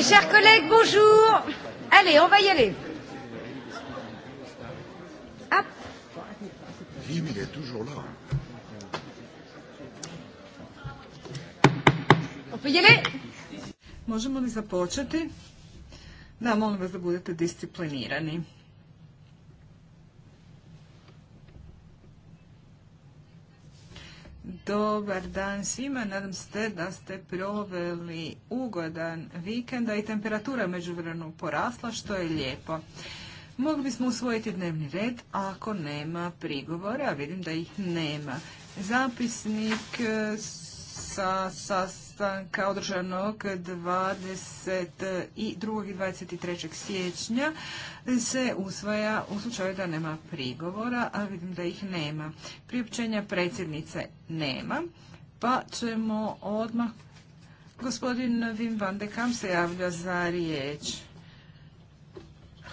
Mes chers collègues, bonjour. Allez, on va y aller. Hop. Jim, il est toujours là. On peut y aller Možemo li započeti? Da, molim vas da budete disciplinirani. Dobar dan svima, nadam se da ste proveli ugodan vikend, a i temperatura međuvremenu porasla, što je lijepo. Mogli bismo usvojiti dnevni red ako nema prigovora, a vidim da ih nema. Zapisnik eh, sa, sa sastanka održanog 22. i 23. siječnja se usvaja u slučaju da nema prigovora, a vidim da ih nema. Priopćenja predsjednice nema, pa ćemo odmah... Gospodin Wim van de Kamp se javlja za riječ.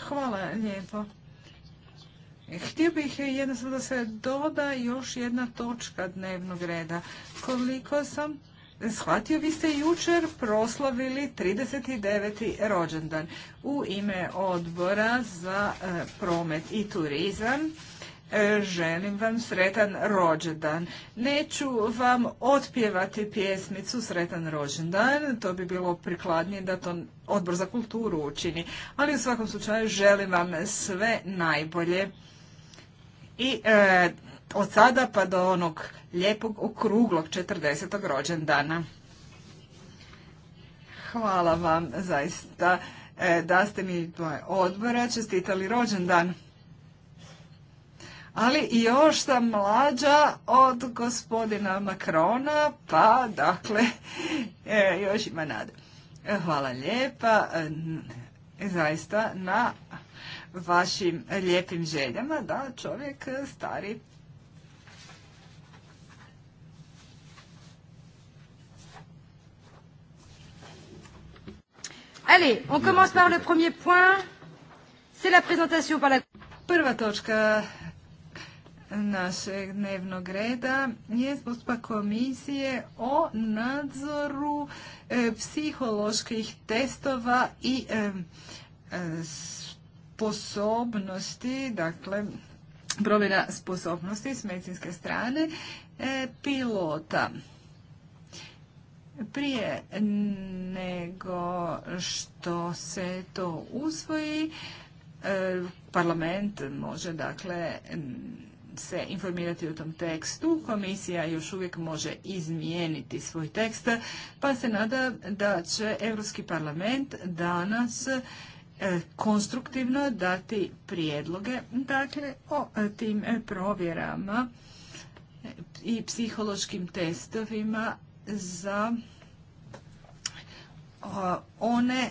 Hvala lijepo. Htio bih jednostavno da se doda još jedna točka dnevnog reda. Koliko sam shvatio, vi ste jučer proslavili 39. rođendan u ime odbora za e, promet i turizam. E, želim vam sretan rođendan. Neću vam otpjevati pjesmicu Sretan rođendan, to bi bilo prikladnije da to odbor za kulturu učini, ali u svakom slučaju želim vam sve najbolje. I e, od sada pa do onog lijepog okruglog 40. rođendana. Hvala vam zaista e, da ste mi odbora čestitali rođendan. Ali i još sam mlađa od gospodina Makrona, pa dakle, e, još ima nade. E, hvala lijepa zaista na vašim lijepim željama da čovjek stari Allez, on commence par le premier point. C'est la présentation par la... Prva točka našeg dnevnog reda je postupak komisije o nadzoru e, psiholoških testova i e, e, sposobnosti, dakle provjera sposobnosti s medicinske strane pilota. Prije nego što se to usvoji, e, parlament može dakle se informirati u tom tekstu. Komisija još uvijek može izmijeniti svoj tekst, pa se nada da će Europski parlament danas e, konstruktivno dati prijedloge dakle, o e, tim provjerama i psihološkim testovima za one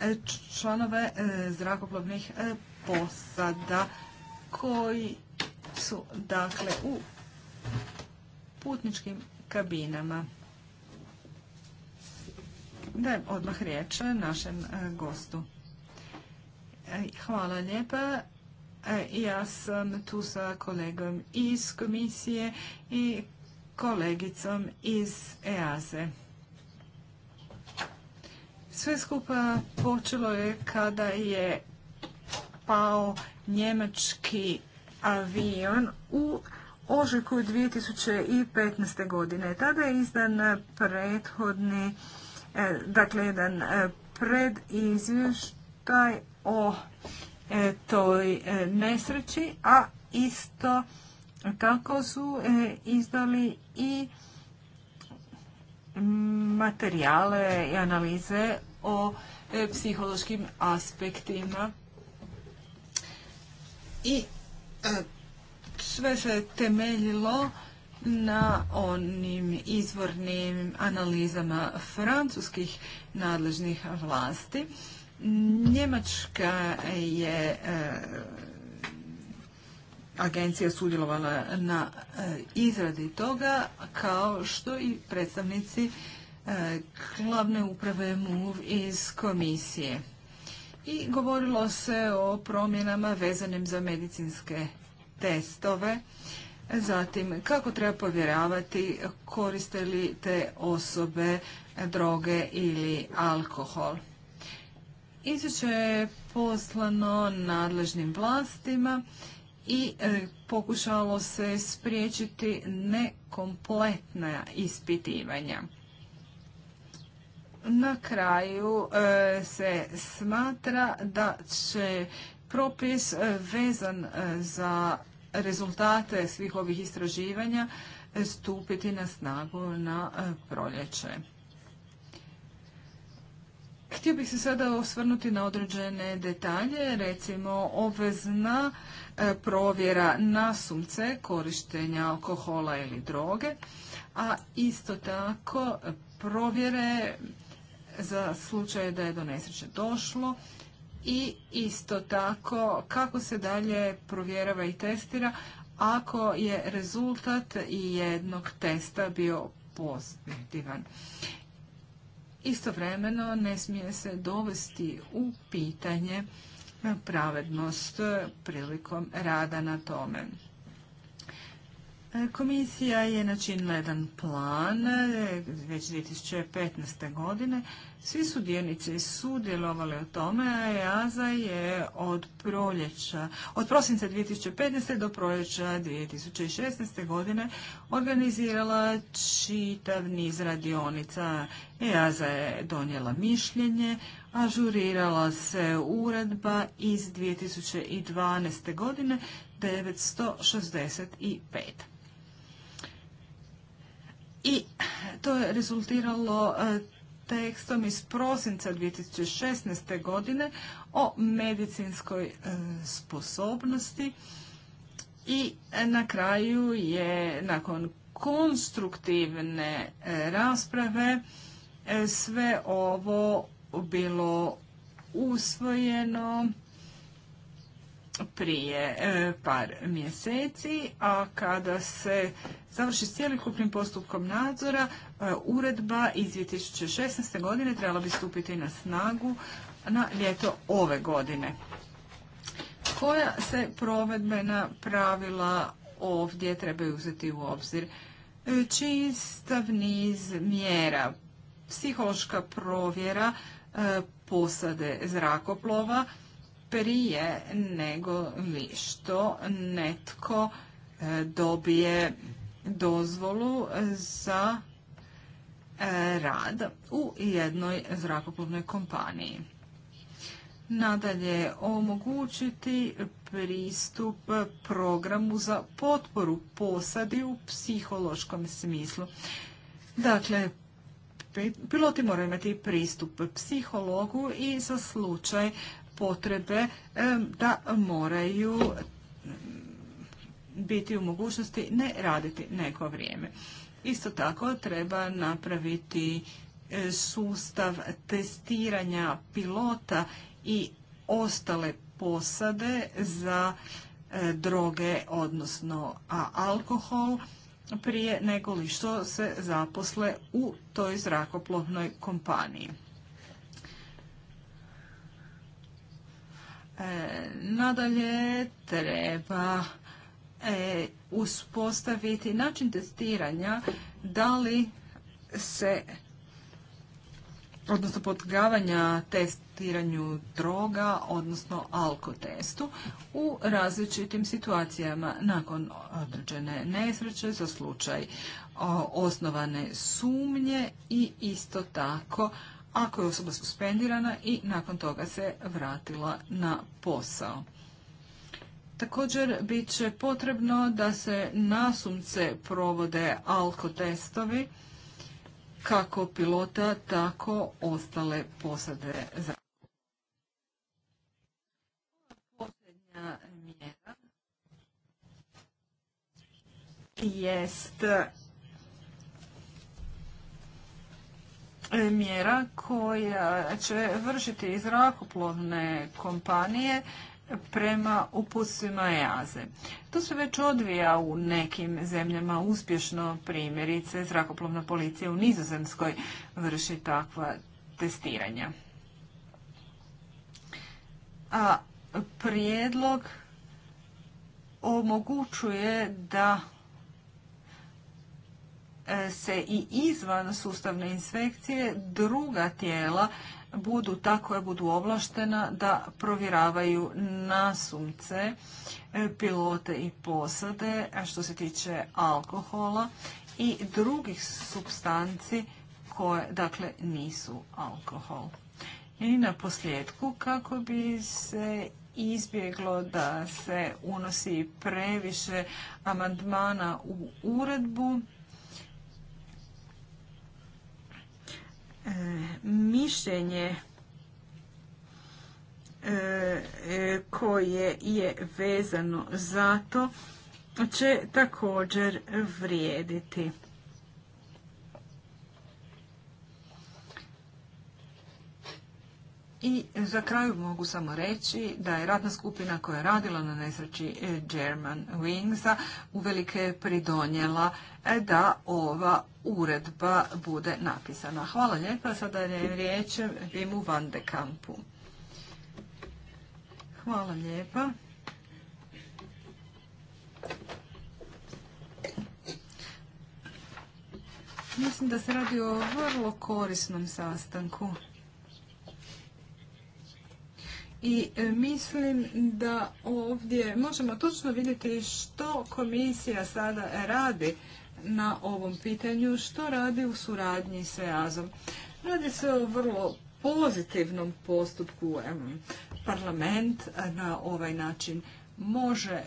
e, članove e, zrakoplovnih e, posada koji su dakle u putničkim kabinama. Dajem odmah riječ našem gostu. Hvala lijepa. Ja sam tu sa kolegom iz komisije i kolegicom iz EASE. Sve skupa počelo je kada je pao njemački avion u ožujku 2015. godine. Tada je izdan prethodni, e, dakle jedan e, predizvještaj o e, toj nesreći, a isto kako su izdali i materijale i analize o e, psihološkim aspektima i e, sve se temeljilo na onim izvornim analizama francuskih nadležnih vlasti. Njemačka je e, agencija sudjelovala na e, izradi toga kao što i predstavnici e, glavne uprave MUV iz komisije. I govorilo se o promjenama vezanim za medicinske testove, zatim kako treba povjeravati koriste li te osobe droge ili alkohol. Izvješće je poslano nadležnim vlastima i e, pokušalo se spriječiti nekompletna ispitivanja. Na kraju e, se smatra da će propis e, vezan za rezultate svih ovih istraživanja stupiti na snagu na proljeće. Htio bih se sada osvrnuti na određene detalje, recimo obvezna E, provjera na sumce, korištenja alkohola ili droge, a isto tako provjere za slučaje da je do nesreće došlo i isto tako kako se dalje provjerava i testira ako je rezultat i jednog testa bio pozitivan. Istovremeno ne smije se dovesti u pitanje pravednost prilikom rada na tome. Komisija je načinila jedan plan već 2015. godine. Svi su dionici sudjelovali o tome, a EASA je od proljeća, od prosinca 2015. do proljeća 2016. godine organizirala čitav niz radionica. EASA je donijela mišljenje, ažurirala se uredba iz 2012. godine 965. I to je rezultiralo e, tekstom iz prosinca 2016. godine o medicinskoj e, sposobnosti i e, na kraju je nakon konstruktivne rasprave sve ovo bilo usvojeno prije e, par mjeseci, a kada se završi s cijelikupnim postupkom nadzora, e, uredba iz 2016. godine trebala bi stupiti na snagu na ljeto ove godine. Koja se provedbena pravila ovdje trebaju uzeti u obzir? E, Čistav niz mjera, psihološka provjera E, posade zrakoplova prije nego što netko e, dobije dozvolu za e, rad u jednoj zrakoplovnoj kompaniji. Nadalje, omogućiti pristup programu za potporu posadi u psihološkom smislu. Dakle, piloti moraju imati pristup psihologu i za slučaj potrebe da moraju biti u mogućnosti ne raditi neko vrijeme. Isto tako treba napraviti e, sustav testiranja pilota i ostale posade za e, droge, odnosno alkohol, prije nego što se zaposle u toj zrakoplovnoj kompaniji. E, nadalje treba e, uspostaviti način testiranja da li se odnosno podgavanja test testiranju droga, odnosno alkotestu, u različitim situacijama nakon određene nesreće za slučaj osnovane sumnje i isto tako ako je osoba suspendirana i nakon toga se vratila na posao. Također bit će potrebno da se nasumce provode alkotestovi kako pilota, tako ostale posade jest e, mjera koja će vršiti zrakoplovne kompanije prema upustvima EAZE. To se već odvija u nekim zemljama uspješno, primjerice zrakoplovna policija u Nizozemskoj vrši takva testiranja. A prijedlog omogućuje da se i izvan sustavne inspekcije druga tijela budu ta koja budu ovlaštena da provjeravaju nasumce, e, pilote i posade, a što se tiče alkohola i drugih substanci koje dakle nisu alkohol. I na posljedku kako bi se izbjeglo da se unosi previše amandmana u uredbu, mišljenje e, koje je vezano za to će također vrijediti. I za kraju mogu samo reći da je radna skupina koja je radila na nesreći e, German Wingsa uvelike pridonjela e, da ova uredba bude napisana. Hvala lijepa. Sada je riječ Vimu van de Kampu. Hvala lijepa. Mislim da se radi o vrlo korisnom sastanku i e, mislim da ovdje možemo točno vidjeti što komisija sada radi na ovom pitanju, što radi u suradnji s EAZom. Radi se o vrlo pozitivnom postupku. Parlament na ovaj način može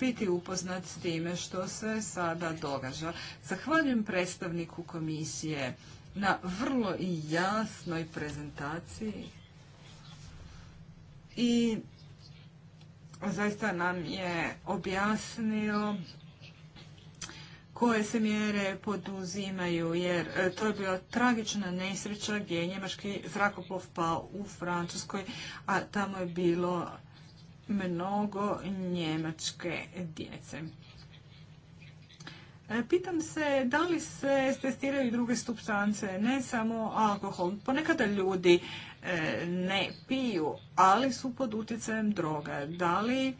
biti upoznat s time što se sada događa. Zahvaljujem predstavniku komisije na vrlo jasnoj prezentaciji i zaista nam je objasnio koje se mjere poduzimaju, jer e, to je bila tragična nesreća gdje je njemački zrakoplov pao u Francuskoj, a tamo je bilo mnogo njemačke djece. E, pitam se da li se testiraju druge supstance, ne samo alkohol. Ponekada ljudi E, ne piju, ali su pod utjecajem droga. Da li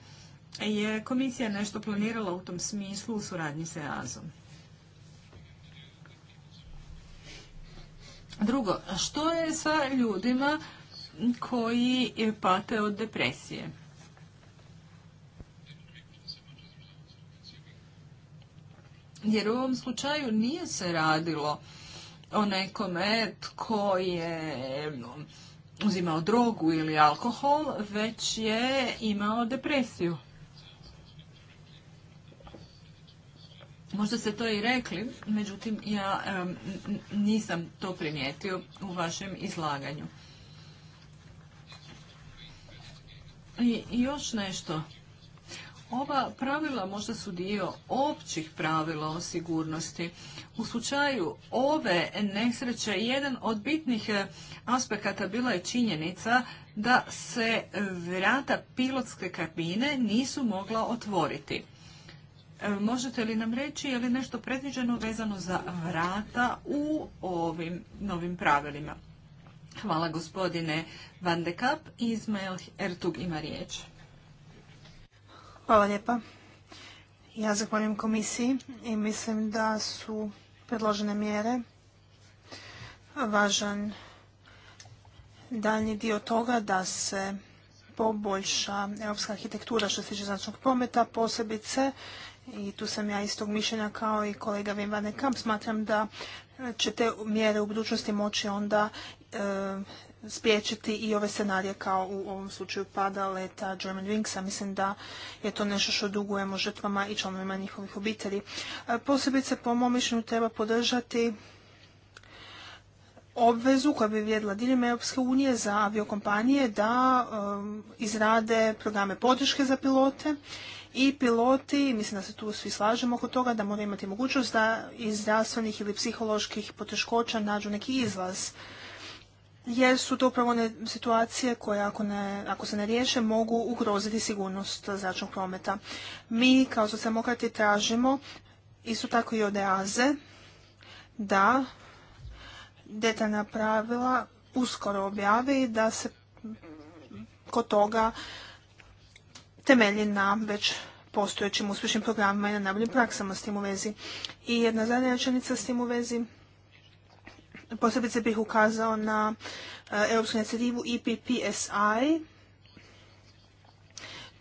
je komisija nešto planirala u tom smislu u suradnji sa EASom? Drugo, što je sa ljudima koji pate od depresije? Jer u ovom slučaju nije se radilo o nekome tko je uzimao drogu ili alkohol, već je imao depresiju. Možda ste to i rekli, međutim ja nisam to primijetio u vašem izlaganju. I još nešto. Ova pravila možda su dio općih pravila o sigurnosti. U slučaju ove nesreće, jedan od bitnih e, aspekata bila je činjenica da se vrata pilotske kabine nisu mogla otvoriti. E, možete li nam reći je li nešto predviđeno vezano za vrata u ovim novim pravilima? Hvala gospodine Van de Kap. Izmael Ertug ima riječ. Hvala lijepa. Ja zahvaljujem komisiji i mislim da su predložene mjere važan daljnji dio toga da se poboljša europska arhitektura što se tiče značnog prometa, posebice i tu sam ja istog mišljenja kao i kolega Wim van Kamp, smatram da će te mjere u budućnosti moći onda e, spriječiti i ove scenarije kao u ovom slučaju pada leta German Wingsa. Mislim da je to nešto što dugujemo žrtvama i članovima njihovih obitelji. E, posebice po mom mišljenju treba podržati obvezu koja bi vrijedila diljem Europske unije za aviokompanije da um, izrade programe podrške za pilote i piloti, mislim da se tu svi slažemo oko toga, da moraju imati mogućnost da iz zdravstvenih ili psiholoških poteškoća nađu neki izlaz jer su to upravo one situacije koje ako, ne, ako se ne riješe mogu ugroziti sigurnost zračnog prometa. Mi kao socijaldemokrati tražimo isto tako i od EASE, da detaljna pravila uskoro objavi da se kod toga temelji na već postojećim uspješnim programima i na najboljim praksama s tim u vezi. I jedna zadnja rečenica s tim u vezi Posebice bih ukazao na eh, europsku inicijativu EPPSI.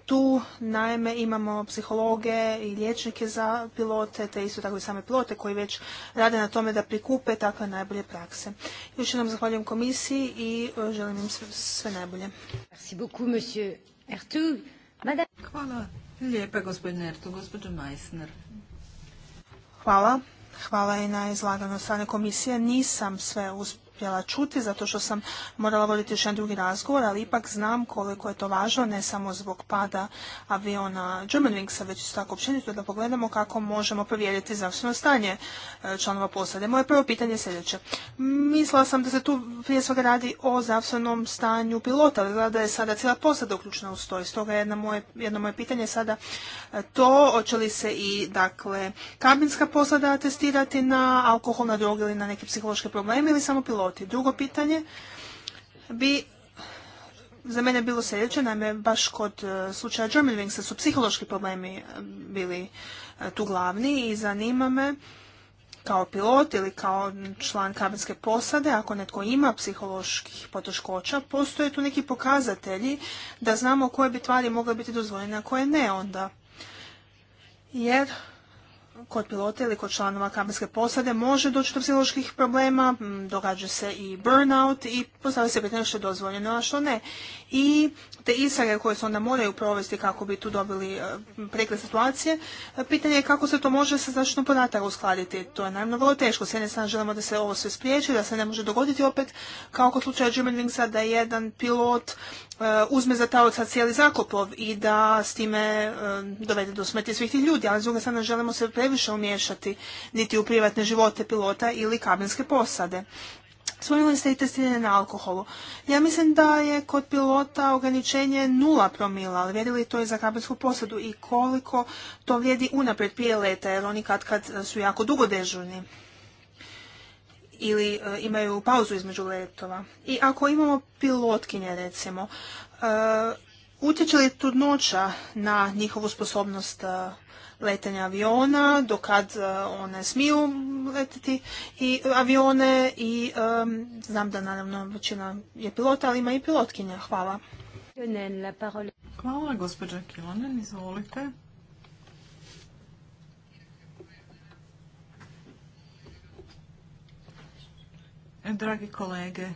Tu naime imamo psihologe i liječnike za pilote, te isto tako i same pilote koji već rade na tome da prikupe takve najbolje prakse. Još jednom zahvaljujem komisiji i eh, želim im sve, najbolje. Hvala lijepa Ertu, gospođo Meissner. Hvala. Hvala i na izlaganju strane komisije. Nisam sve uspjela uspjela čuti zato što sam morala voditi još jedan drugi razgovor, ali ipak znam koliko je to važno, ne samo zbog pada aviona Germanwingsa, već isto tako općenito da pogledamo kako možemo provjeriti zdravstveno stanje e, članova posade. Moje prvo pitanje je sljedeće. Mislila sam da se tu prije svega radi o zdravstvenom stanju pilota, ali da je sada cijela posada uključena u to. stoga jedno moje, jedno moje pitanje sada e, to, hoće li se i dakle kabinska posada testirati na alkohol, na droge ili na neke psihološke probleme ili samo pilota? Drugo pitanje bi za mene bilo sljedeće, naime baš kod e, slučaja Germanwingsa su psihološki problemi e, bili e, tu glavni i zanima me kao pilot ili kao član kabinske posade, ako netko ima psiholoških poteškoća, postoje tu neki pokazatelji da znamo koje bi tvari mogle biti dozvoljene, a koje ne onda. Jer kod pilota ili kod članova kabinske posade može doći do psiholoških problema, događa se i burnout i postavlja se pitanje što je dozvoljeno, a što ne. I te isage koje se onda moraju provesti kako bi tu dobili e, prekle situacije, e, pitanje je kako se to može sa zaštitom podataka uskladiti. To je naravno vrlo teško. S jedne strane želimo da se ovo sve spriječi, da se ne može dogoditi opet kao kod slučaja Jimmy da jedan pilot E, uzme za taoca sad cijeli zakopov i da s time e, dovede do smrti svih tih ljudi, ali s druge strane želimo se previše umiješati niti u privatne živote pilota ili kabinske posade. Spomenuli ste i testiranje na alkoholu. Ja mislim da je kod pilota ograničenje nula promila, ali vrijedi li to i za kabinsku posadu i koliko to vrijedi unaprijed prije leta, jer oni kad kad su jako dugo dežurni ili e, imaju pauzu između letova. I ako imamo pilotkinje recimo, e, utječe li trudnoća na njihovu sposobnost e, letenja aviona, dokad one smiju letiti i avione i znam da naravno većina je pilota, ali ima i pilotkinja. Hvala. Hvala, gospođa Kilonen, izvolite. Dragi kolege,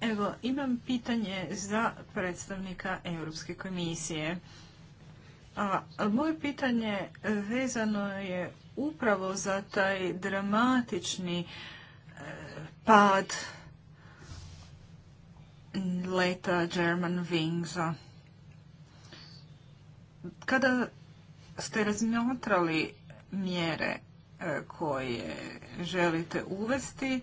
evo imam pitanje za predstavnika Europske komisije. A, moje pitanje vezano je upravo za taj dramatični e, pad leta German Wingsa. Kada ste razmotrali mjere E, koje želite uvesti,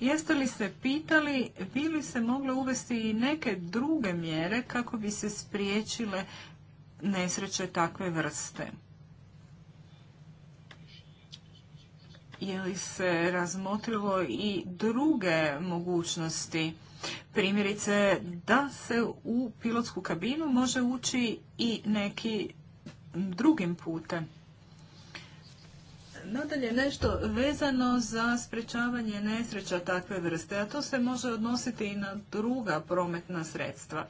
jeste li se pitali bi li se mogle uvesti i neke druge mjere kako bi se spriječile nesreće takve vrste? Je li se razmotrilo i druge mogućnosti? Primjerice da se u pilotsku kabinu može ući i neki drugim putem. Nadalje, nešto vezano za sprečavanje nesreća takve vrste, a to se može odnositi i na druga prometna sredstva.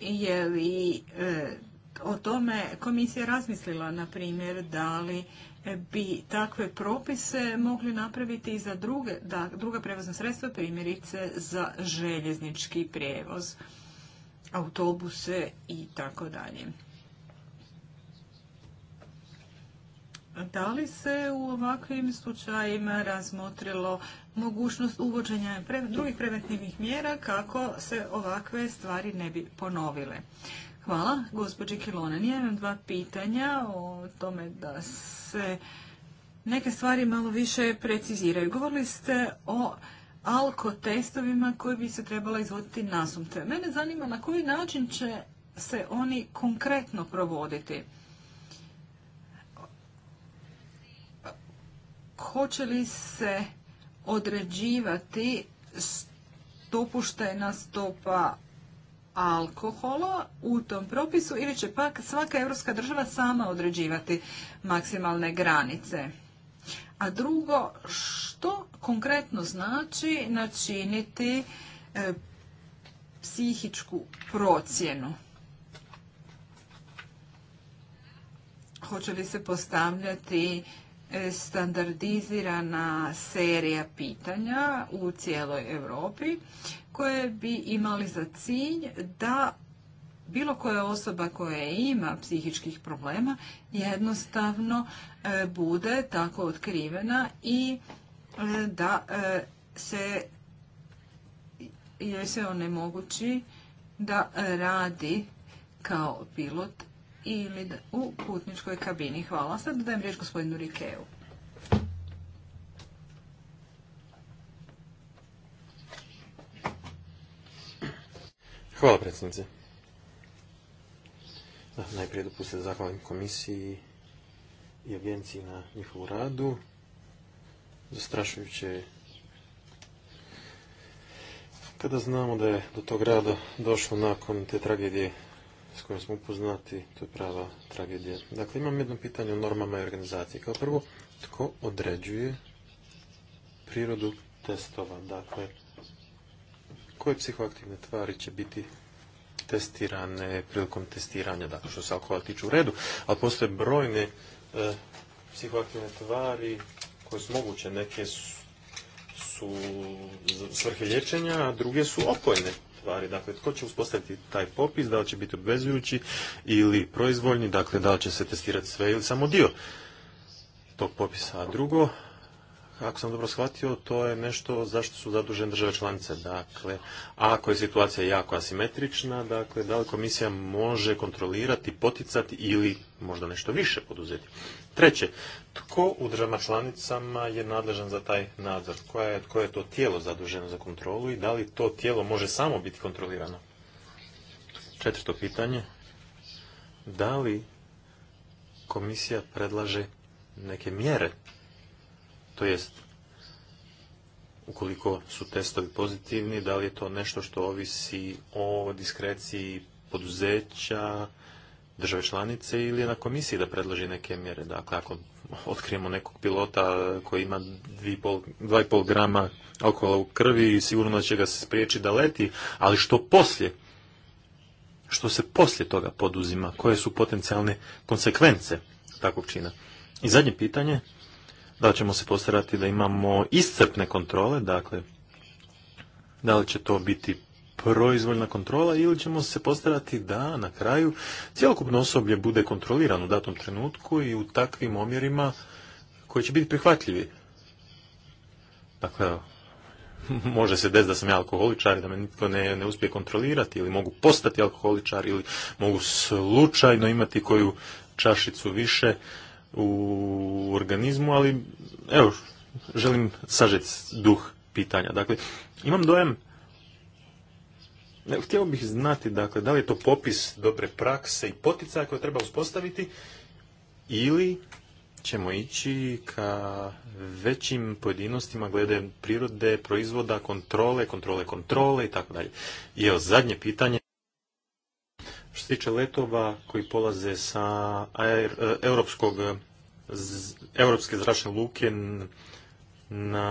Je li e, o tome komisija razmislila, na primjer, da li bi takve propise mogli napraviti i za druga prevozna sredstva, primjerice za željeznički prijevoz, autobuse i tako dalje. Da li se u ovakvim slučajima razmotrilo mogućnost uvođenja drugih preventivnih mjera kako se ovakve stvari ne bi ponovile? Hvala, gospođi Kilonen. Ja imam dva pitanja o tome da se neke stvari malo više preciziraju. Govorili ste o alkotestovima koji bi se trebala izvoditi nasumce. Mene zanima na koji način će se oni konkretno provoditi. hoće li se određivati dopuštena stopa alkohola u tom propisu ili će pak svaka europska država sama određivati maksimalne granice. A drugo, što konkretno znači načiniti e, psihičku procjenu? Hoće li se postavljati E, standardizirana serija pitanja u cijeloj Europi koje bi imali za cilj da bilo koja osoba koja ima psihičkih problema jednostavno e, bude tako otkrivena i e, da se joj se onemogući da radi kao pilot ili u putničkoj kabini. Hvala. Sad dajem riječ gospodinu Rikeu. Hvala predsjednice. najprije dopustite zahvalim komisiji i agenciji na njihovu radu. Zastrašujuće kada znamo da je do tog rada došlo nakon te tragedije s kojom smo upoznati, to je prava tragedija. Dakle, imam jedno pitanje o normama i organizaciji. Kao prvo, tko određuje prirodu testova? Dakle, koje psihoaktivne tvari će biti testirane prilikom testiranja, dakle što se alkohol tiče u redu, ali postoje brojne e, psihoaktivne tvari koje su moguće, neke su, su svrhe liječenja, a druge su opojne stvari. Dakle, tko će uspostaviti taj popis, da li će biti obvezujući ili proizvoljni, dakle, da li će se testirati sve ili samo dio tog popisa. A drugo, ako sam dobro shvatio, to je nešto zašto su zadužene države članice. Dakle, ako je situacija jako asimetrična, dakle, da li komisija može kontrolirati, poticati ili možda nešto više poduzeti. Treće, tko u državama članicama je nadležan za taj nadzor? Koje je, koje je to tijelo zaduženo za kontrolu i da li to tijelo može samo biti kontrolirano? Četvrto pitanje, da li komisija predlaže neke mjere? To jest, ukoliko su testovi pozitivni, da li je to nešto što ovisi o diskreciji poduzeća, države članice ili na komisiji da predloži neke mjere. Dakle, ako otkrijemo nekog pilota koji ima 2,5 grama alkohola u krvi, sigurno će ga se spriječiti da leti, ali što poslije? Što se poslije toga poduzima? Koje su potencijalne konsekvence takvog čina? I zadnje pitanje, da li ćemo se postarati da imamo iscrpne kontrole, dakle, da li će to biti proizvoljna kontrola ili ćemo se postarati da na kraju cjelokupno osoblje bude kontrolirano u datom trenutku i u takvim omjerima koji će biti prihvatljivi. Dakle, može se desiti da sam ja alkoholičar i da me nitko ne, ne uspije kontrolirati ili mogu postati alkoholičar ili mogu slučajno imati koju čašicu više u organizmu, ali evo, želim sažeti duh pitanja. Dakle, imam dojem Htio bih znati, dakle, da li je to popis dobre prakse i poticaja koje treba uspostaviti ili ćemo ići ka većim pojedinostima glede prirode, proizvoda, kontrole, kontrole, kontrole i tako dalje. I evo, zadnje pitanje. Što se tiče letova koji polaze sa e, europskog, europske zračne luke na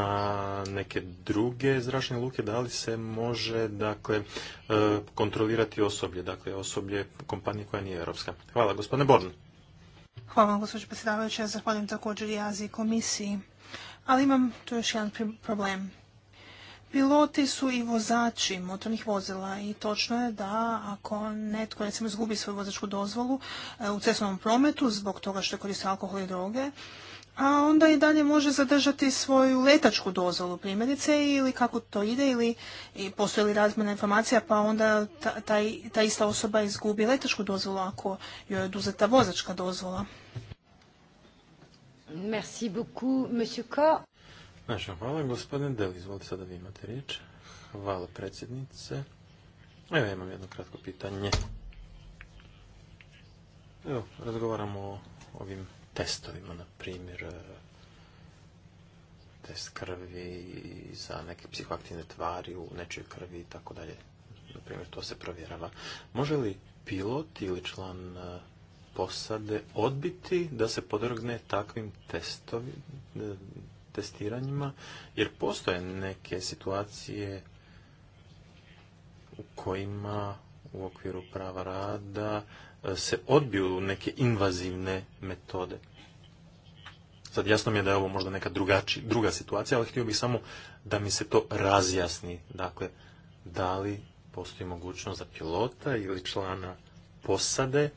neke druge zračne luke, da li se može dakle, e, kontrolirati osoblje, dakle osoblje kompanije koja nije europska. Hvala, gospodine Born. Hvala vam, gospođo ja Zahvaljujem također i Aziji komisiji. Ali imam tu još jedan problem. Piloti su i vozači motornih vozila i točno je da ako netko recimo izgubi svoju vozačku dozvolu e, u cestovnom prometu zbog toga što je koristio alkohol i droge, a onda i dalje može zadržati svoju letačku dozvolu primjerice ili kako to ide ili postoji li razmjena informacija pa onda ta, ta, ista osoba izgubi letačku dozvolu ako joj je oduzeta vozačka dozvola. Merci beaucoup, monsieur Ko. Naša hvala, gospodin izvolite sada vi imate riječ. Hvala predsjednice. Evo imam jedno kratko pitanje. Evo, razgovaramo o ovim testovima, na primjer e, test krvi za neke psihoaktivne tvari u nečoj krvi i tako dalje. Na primjer, to se provjerava. Može li pilot ili član e, posade odbiti da se podrgne takvim e, testiranjima, jer postoje neke situacije u kojima u okviru prava rada se odbiju neke invazivne metode. Sad jasno mi je da je ovo možda neka drugači, druga situacija, ali htio bih samo da mi se to razjasni. Dakle, da li postoji mogućnost za pilota ili člana posade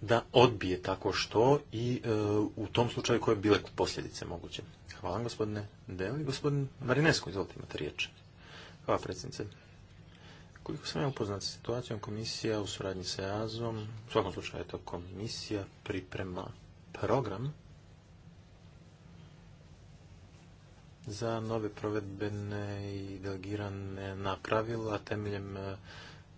da odbije tako što i e, u tom slučaju koje bile posljedice moguće. Hvala gospodine Deli. Gospodin Marinesko, izvolite imate riječ. Hvala predsjednice. Koliko sam ja upoznat s situacijom, komisija u suradnji sa Azom, u svakom slučaju je to komisija, priprema program za nove provedbene i delegirane napravila temeljem e,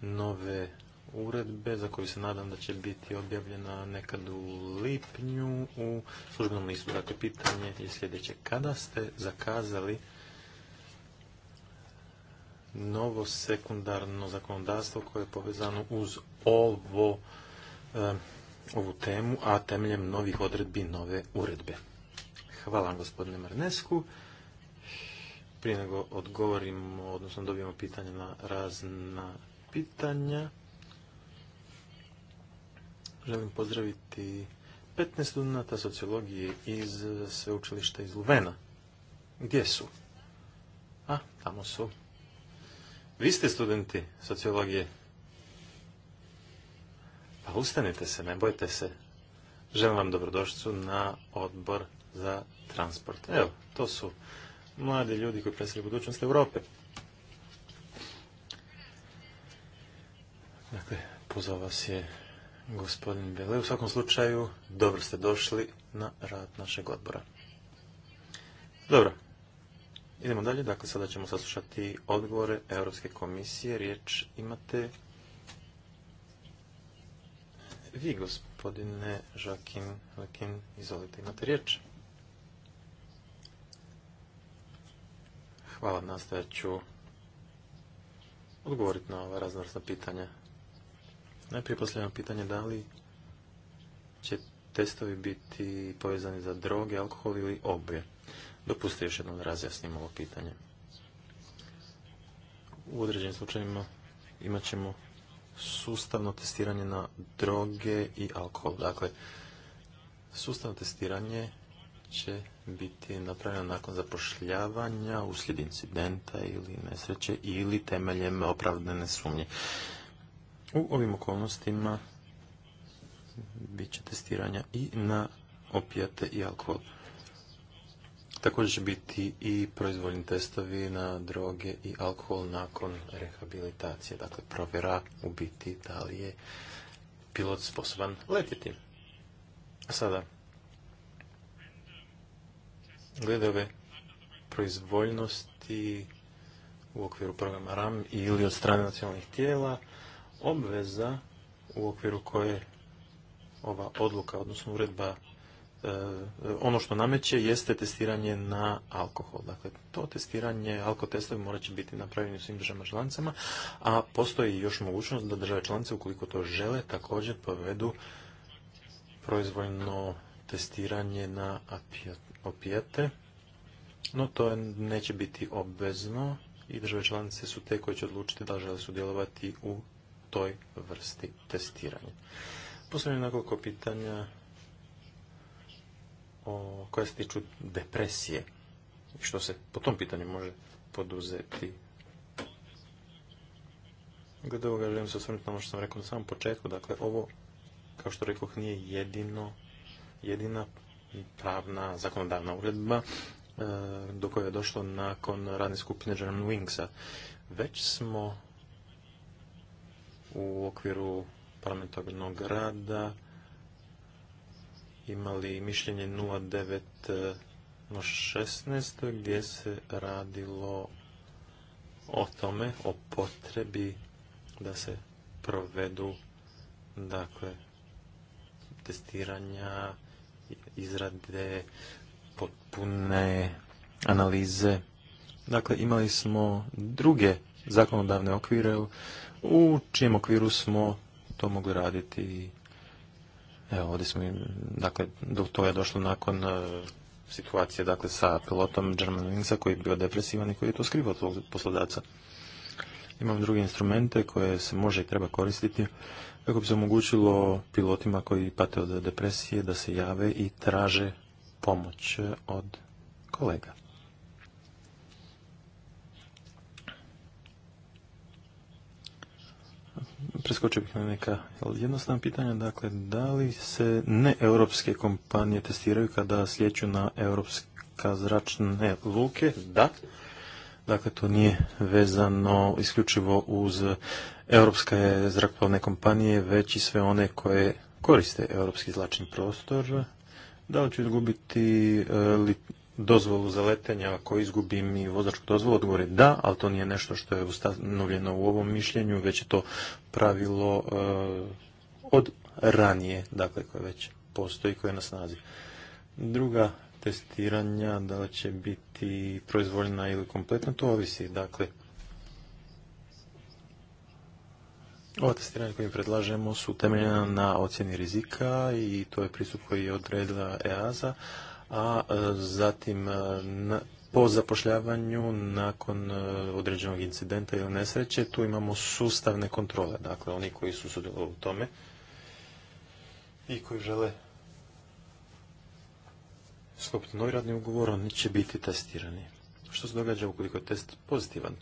nove uredbe za koju se nadam da će biti objavljena nekad u lipnju u službenom listu. Dakle, pitanje je sljedeće. Kada ste zakazali novo sekundarno zakonodavstvo koje je povezano uz ovo, e, ovu temu, a temeljem novih odredbi nove uredbe. Hvala vam gospodine Marnesku. Prije nego odgovorimo, odnosno dobijemo pitanja na razna pitanja, želim pozdraviti 15 studenta sociologije iz sveučilišta iz Luvena. Gdje su? A, tamo su. Vi ste studenti sociologije. Pa ustanite se, ne bojte se. Želim vam dobrodošću na odbor za transport. Evo, to su mladi ljudi koji predstavljaju budućnost Europe. Dakle, pozvao vas je gospodin Bele. U svakom slučaju, dobro ste došli na rad našeg odbora. Dobro, Idemo dalje, dakle sada ćemo saslušati odgovore Europske komisije. Riječ imate vi, gospodine Žakin Lekin, izvolite, imate riječ. Hvala, nastavit ću odgovoriti na ova raznorsna pitanja. Najprije posljedno pitanje da li će testovi biti povezani za droge, alkohol ili obje. Dopustite još jednom da razjasnim ovo pitanje. U određenim slučajima imat ćemo sustavno testiranje na droge i alkohol. Dakle, sustavno testiranje će biti napravljeno nakon zapošljavanja uslijed incidenta ili nesreće ili temeljem opravdane sumnje. U ovim okolnostima bit će testiranja i na opijate i alkohol. Također će biti i proizvoljni testovi na droge i alkohol nakon rehabilitacije. Dakle, provjera u biti da li je pilot sposoban letjeti. A sada, glede ove proizvoljnosti u okviru programa RAM ili od strane nacionalnih tijela, obveza u okviru koje ova odluka, odnosno uredba E, ono što nameće jeste testiranje na alkohol. Dakle, to testiranje, alkotestovi morat će biti napravljeni u svim državama članicama, a postoji još mogućnost da države članice, ukoliko to žele, također povedu proizvoljno testiranje na opijate, no to neće biti obvezno i države članice su te koje će odlučiti da žele sudjelovati u toj vrsti testiranja. Postavljam nekoliko pitanja o, koja se tiču depresije i što se po tom pitanju može poduzeti. Glede ovoga želim se osvrnuti na ono što sam rekao na samom početku. Dakle, ovo, kao što rekao, nije jedino, jedina pravna zakonodavna uredba e, do koje je došlo nakon radne skupine German Wingsa. Već smo u okviru parlamentarnog rada imali mišljenje 0916 e, gdje se radilo o tome, o potrebi da se provedu dakle testiranja, izrade, potpune analize. Dakle, imali smo druge zakonodavne okvire u čijem okviru smo to mogli raditi Evo, ovdje smo, dakle, do toga je došlo nakon e, situacije dakle sa pilotom German Wingsa koji je bio depresivan i koji je to skrivao od poslodaca. Imamo druge instrumente koje se može i treba koristiti kako bi se omogućilo pilotima koji pate od depresije da se jave i traže pomoć od kolega. preskočio bih na neka jednostavna pitanja. Dakle, da li se neeuropske kompanije testiraju kada sljeću na europska zračne luke? Da. Dakle, to nije vezano isključivo uz europske zrakoplovne kompanije, već i sve one koje koriste europski zračni prostor. Da li će izgubiti e, dozvolu za letenje ako izgubim i vozačku dozvolu? Odgovor je da, ali to nije nešto što je ustanovljeno u ovom mišljenju, već je to pravilo eh, od ranije, dakle koje već postoji, koje je na snazi. Druga testiranja, da li će biti proizvoljna ili kompletna, to ovisi. Dakle, ova testiranja koje predlažemo su temeljena na ocjeni rizika i to je pristup koji je odredila EASA, a e, zatim e, po zapošljavanju nakon e, određenog incidenta ili nesreće tu imamo sustavne kontrole. Dakle, oni koji su sudjelovali u tome i koji žele sklopiti novi radni ugovor, oni će biti testirani. Što se događa ukoliko je test pozitivan?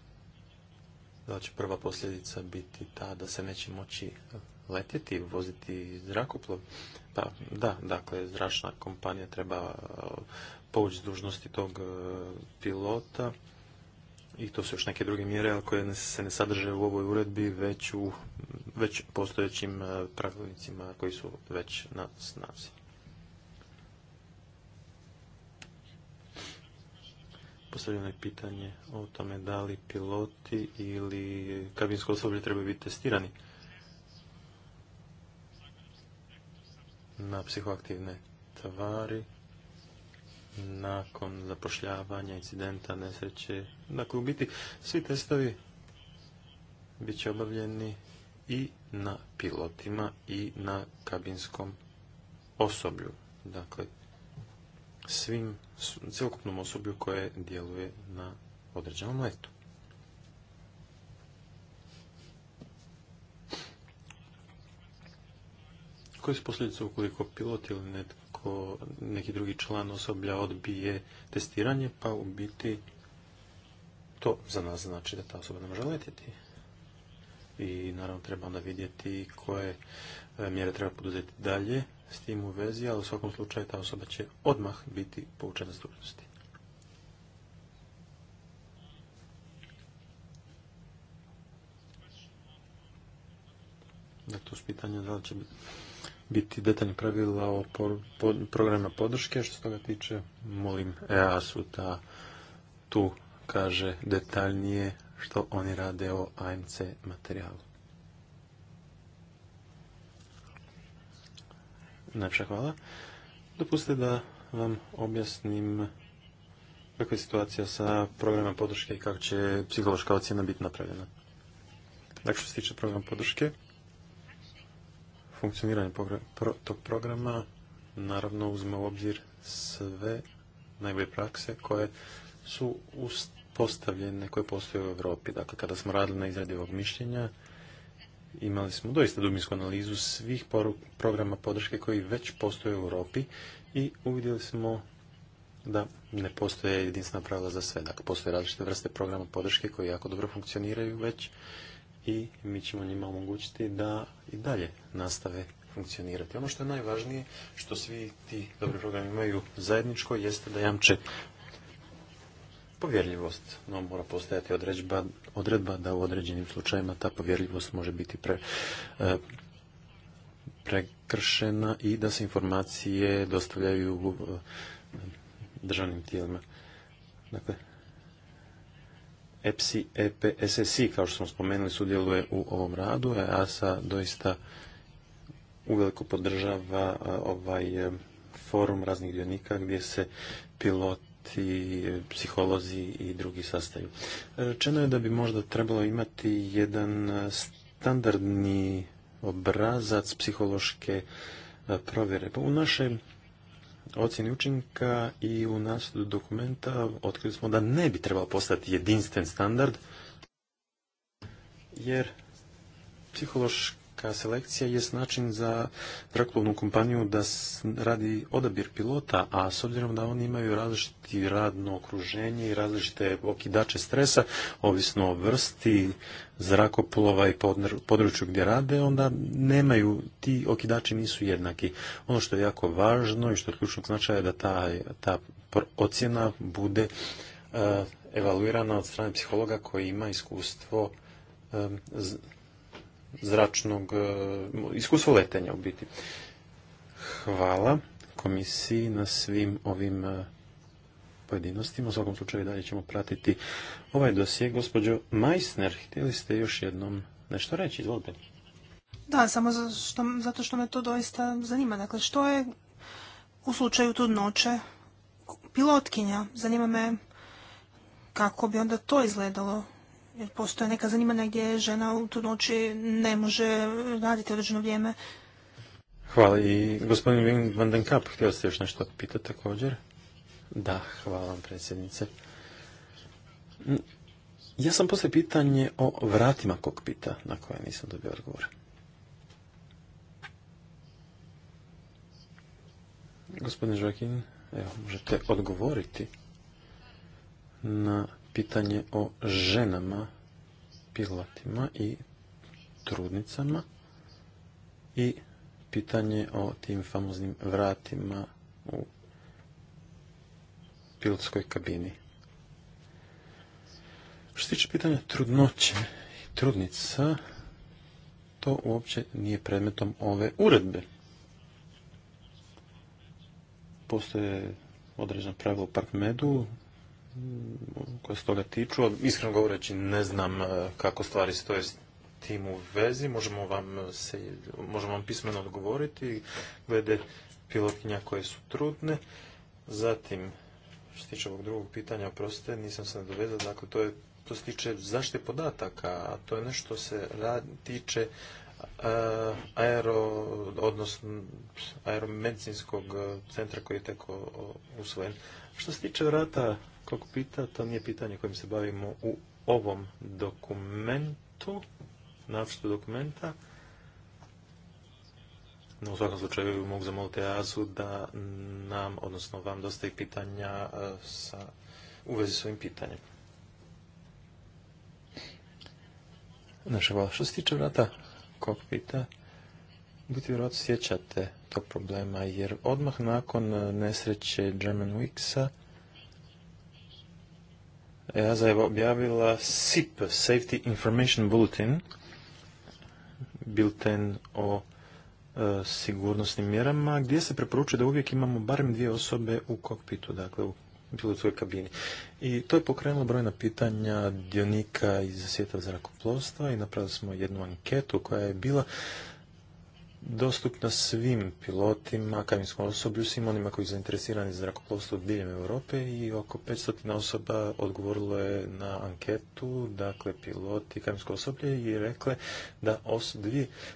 Da će prva posljedica biti ta da se neće moći letjeti, voziti zrakoplov, pa, da, dakle, zračna kompanija treba e, povući dužnosti tog e, pilota i to su još neke druge mjere, ali koje se ne sadrže u ovoj uredbi, već u već postojećim e, pravilnicima koji su već na snazi. Postavljeno je pitanje o tome da li piloti ili kabinsko osoblje trebaju biti testirani. na psihoaktivne tvari nakon zapošljavanja, incidenta, nesreće. Dakle, u biti svi testovi bit će obavljeni i na pilotima i na kabinskom osoblju. Dakle, svim, cjelokupnom osoblju koje djeluje na određenom letu. Koje su posljedice ukoliko pilot ili neki drugi član osoblja odbije testiranje, pa u biti to za nas znači da ta osoba ne može letjeti? I naravno treba onda vidjeti koje e, mjere treba poduzeti dalje s tim u vezi, ali u svakom slučaju ta osoba će odmah biti poučena s dužnosti. Dakle, to pitanje da li će biti biti detaljni pravila o programima podrške. Što se toga tiče, molim Easu da tu kaže detaljnije što oni rade o AMC materijalu. Najpša hvala. Dopustite da vam objasnim kakva je situacija sa programima podrške i kako će psihološka ocjena biti napravljena. Dakle, što se tiče programa podrške, funkcioniranje tog programa naravno uzme u obzir sve najbolje prakse koje su postavljene, koje postoje u Europi. Dakle, kada smo radili na izradi ovog mišljenja, imali smo doista dubinsku analizu svih programa podrške koji već postoje u Europi i uvidjeli smo da ne postoje jedinstvena pravila za sve. Dakle, postoje različite vrste programa podrške koji jako dobro funkcioniraju već i mi ćemo njima omogućiti da i dalje nastave funkcionirati. Ono što je najvažnije, što svi ti dobri programi imaju zajedničko, jeste da jamče povjerljivost. No, mora postojati odredba, odredba da u određenim slučajima ta povjerljivost može biti pre, e, prekršena i da se informacije dostavljaju e, državnim tijelima. Dakle, EPSI, EPSSI, kao što smo spomenuli, sudjeluje u ovom radu, a ASA doista uveliko podržava ovaj e, forum raznih dionika gdje se piloti, e, psiholozi i drugi sastaju. Rečeno je da bi možda trebalo imati jedan e, standardni obrazac psihološke provjere. U našem ocjeni učinka i u nasljedu dokumenta otkrili smo da ne bi trebao postati jedinstven standard, jer psihološki Ka selekcija je način za zrakoplovnu kompaniju da radi odabir pilota, a s obzirom da oni imaju različiti radno okruženje i različite okidače stresa, ovisno o vrsti zrakoplova i području gdje rade, onda nemaju, ti okidači nisu jednaki. Ono što je jako važno i što je ključnog značaja je da ta, ta ocjena bude e, evaluirana od strane psihologa koji ima iskustvo e, zračnog e, iskustva letenja u biti. Hvala komisiji na svim ovim e, pojedinostima. U svakom slučaju dalje ćemo pratiti ovaj dosje. Gospođo Majsner, htjeli ste još jednom nešto reći? Izvolite. Da, samo zato što me to doista zanima. Dakle, što je u slučaju trudnoće pilotkinja? Zanima me kako bi onda to izgledalo jer postoje neka zanimanja gdje žena u noći ne može raditi određeno vrijeme. Hvala. I gospodin Van den htio ste još nešto pitati također? Da, hvala vam predsjednice. Ja sam poslije pitanje o vratima pita na koje nisam dobio odgovor. Gospodin Žakin, evo, možete odgovoriti na pitanje o ženama, pilatima i trudnicama i pitanje o tim famoznim vratima u pilotskoj kabini. Što se tiče pitanja trudnoće i trudnica, to uopće nije predmetom ove uredbe. Postoje određena pravila u Medu... Mm, koje se toga tiču. Iskreno govoreći ne znam e, kako stvari stoje s tim u vezi. Možemo vam, možemo pismeno odgovoriti glede pilotinja koje su trudne. Zatim, što se tiče ovog drugog pitanja, proste, nisam se nadovezao, dakle to je što se tiče zaštite podataka, a to je nešto se tiče e, aero, odnosno aeromedicinskog centra koji je teko usvojen. Što se tiče rata pita to nije pitanje kojim se bavimo u ovom dokumentu, nacrtu dokumenta. No, u svakom slučaju mogu zamoliti Azu da nam, odnosno vam, dostaje pitanja e, sa, u vezi s ovim pitanjem. Naša Što se tiče vrata kokpita, biti vjerojatno sjećate tog problema, jer odmah nakon nesreće German Wixa EASA je objavila SIP, Safety Information Bulletin, bilten o e, sigurnosnim mjerama, gdje se preporučuje da uvijek imamo barem dvije osobe u kokpitu, dakle u pilotskoj kabini. I to je pokrenulo brojna pitanja dionika iz svijeta zrakoplovstva i napravili smo jednu anketu koja je bila dostupna svim pilotima, kaminskom osoblju, svim onima koji su zainteresirani za zrakoplovstvo diljem Europe i oko 500 osoba odgovorilo je na anketu, dakle piloti kabinsko osoblje i rekle da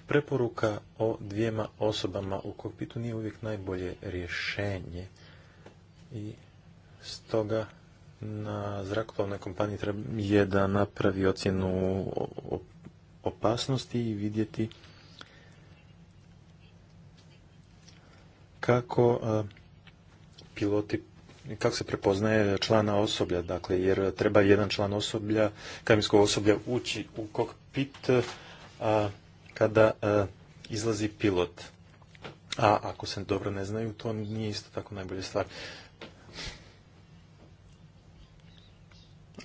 preporuka o dvijema osobama u kokpitu nije uvijek najbolje rješenje i stoga na zrakoplovnoj kompaniji je da napravi ocjenu opasnosti i vidjeti kako e, piloti kako se prepoznaje člana osoblja, dakle, jer treba jedan član osoblja, kamijskog osoblja ući u kokpit e, kada e, izlazi pilot. A ako se dobro ne znaju, to nije isto tako najbolja stvar.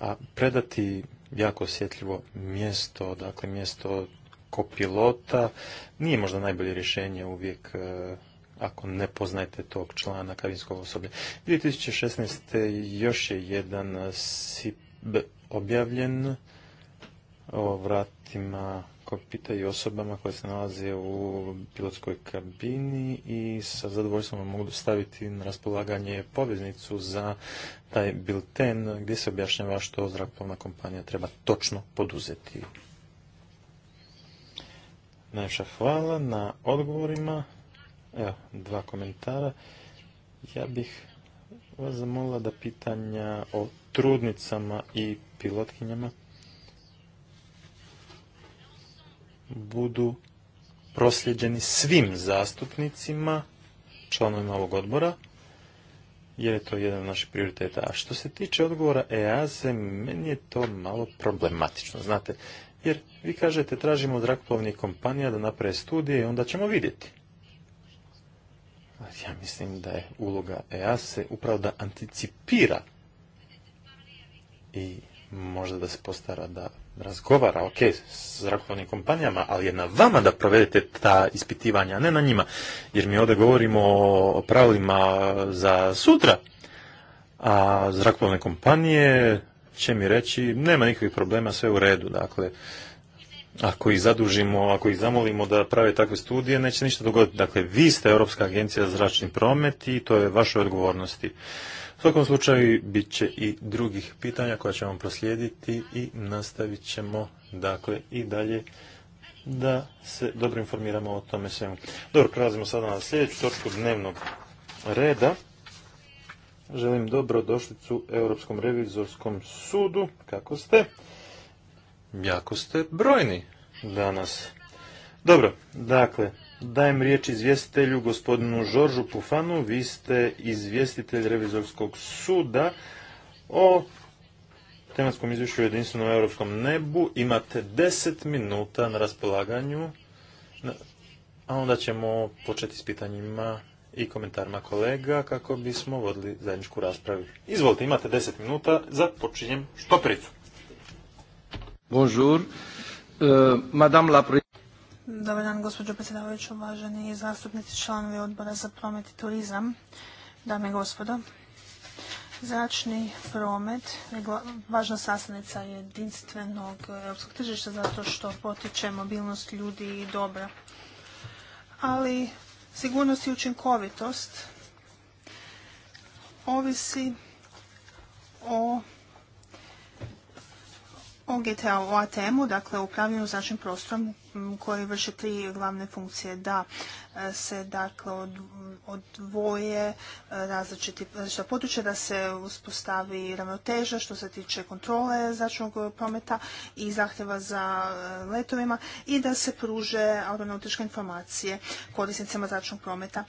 A predati jako osjetljivo mjesto, dakle mjesto kopilota, nije možda najbolje rješenje uvijek ako ne poznajete tog člana kabinskog osoblja. 2016. još je jedan eh, SIB objavljen o vratima kokpita i osobama koje se nalaze u pilotskoj kabini i sa zadovoljstvom mogu staviti na raspolaganje poveznicu za taj bilten gdje se objašnjava što zrakoplovna kompanija treba točno poduzeti. Najviše hvala na odgovorima. Evo, dva komentara. Ja bih vas zamolila da pitanja o trudnicama i pilotkinjama budu prosljeđeni svim zastupnicima, članovima ovog odbora, jer je to jedan od naših prioriteta. A što se tiče odgovora EASE, meni je to malo problematično, znate, jer vi kažete tražimo od zrakoplovnih kompanija da naprave studije i onda ćemo vidjeti. Ja mislim da je uloga EASE upravo da anticipira i možda da se postara da razgovara, ok, s zrakoplovnim kompanijama, ali je na vama da provedete ta ispitivanja, a ne na njima. Jer mi ovdje govorimo o pravilima za sutra, a zrakoplovne kompanije će mi reći nema nikakvih problema, sve u redu. Dakle, ako ih zadužimo, ako ih zamolimo da prave takve studije, neće ništa dogoditi. Dakle, vi ste Europska agencija za zračni promet i to je vaše odgovornosti. U svakom slučaju bit će i drugih pitanja koja ćemo proslijediti i nastavit ćemo dakle i dalje da se dobro informiramo o tome svemu. Dobro, prelazimo sada na sljedeću točku dnevnog reda. Želim dobrodošlicu Europskom revizorskom sudu. Kako ste? jako ste brojni danas. Dobro, dakle, dajem riječ izvjestitelju gospodinu Žoržu Pufanu. Vi ste izvjestitelj revizorskog suda o tematskom izvješću o jedinstvenom europskom nebu. Imate deset minuta na raspolaganju, a onda ćemo početi s pitanjima i komentarima kolega kako bismo vodili zajedničku raspravu. Izvolite, imate deset minuta, započinjem što pricu. Bonjour. Euh, Dobar dan, gospođo predsjedavajući, uvaženi zastupnici članovi odbora za promet i turizam, dame i gospodo. Zračni promet je važna sastavnica jedinstvenog europskog tržišta zato što potiče mobilnost ljudi i dobra. Ali sigurnost i učinkovitost ovisi o on GTA u temu, dakle u upravljanju zračnim prostorom koji vrše tri glavne funkcije. Da e, se dakle odvoje e, različita područja, da se uspostavi ravnoteža što se tiče kontrole zračnog prometa i zahtjeva za e, letovima i da se pruže aeronautičke informacije korisnicima zračnog prometa.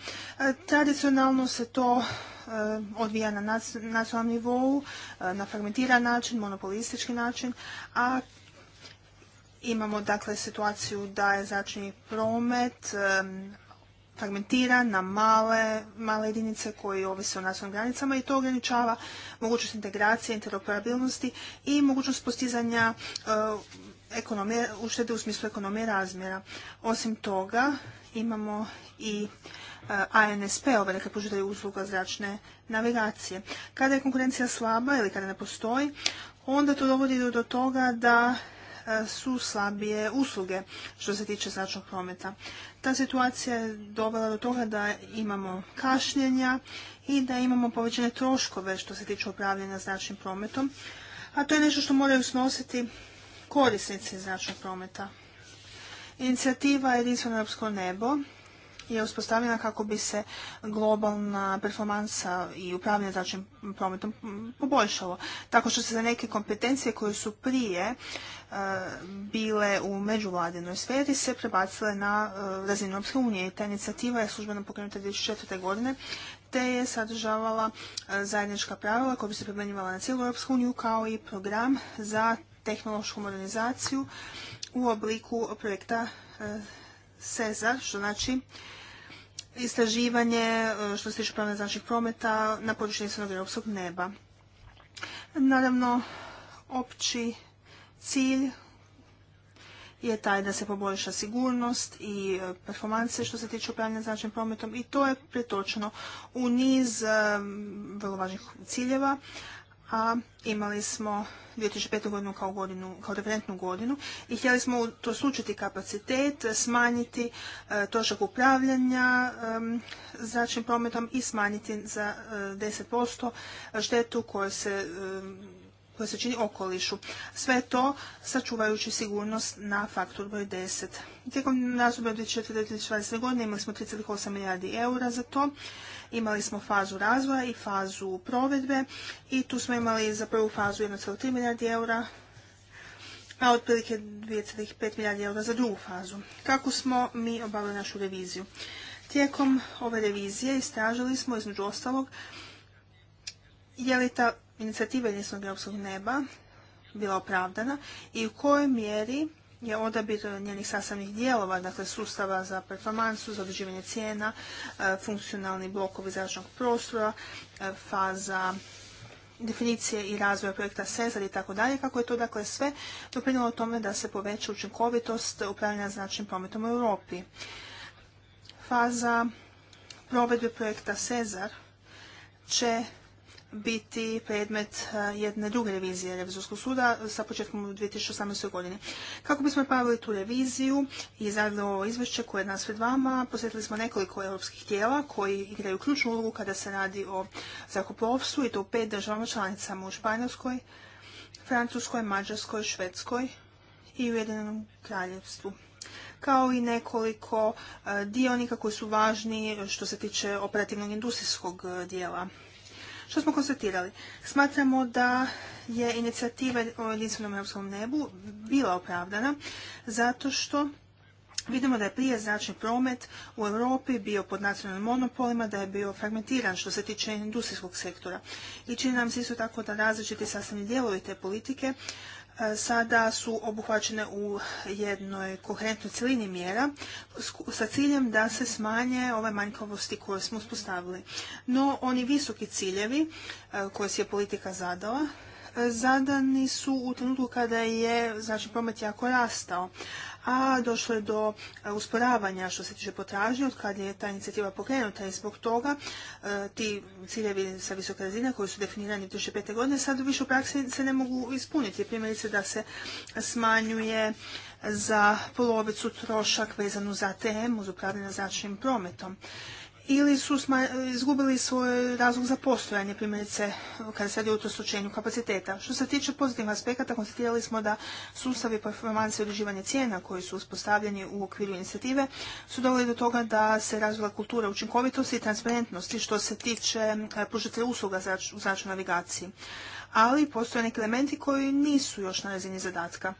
Tradicionalno se to odvija na nacionalnom nivou, na fragmentiran način, monopolistički način, a Imamo dakle situaciju da je zračni promet fragmentiran na male, male jedinice koje ovise o nacionalnim granicama i to ograničava mogućnost integracije, interoperabilnosti i mogućnost postizanja eh, ekonomije, uštede u smislu ekonomije razmjera. Osim toga imamo i eh, ANSP, ove neke pružitelje usluga zračne navigacije. Kada je konkurencija slaba ili kada ne postoji, onda to dovodi do toga da su slabije usluge što se tiče značnog prometa. Ta situacija je dovela do toga da imamo kašnjenja i da imamo povećane troškove što se tiče upravljanja značnim prometom, a to je nešto što moraju snositi korisnici značnog prometa. Inicijativa Jedinstveno europsko nebo je uspostavljena kako bi se globalna performansa i upravljanje zračnim prometom poboljšalo. Tako što se za neke kompetencije koje su prije e, bile u međuvladinoj sferi se prebacile na e, razinu Europske unije i ta inicijativa je službeno pokrenuta 2004. godine te je sadržavala e, zajednička pravila koja bi se primjenjivala na cijelu Europsku uniju kao i program za tehnološku modernizaciju u obliku projekta CESAR, što znači istraživanje e, što se tiče pravne značnih prometa na području jedinstvenog europskog neba. Naravno, opći cilj je taj da se poboljša sigurnost i e, performanse što se tiče upravljanja zračnim prometom i to je pretočeno u niz e, vrlo važnih ciljeva, a imali smo 2005. godinu kao, godinu, kao referentnu godinu i htjeli smo utrostručiti kapacitet, smanjiti e, trošak upravljanja zračnim prometom i smanjiti za 10% e, štetu koja se, koja se čini okolišu. Sve to sačuvajući sigurnost na faktor broj 10. Tijekom razdoblja 2014. godine imali smo 3,8 milijardi eura za to Imali smo fazu razvoja i fazu provedbe i tu smo imali za prvu fazu 1,3 milijardi eura, a otprilike 2,5 milijardi eura za drugu fazu. Kako smo mi obavili našu reviziju? Tijekom ove revizije istražili smo između ostalog je li ta inicijativa jedinstvenog europskog neba bila opravdana i u kojoj mjeri je odabir njenih sastavnih dijelova, dakle sustava za performansu, za određivanje cijena, e, funkcionalni blokovi zračnog prostora, e, faza definicije i razvoja projekta Cezar i tako dalje, kako je to dakle sve doprinjelo tome da se poveća učinkovitost upravljanja značnim prometom u Europi. Faza provedbe projekta Cezar će biti predmet e, jedne druge revizije Revizorskog suda sa početkom u 2018. godine. Kako bismo pravili tu reviziju i izradili ovo izvješće koje je nas pred vama, posjetili smo nekoliko europskih tijela koji igraju ključnu ulogu kada se radi o zakupovstvu i to u pet državama članicama u Španjolskoj, Francuskoj, Mađarskoj, Švedskoj i Ujedinjenom kraljevstvu kao i nekoliko e, dionika koji su važni što se tiče operativnog industrijskog e, dijela što smo konstatirali? Smatramo da je inicijativa o jedinstvenom europskom nebu bila opravdana zato što Vidimo da je prije zračni promet u Europi bio pod nacionalnim monopolima, da je bio fragmentiran što se tiče industrijskog sektora. I čini nam se isto tako da različiti sastavni dijelovi te politike sada su obuhvaćene u jednoj koherentnoj cilini mjera sa ciljem da se smanje ove manjkavosti koje smo uspostavili. No, oni visoki ciljevi e, koje si je politika zadala, e, zadani su u trenutku kada je znači, promet jako rastao, a došlo je do e, usporavanja što se tiče potražnje od kad je ta inicijativa pokrenuta i zbog toga e, ti ciljevi sa visoke razine koji su definirani 2005. godine sad više u praksi se ne mogu ispuniti. Primjerice da se smanjuje za polovicu trošak vezanu za temu uz upravljanje zračnim prometom ili su izgubili svoj razlog za postojanje, primjerice kada se radi o kapaciteta. Što se tiče pozitivnih aspekata, konstatirali smo da sustavi performanse i cijena koji su uspostavljeni u okviru inicijative su doveli do toga da se razvila kultura učinkovitosti i transparentnosti što se tiče e, pružatelja usluga u zračnoj navigaciji. Ali postoje neki elementi koji nisu još na razini zadatka.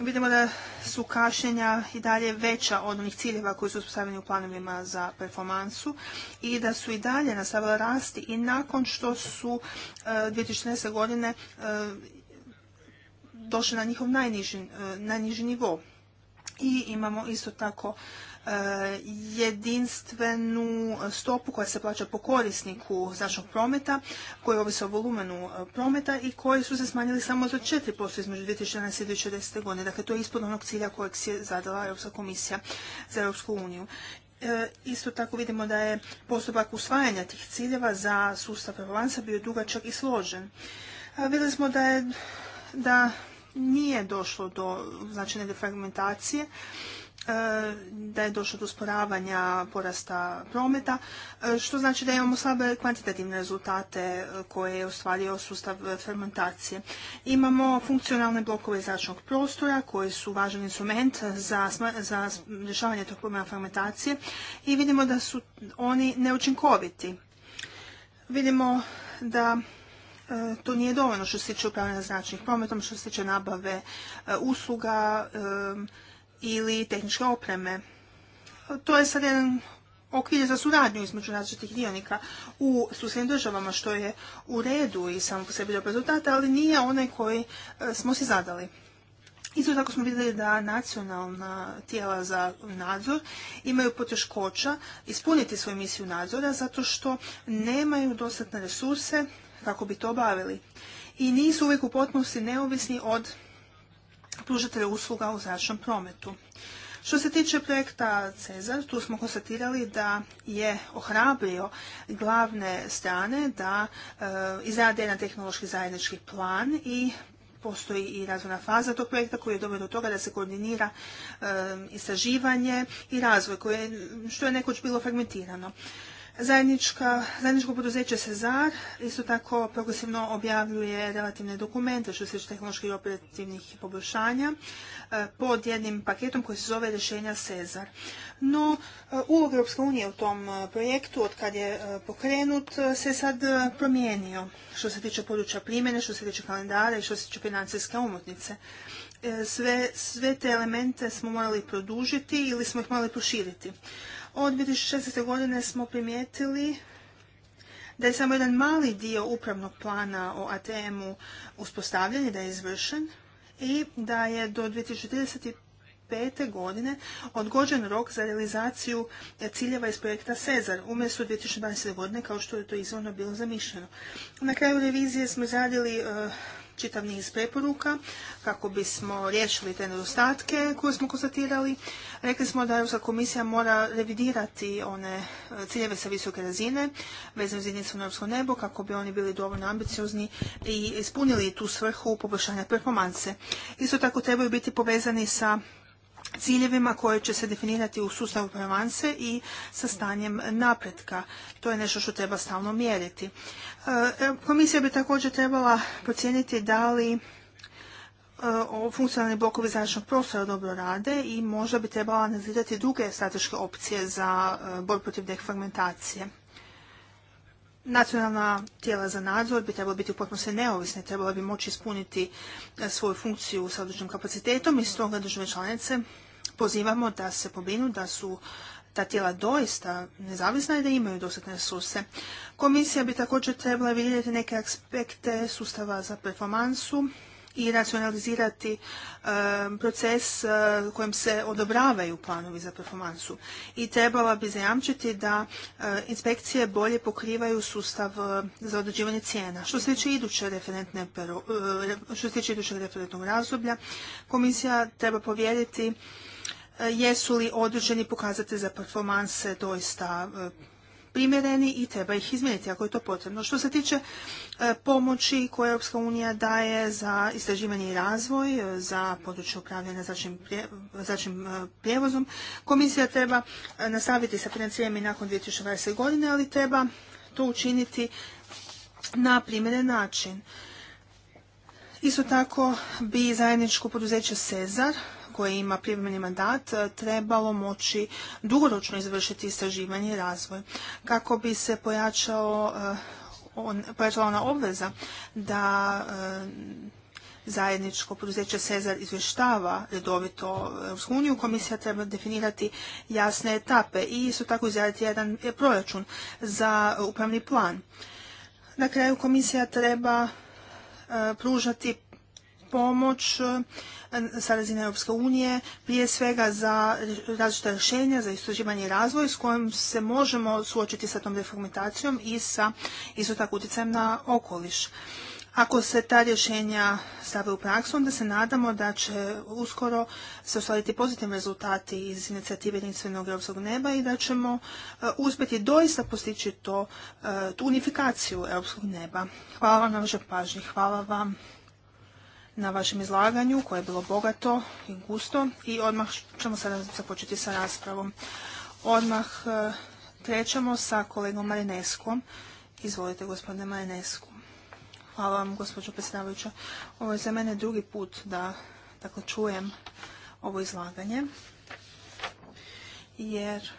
Vidimo da su kašenja i dalje veća od onih ciljeva koji su uspostavljeni u planovima za performansu i da su i dalje nastavila rasti i nakon što su e, tisuće 2014. godine e, došli na njihov e, najniži nivo. I imamo isto tako E, jedinstvenu stopu koja se plaća po korisniku zračnog prometa, koji ovisi o volumenu e, prometa i koji su se smanjili samo za 4% između 2011. i 2010. godine. Dakle, to je ispod onog cilja kojeg se je zadala Europska komisija za Europsku uniju. E, isto tako vidimo da je postupak usvajanja tih ciljeva za sustav rebalansa bio dugačak i složen. vidjeli smo da je da nije došlo do značajne defragmentacije, E, da je došlo do sporavanja porasta prometa, e, što znači da imamo slabe kvantitativne rezultate e, koje je ostvario sustav fermentacije. Imamo funkcionalne blokove zračnog prostora koji su važan instrument za, rješavanje tog problema fermentacije i vidimo da su oni neučinkoviti. Vidimo da to nije dovoljno što se tiče upravljanja zračnih prometom, što se tiče nabave usluga, ili tehničke opreme. To je sad jedan okvir za suradnju između različitih dionika u susjednim državama, što je u redu i samo po sebi dobro rezultata, ali nije onaj koji e, smo si zadali. Isto tako smo vidjeli da nacionalna tijela za nadzor imaju poteškoća ispuniti svoju misiju nadzora zato što nemaju dostatne resurse kako bi to obavili. I nisu uvijek u potpunosti neovisni od pružatelja usluga u zračnom prometu. Što se tiče projekta Cezar, tu smo konstatirali da je ohrabrio glavne strane da e, izrade jedan tehnološki zajednički plan i postoji i razvojna faza tog projekta koji je doveo do toga da se koordinira e, istraživanje i razvoj što je nekoć bilo fragmentirano zajedničko poduzeće Cezar isto tako progresivno objavljuje relativne dokumente što se tiče tehnoloških i operativnih poboljšanja e, pod jednim paketom koji se zove rješenja Cezar. No, e, ulog Europske unije u tom e, projektu, od kad je pokrenut, se sad promijenio što se tiče područja primjene, što se tiče kalendara i što se tiče financijske umotnice. Sve, sve te elemente smo morali produžiti ili smo ih morali proširiti. Od 2016. godine smo primijetili da je samo jedan mali dio upravnog plana o ATM-u uspostavljen i da je izvršen i da je do 2035. godine odgođen rok za realizaciju e, ciljeva iz projekta Cezar umjesto 2020. godine kao što je to izvorno bilo zamišljeno. Na kraju revizije smo izradili e, čitav niz preporuka kako bismo riješili te nedostatke koje smo konstatirali. Rekli smo da Europska komisija mora revidirati one e, ciljeve sa visoke razine vezano za na europsko nebo kako bi oni bili dovoljno ambiciozni i ispunili tu svrhu poboljšanja performanse. Isto tako trebaju biti povezani sa ciljevima koje će se definirati u sustavu performanse i sa stanjem napretka. To je nešto što treba stalno mjeriti. E, komisija bi također trebala procijeniti da li e, funkcionalni blokovi zračnog prostora dobro rade i možda bi trebala analizirati druge strateške opcije za e, borbu protiv defragmentacije. Nacionalna tijela za nadzor bi trebala biti u potpunosti neovisne, trebala bi moći ispuniti svoju funkciju sa određenim kapacitetom i stoga države članice pozivamo da se pobinu, da su ta tijela doista nezavisna i da imaju dostatne resurse. Komisija bi također trebala vidjeti neke aspekte sustava za performansu i racionalizirati e, proces e, kojim se odobravaju planovi za performansu. I trebala bi zajamčiti da e, inspekcije bolje pokrivaju sustav za određivanje cijena. Što se tiče iduće referentne što se tiče idućeg referentnog razdoblja, komisija treba povjeriti E, jesu li određeni pokazatelji za performanse doista e, primjereni i treba ih izmijeniti ako je to potrebno. Što se tiče e, pomoći koje Europska unija daje za istraživanje i razvoj, za područje upravljanja zračnim prijevozom, komisija treba nastaviti sa financiranjem i nakon 2020. godine, ali treba to učiniti na primjeren način. Isto tako bi zajedničko poduzeće sezar koje ima privremeni mandat e, trebalo moći dugoročno izvršiti istraživanje i razvoj. Kako bi se pojačao e, on, pojačala ona obveza da e, zajedničko poduzeće Cezar izvještava redovito Europsku uniju, komisija treba definirati jasne etape i isto tako izraditi jedan proračun za upravni plan. Na kraju komisija treba pružati pomoć sa razine Europske unije, prije svega za različita rješenja, za istraživanje i razvoj s kojim se možemo suočiti sa tom deformitacijom i sa isto tako utjecajem na okoliš. Ako se ta rješenja stave u praksu, onda se nadamo da će uskoro se ostvariti pozitivni rezultati iz inicijative jedinstvenog europskog neba i da ćemo e, uspjeti doista postići to, e, tu unifikaciju europskog neba. Hvala vam na vašoj pažnji. Hvala vam na vašem izlaganju koje je bilo bogato i gusto i odmah ćemo sada započeti sa raspravom. Odmah e, krećemo sa kolegom Marineskom. Izvolite gospodine Marinesku. Hvala vam gospođo predsjedavajuća. Ovo je za mene drugi put da dakle, čujem ovo izlaganje jer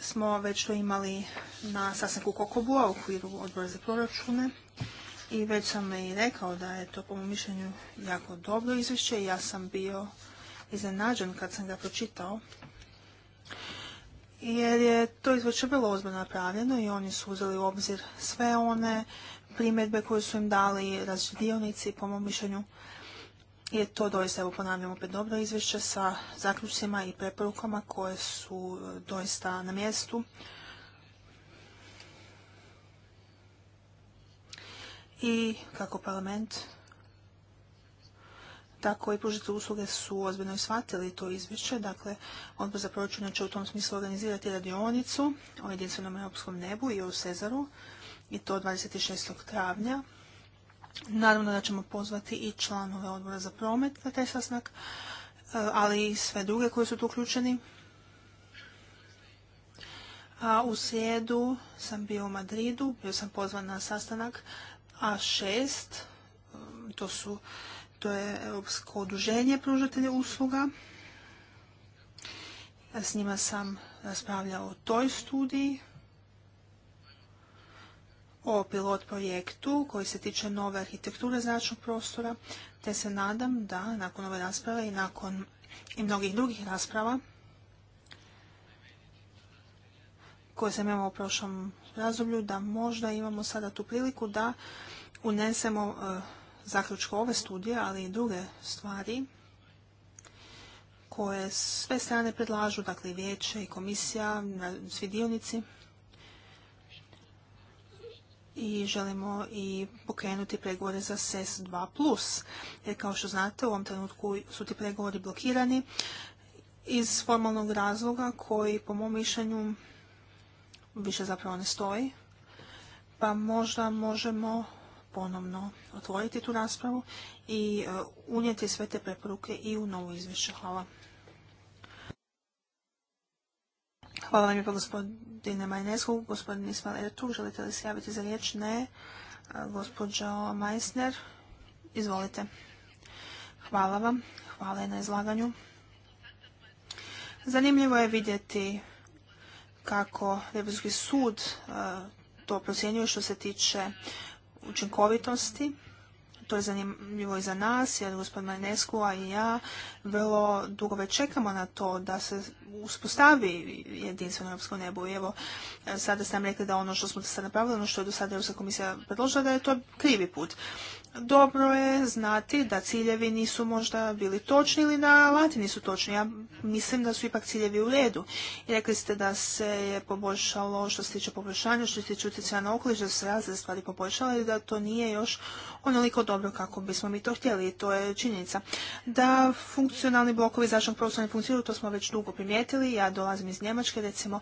smo već to imali na sastanku Kokobu u okviru odbora za proračune i već sam i rekao da je to po mom mišljenju jako dobro izvješće. Ja sam bio iznenađen kad sam ga pročitao jer je to izvješće bilo ozbiljno napravljeno i oni su uzeli u obzir sve one primjedbe koje su im dali različiti dionici. Po mom mišljenju je to doista, evo ponavljam opet dobro izvješće sa zaključcima i preporukama koje su doista na mjestu i kako parlament tako i pružite usluge su ozbiljno shvatili to izvješće. Dakle, odbor za proračun će u tom smislu organizirati radionicu o jedinstvenom europskom nebu i o Sezaru, i to 26. travnja. Naravno da ćemo pozvati i članove odbora za promet na taj sasnak, e, ali i sve druge koji su tu uključeni. A u srijedu sam bio u Madridu, bio sam pozvan na sastanak a6, um, to, su, to je Europsko oduženje pružatelja usluga. s njima sam raspravljao o toj studiji, o pilot projektu koji se tiče nove arhitekture zračnog prostora, te se nadam da nakon ove rasprave i nakon i mnogih drugih rasprava koje sam imao u prošlom razdoblju da možda imamo sada tu priliku da unesemo e, zaključku ove studije, ali i druge stvari koje sve strane predlažu, dakle i vijeće i komisija, svi dionici. I želimo i pokrenuti pregovore za SES 2+. Jer kao što znate, u ovom trenutku su ti pregovori blokirani iz formalnog razloga koji, po mom mišljenju, više zapravo ne stoji, pa možda možemo ponovno otvoriti tu raspravu i e, unijeti sve te preporuke i u novo izvješće. Hvala. Hvala vam pa gospodine Majnesku. Gospodin Ismail Ertug, želite li se javiti za riječ? Ne. E, gospođo Majsner, izvolite. Hvala vam. Hvala je na izlaganju. Zanimljivo je vidjeti kako Revizorski sud e, to procjenjuje što se tiče učinkovitosti. To je zanimljivo i za nas, jer gospodina Marinescu, a i ja vrlo dugo već čekamo na to da se uspostavi jedinstveno europsko nebo. I evo, e, sada ste nam rekli da ono što smo sad napravili, ono što je do sada Europska komisija predložila, da je to krivi put dobro je znati da ciljevi nisu možda bili točni ili da alati nisu točni. Ja mislim da su ipak ciljevi u redu. I rekli ste da se je poboljšalo što se tiče poboljšanja, što se tiče utjecaja na okoliš, da se razne stvari poboljšale i da to nije još onoliko dobro kako bismo mi to htjeli. I to je činjenica. Da funkcionalni blokovi zračnog prostora ne funkcioniraju, to smo već dugo primijetili. Ja dolazim iz Njemačke, recimo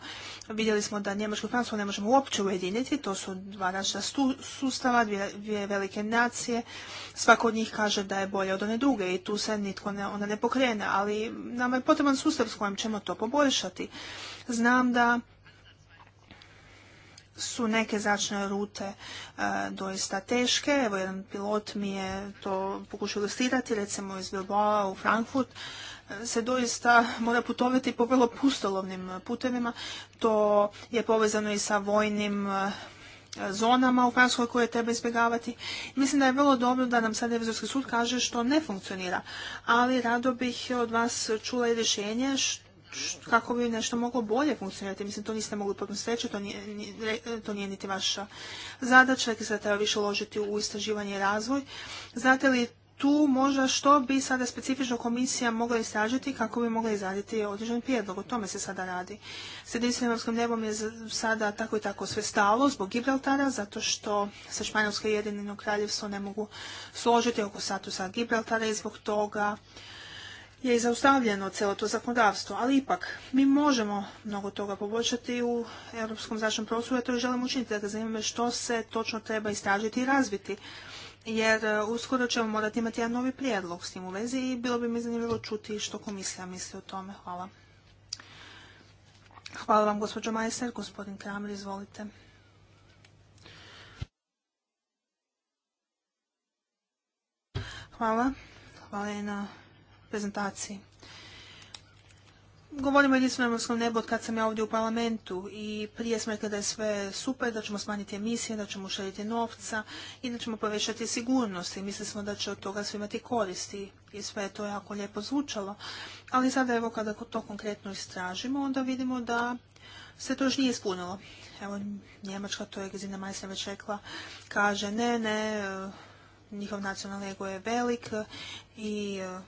vidjeli smo da Njemačko i Francusku ne možemo uopće ujediniti. To su dva naša sustava, dvije velike nacije svako od njih kaže da je bolje od one duge i tu se nitko ne, ona ne pokrene, ali nama je potreban sustav s kojim ćemo to poboljšati. Znam da su neke zračne rute e, doista teške. Evo jedan pilot mi je to pokušao ilustrirati, recimo iz Bilboa u Frankfurt e, se doista mora putovati po vrlo pustolovnim putevima. To je povezano i sa vojnim e, zonama u Francuskoj koje treba izbjegavati. Mislim da je vrlo dobro da nam sad revizorski sud kaže što ne funkcionira, ali rado bih od vas čula i rješenje kako bi nešto moglo bolje funkcionirati. Mislim, to niste mogli potpuno sreći. to nije, niti vaša zadaća, Sada se treba više uložiti u istraživanje i razvoj. Znate li tu možda što bi sada specifično komisija mogla istražiti kako bi mogla izraditi određen prijedlog. O tome se sada radi. S jedinstvenim nebom je sada tako i tako sve stalo zbog Gibraltara, zato što se Španjolsko i kraljevstvo ne mogu složiti oko statusa Gibraltara i zbog toga je i zaustavljeno celo to zakonodavstvo, ali ipak mi možemo mnogo toga poboljšati u europskom zračnom prostoru, ja to učiniti, da ga što se točno treba istražiti i razviti jer e, uskoro ćemo morati imati jedan novi prijedlog s tim u vezi i bilo bi mi zanimljivo čuti što komisija misli o tome. Hvala. Hvala vam, gospođo Majser. Gospodin Kramer, izvolite. Hvala. Hvala i na prezentaciji govorimo o jedinstvenom europskom nebu od kad sam ja ovdje u parlamentu i prije smo rekli da je sve super, da ćemo smanjiti emisije, da ćemo uštediti novca i da ćemo povećati sigurnost i mislili smo da će od toga svi imati koristi i sve je to jako lijepo zvučalo. Ali sada evo kada to konkretno istražimo onda vidimo da se to još nije ispunilo. Evo Njemačka, to je Gazina Majsne već rekla, kaže ne, ne, njihov nacionalni ego je velik i e,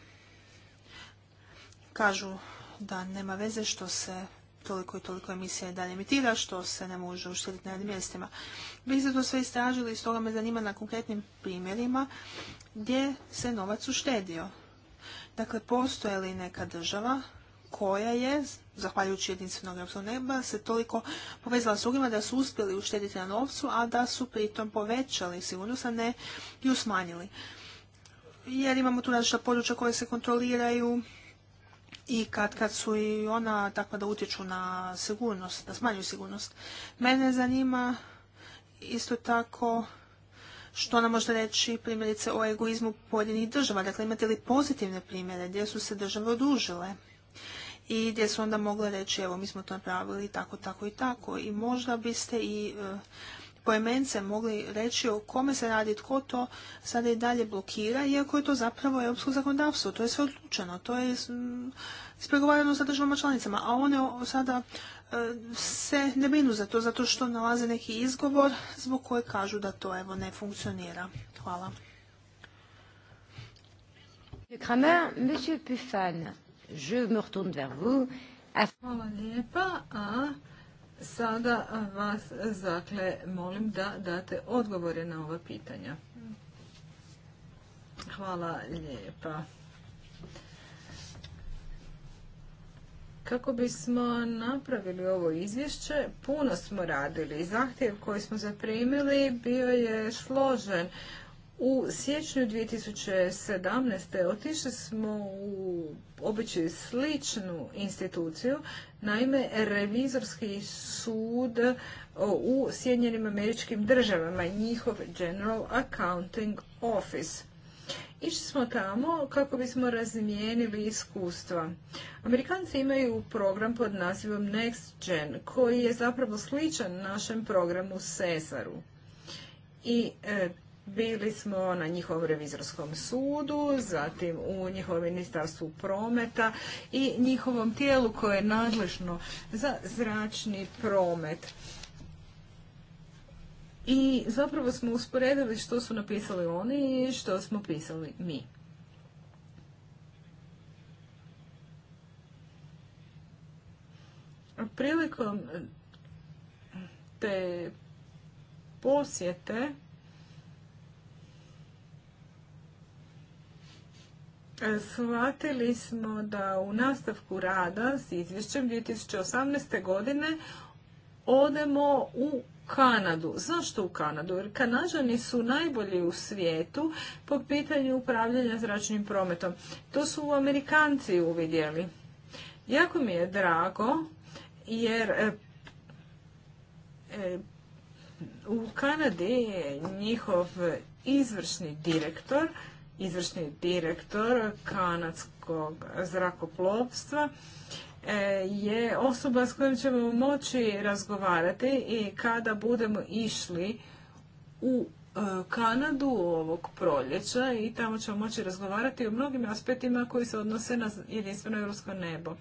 kažu da nema veze što se toliko i toliko emisija i dalje emitira, što se ne može uštediti na jednim mjestima. Vi ste to sve istražili i stoga me zanima na konkretnim primjerima gdje se novac uštedio. Dakle, postoje li neka država koja je, zahvaljujući jedinstvenog europskog neba, se toliko povezala s drugima da su uspjeli uštediti na novcu, a da su pritom povećali sigurnost, a ne i usmanjili. Jer imamo tu različita područja koje se kontroliraju, i kad, kad su i ona takva da utječu na sigurnost, da smanjuju sigurnost. Mene zanima isto tako što nam može reći primjerice o egoizmu pojedinih država. Dakle, imate li pozitivne primjere gdje su se države odužile i gdje su onda mogle reći evo mi smo to napravili tako, tako i tako. I možda biste i e, poimence mogli reći o kome se radi, tko to sada i dalje blokira, iako je to zapravo europsko zakonodavstvo. To je sve odlučeno, to je mm, ispregovarano sa državama članicama, a one sada e, se ne brinu za to, zato što nalaze neki izgovor zbog koje kažu da to evo ne funkcionira. Hvala. Hvala lijepa, Sada vas, dakle, molim da date odgovore na ova pitanja. Hvala lijepa. Kako bismo napravili ovo izvješće, puno smo radili. Zahtjev koji smo zaprimili bio je složen. U siječnju 2017. otišli smo u običaj sličnu instituciju, naime revizorski sud u Sjedinjenim američkim državama, njihov General Accounting Office. Išli smo tamo kako bismo razmijenili iskustva. Amerikanci imaju program pod nazivom Next koji je zapravo sličan našem programu Cesaru. I e, bili smo na njihovom revizorskom sudu, zatim u njihovom ministarstvu prometa i njihovom tijelu koje je nadležno za zračni promet. I zapravo smo usporedili što su napisali oni i što smo pisali mi. Prilikom te posjete Shvatili smo da u nastavku rada s izvješćem 2018. godine odemo u Kanadu. Zašto u Kanadu? Jer Kanađani su najbolji u svijetu po pitanju upravljanja zračnim prometom. To su u Amerikanci uvidjeli. Jako mi je drago jer e, e, u Kanadi njihov izvršni direktor izvršni direktor kanadskog zrakoplovstva, e, je osoba s kojom ćemo moći razgovarati i kada budemo išli u e, Kanadu ovog proljeća i tamo ćemo moći razgovarati o mnogim aspektima koji se odnose na jedinstveno europsko nebo.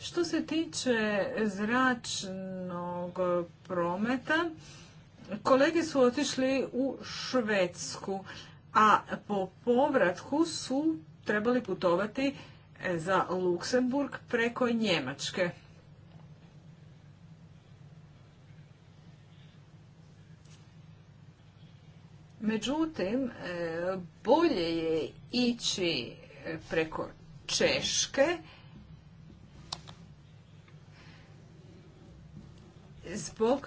Što se tiče zračnog prometa, kolege su otišli u Švedsku a po povratku su trebali putovati e, za Luksemburg preko Njemačke. Međutim, e, bolje je ići e, preko Češke zbog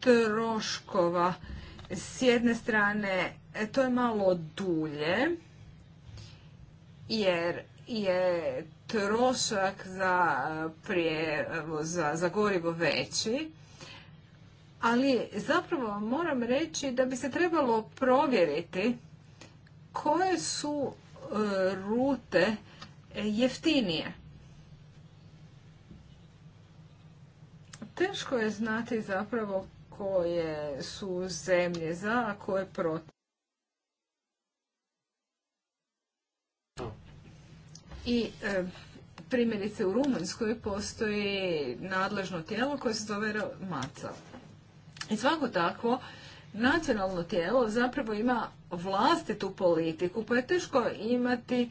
troškova. S jedne strane E, to je malo dulje jer je trošak za, e, prije, za, za gorivo veći, ali zapravo moram reći da bi se trebalo provjeriti koje su e, rute jeftinije. Teško je znati zapravo koje su zemlje za, a koje protiv. I e, primjerice u Rumunjskoj postoji nadležno tijelo koje se zove MACA. I svako takvo nacionalno tijelo zapravo ima vlastitu politiku, pa je teško imati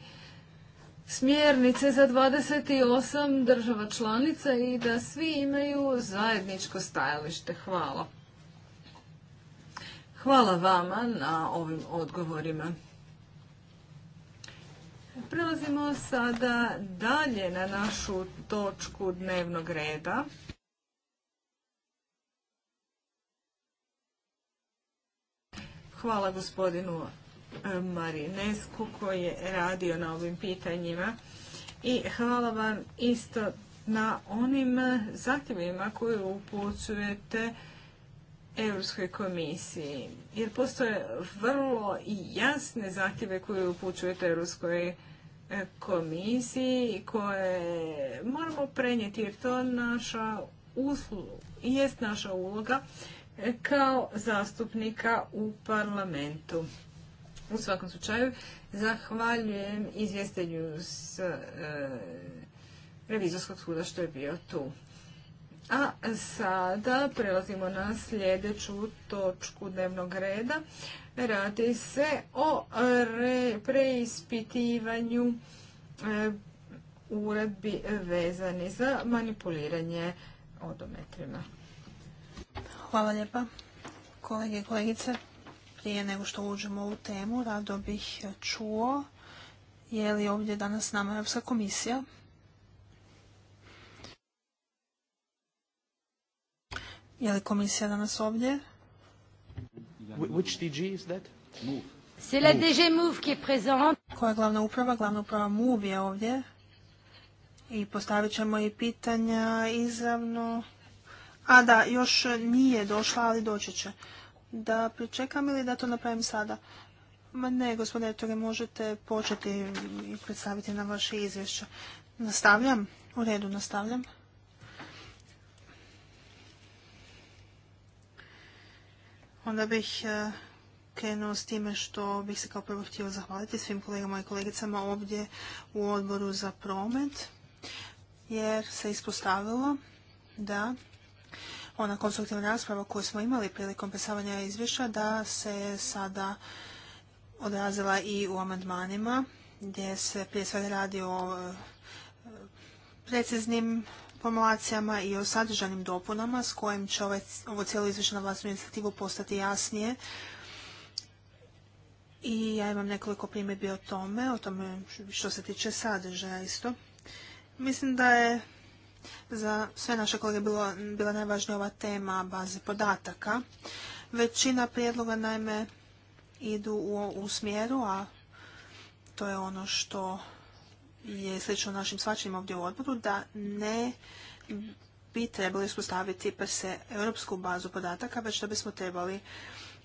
smjernice za 28 država članica i da svi imaju zajedničko stajalište. Hvala. Hvala vama na ovim odgovorima. Prelazimo sada dalje na našu točku dnevnog reda. Hvala gospodinu e, Marinesku koji je radio na ovim pitanjima i hvala vam isto na onim zahtjevima koje upućujete Europskoj komisiji. Jer postoje vrlo jasne zahtjeve koje upućujete Europskoj E, komisiji koje moramo prenijeti jer to naša usluga, jest naša uloga e, kao zastupnika u parlamentu. U svakom slučaju zahvaljujem izvjestenju s e, revizorskog suda što je bio tu. A sada prelazimo na sljedeću točku dnevnog reda, Radi se o preispitivanju e, uredbi vezani za manipuliranje odometrima. Hvala lijepa. Kolege i kolegice, prije nego što uđemo u temu, rado bih čuo je li ovdje danas nama Europska komisija. Je li komisija danas ovdje? Which DG is that? C'est la DG Move qui est présente. Koja je glavna uprava? Glavna uprava Move je ovdje. I postavit ćemo i pitanja izravno. A da, još nije došla, ali doći će. Da pričekam ili da to napravim sada? Ma ne, gospodine vi možete početi i predstaviti na vaše izvješće. Nastavljam? U redu, nastavljam. Onda bih e, krenuo s time što bih se kao prvo htio zahvaliti svim kolegama i kolegicama ovdje u odboru za promet, jer se ispostavilo da ona konstruktivna rasprava koju smo imali prilikom pisavanja izvješća da se sada odrazila i u amandmanima gdje se prije svega radi o e, preciznim formulacijama i o sadržanim dopunama s kojim će ovaj, ovo cijelo izvješće na vlastnu inicijativu postati jasnije. I ja imam nekoliko primjedbi o tome, o tome što se tiče sadržaja isto. Mislim da je za sve naše kolege bilo, bila najvažnija ova tema baze podataka. Većina prijedloga naime idu u, u smjeru, a to je ono što je slično našim svačanjima ovdje u odboru, da ne bi trebali uspostaviti per se europsku bazu podataka, već da bismo trebali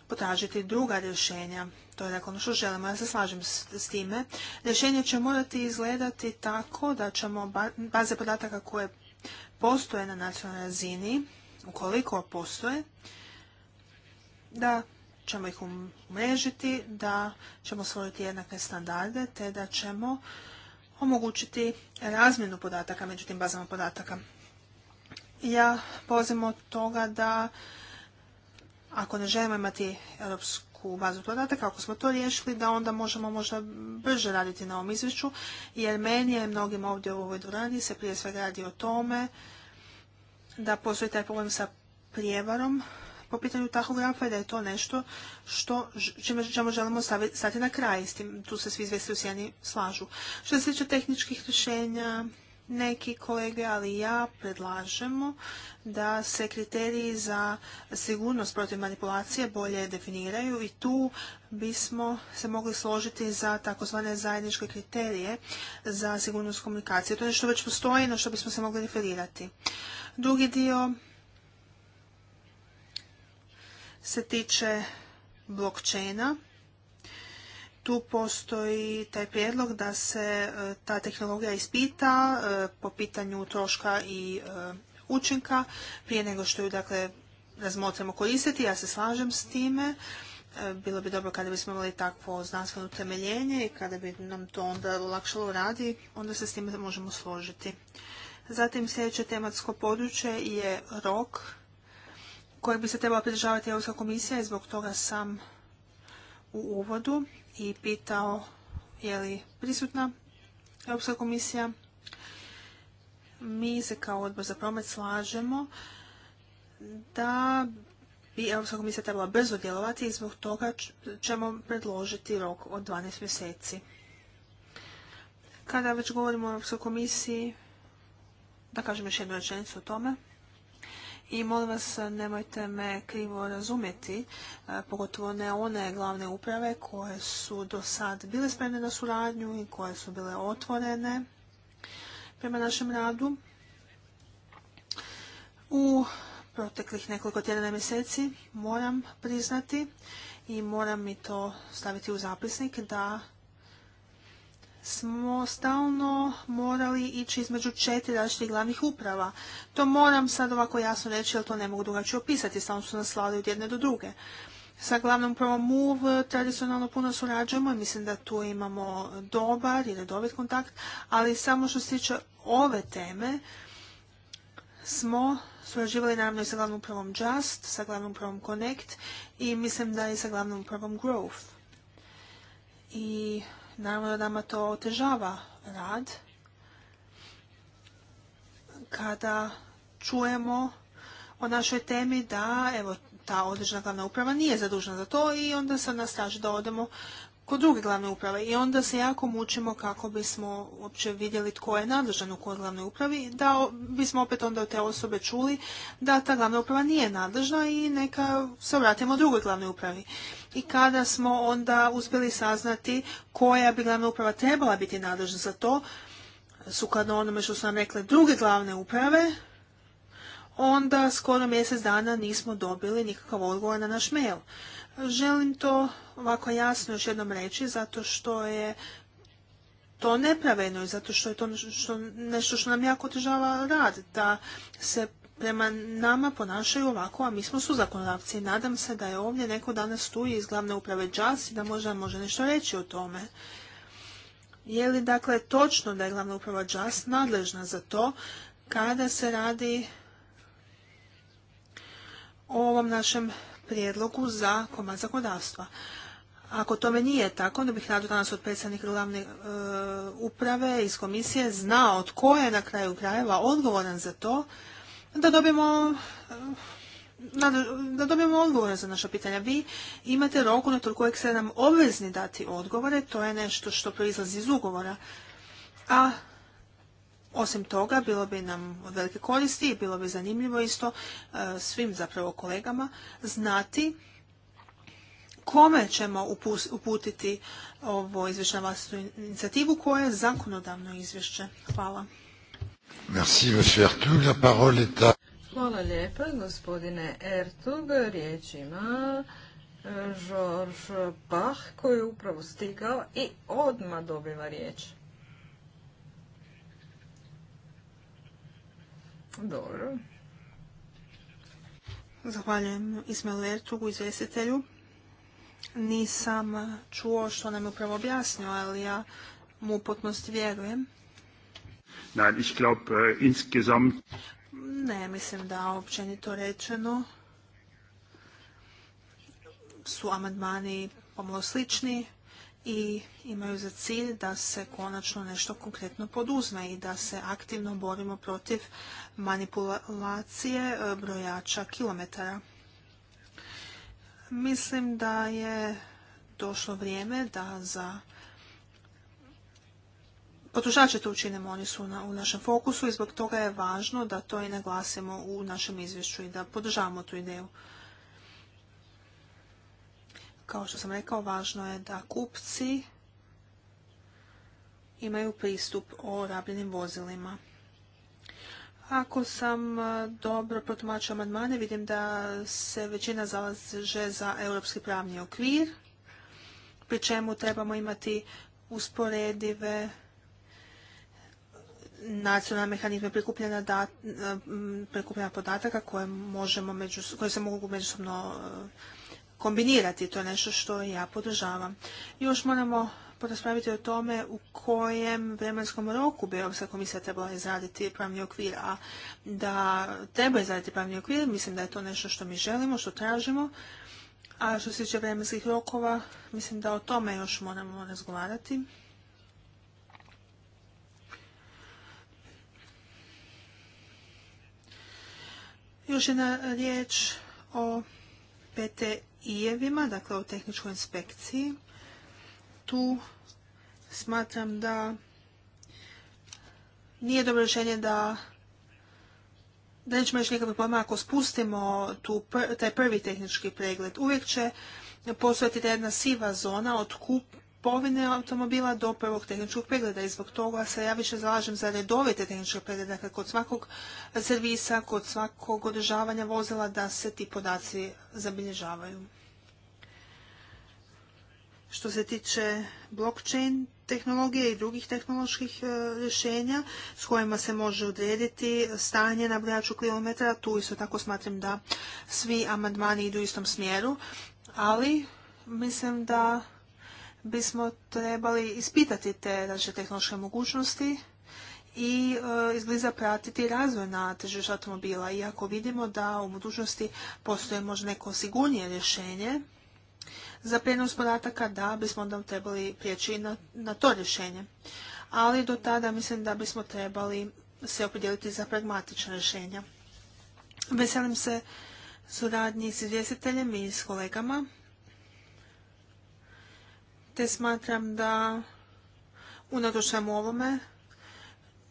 potražiti druga rješenja. To je dakle ono što želimo. Ja se slažem s, s time. Rješenje će morati izgledati tako da ćemo baze podataka koje postoje na nacionalnoj razini, ukoliko postoje, da ćemo ih um, umrežiti, da ćemo stvoriti jednake standarde, te da ćemo omogućiti razmjenu podataka među tim bazama podataka. Ja polazim od toga da ako ne želimo imati europsku bazu podataka, ako smo to riješili, da onda možemo možda brže raditi na ovom izvješću, jer meni je mnogim ovdje u ovoj dvorani se prije svega radi o tome da postoji taj problem sa prijevarom po pitanju tahografa da je to nešto što, čime, želimo stati na kraj s tim. Tu se svi izvesti u sjeni slažu. Što se tiče tehničkih rješenja, neki kolege, ali i ja predlažemo da se kriteriji za sigurnost protiv manipulacije bolje definiraju i tu bismo se mogli složiti za takozvane zajedničke kriterije za sigurnost komunikacije. To je nešto već postoji na što bismo se mogli referirati. Drugi dio se tiče blockchaina, tu postoji taj prijedlog da se e, ta tehnologija ispita e, po pitanju troška i e, učinka prije nego što ju dakle razmotrimo koristiti. Ja se slažem s time. Bilo bi dobro kada bismo imali takvo znanstveno utemeljenje i kada bi nam to onda lakšalo radi, onda se s time možemo složiti. Zatim sljedeće tematsko područje je rok kojeg bi se trebala pridržavati Europska komisija i zbog toga sam u uvodu i pitao je li prisutna Europska komisija. Mi se kao odbor za promet slažemo da bi Europska komisija trebala brzo djelovati i zbog toga ćemo predložiti rok od 12 mjeseci. Kada već govorimo o Europskoj komisiji, da kažem još jednu rečenicu o tome. I molim vas, nemojte me krivo razumjeti, e, pogotovo ne one glavne uprave koje su do sad bile spremne na suradnju i koje su bile otvorene prema našem radu. U proteklih nekoliko tjedana mjeseci moram priznati i moram mi to staviti u zapisnik da smo stalno morali ići između četiri različitih glavnih uprava. To moram sad ovako jasno reći, jer to ne mogu drugačije opisati, stalno su nas slali od jedne do druge. Sa glavnom upravom MOVE tradicionalno puno surađujemo i mislim da tu imamo dobar i redovit kontakt, ali samo što se tiče ove teme smo surađivali naravno i sa glavnom upravom Just, sa glavnom upravom Connect i mislim da i sa glavnom upravom Growth. I Naravno da nama to otežava rad kada čujemo o našoj temi da evo ta određena glavna uprava nije zadužena za to i onda se nas traži da odemo kod druge glavne uprave i onda se jako mučimo kako bismo uopće vidjeli tko je nadležan u kojoj glavnoj upravi, da bismo opet onda od te osobe čuli da ta glavna uprava nije nadležna i neka se obratimo drugoj glavnoj upravi i kada smo onda uspjeli saznati koja bi glavna uprava trebala biti nadležna za to, sukladno onome što su nam rekle druge glavne uprave, onda skoro mjesec dana nismo dobili nikakav odgovor na naš mail. Želim to ovako jasno još jednom reći, zato što je to nepravedno i zato što je to nešto što nam jako otežava rad, da se prema nama ponašaju ovako, a mi smo su zakonodavci. Nadam se da je ovdje neko danas tu iz glavne uprave Jazz i da možda može nešto reći o tome. Je li dakle točno da je glavna uprava Jazz nadležna za to kada se radi o ovom našem prijedlogu za komad zakonodavstva? Ako tome nije tako, onda bih rado danas od predstavnika glavne e, uprave iz komisije znao tko je na kraju krajeva odgovoran za to da dobijemo eh, da dobijemo odgovore za naša pitanja. Vi imate rok unutar kojeg ste nam obvezni dati odgovore, to je nešto što proizlazi iz ugovora. A osim toga, bilo bi nam od velike koristi i bilo bi zanimljivo isto eh, svim zapravo kolegama znati kome ćemo uputiti ovo izvješće na vlastnu inicijativu koje je zakonodavno izvješće. Hvala. Merci, monsieur Ertug. La parole est à... Hvala lijepa, gospodine Ertug. Riječ ima George Bach koji je upravo stigao i odma dobiva riječ. Dobro. Zahvaljujem Ismailu Ertugu, izvjestitelju. Nisam čuo što nam je upravo objasnio, ali ja mu u vjerujem. Nein, äh, Ne, mislim da općenito rečeno su amandmani pomalo slični i imaju za cilj da se konačno nešto konkretno poduzme i da se aktivno borimo protiv manipulacije e, brojača kilometara. Mislim da je došlo vrijeme da za Potrošače to učinimo, oni su na, u našem fokusu i zbog toga je važno da to i naglasimo u našem izvješću i da podržavamo tu ideju. Kao što sam rekao, važno je da kupci imaju pristup o rabljenim vozilima. Ako sam dobro protumačila amandmane, vidim da se većina zalaže za europski pravni okvir, pri čemu trebamo imati usporedive nacionalne mehanizme prikupljena, prikupljena podataka koje, koje se mogu međusobno e, kombinirati. To je nešto što ja podržavam. Još moramo poraspraviti o tome u kojem vremenskom roku bi Europska komisija trebala izraditi pravni okvir, a da treba izraditi pravni okvir, mislim da je to nešto što mi želimo, što tražimo. A što se tiče vremenskih rokova, mislim da o tome još moramo razgovarati. Još jedna riječ o PTI-evima, dakle o tehničkoj inspekciji. Tu smatram da nije dobro rješenje da da nećemo još nikakve pojma ako spustimo taj prvi tehnički pregled. Uvijek će postojati ta jedna siva zona od, kup, kupovine automobila do prvog tehničkog pregleda i zbog toga se ja više zalažem za redovite tehničke preglede, dakle kod svakog servisa, kod svakog održavanja vozila da se ti podaci zabilježavaju. Što se tiče blockchain tehnologije i drugih tehnoloških e, rješenja s kojima se može odrediti stanje na brojaču kilometara, tu isto tako smatram da svi amandmani idu u istom smjeru, ali mislim da bismo trebali ispitati te naše tehnološke mogućnosti i e, izbliza pratiti razvoj na tržištu automobila. I ako vidimo da u budućnosti postoje možda neko sigurnije rješenje za prijenos podataka, da bismo onda trebali prijeći na, to rješenje. Ali do tada mislim da bismo trebali se opredijeliti za pragmatična rješenja. Veselim se suradnji s izvjestiteljem i s kolegama te smatram da unatoč svemu ovome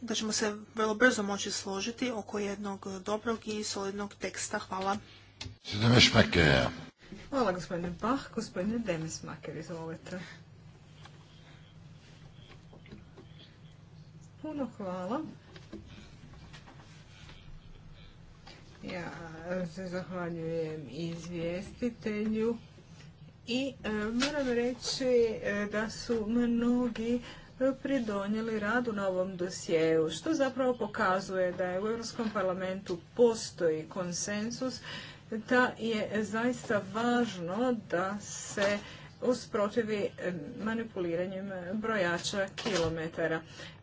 da ćemo se vrlo brzo moći složiti oko jednog dobrog i solidnog teksta. Hvala. Hvala gospodine Bach. Gospodine Maker, izvolite. Puno hvala. Ja se zahvaljujem izvjestitelju i e, moram reći e, da su mnogi e, pridonijeli radu na ovom dosjeu, što zapravo pokazuje da je u Europskom parlamentu postoji konsensus da je zaista važno da se usprotivi manipuliranjem brojača kilometara.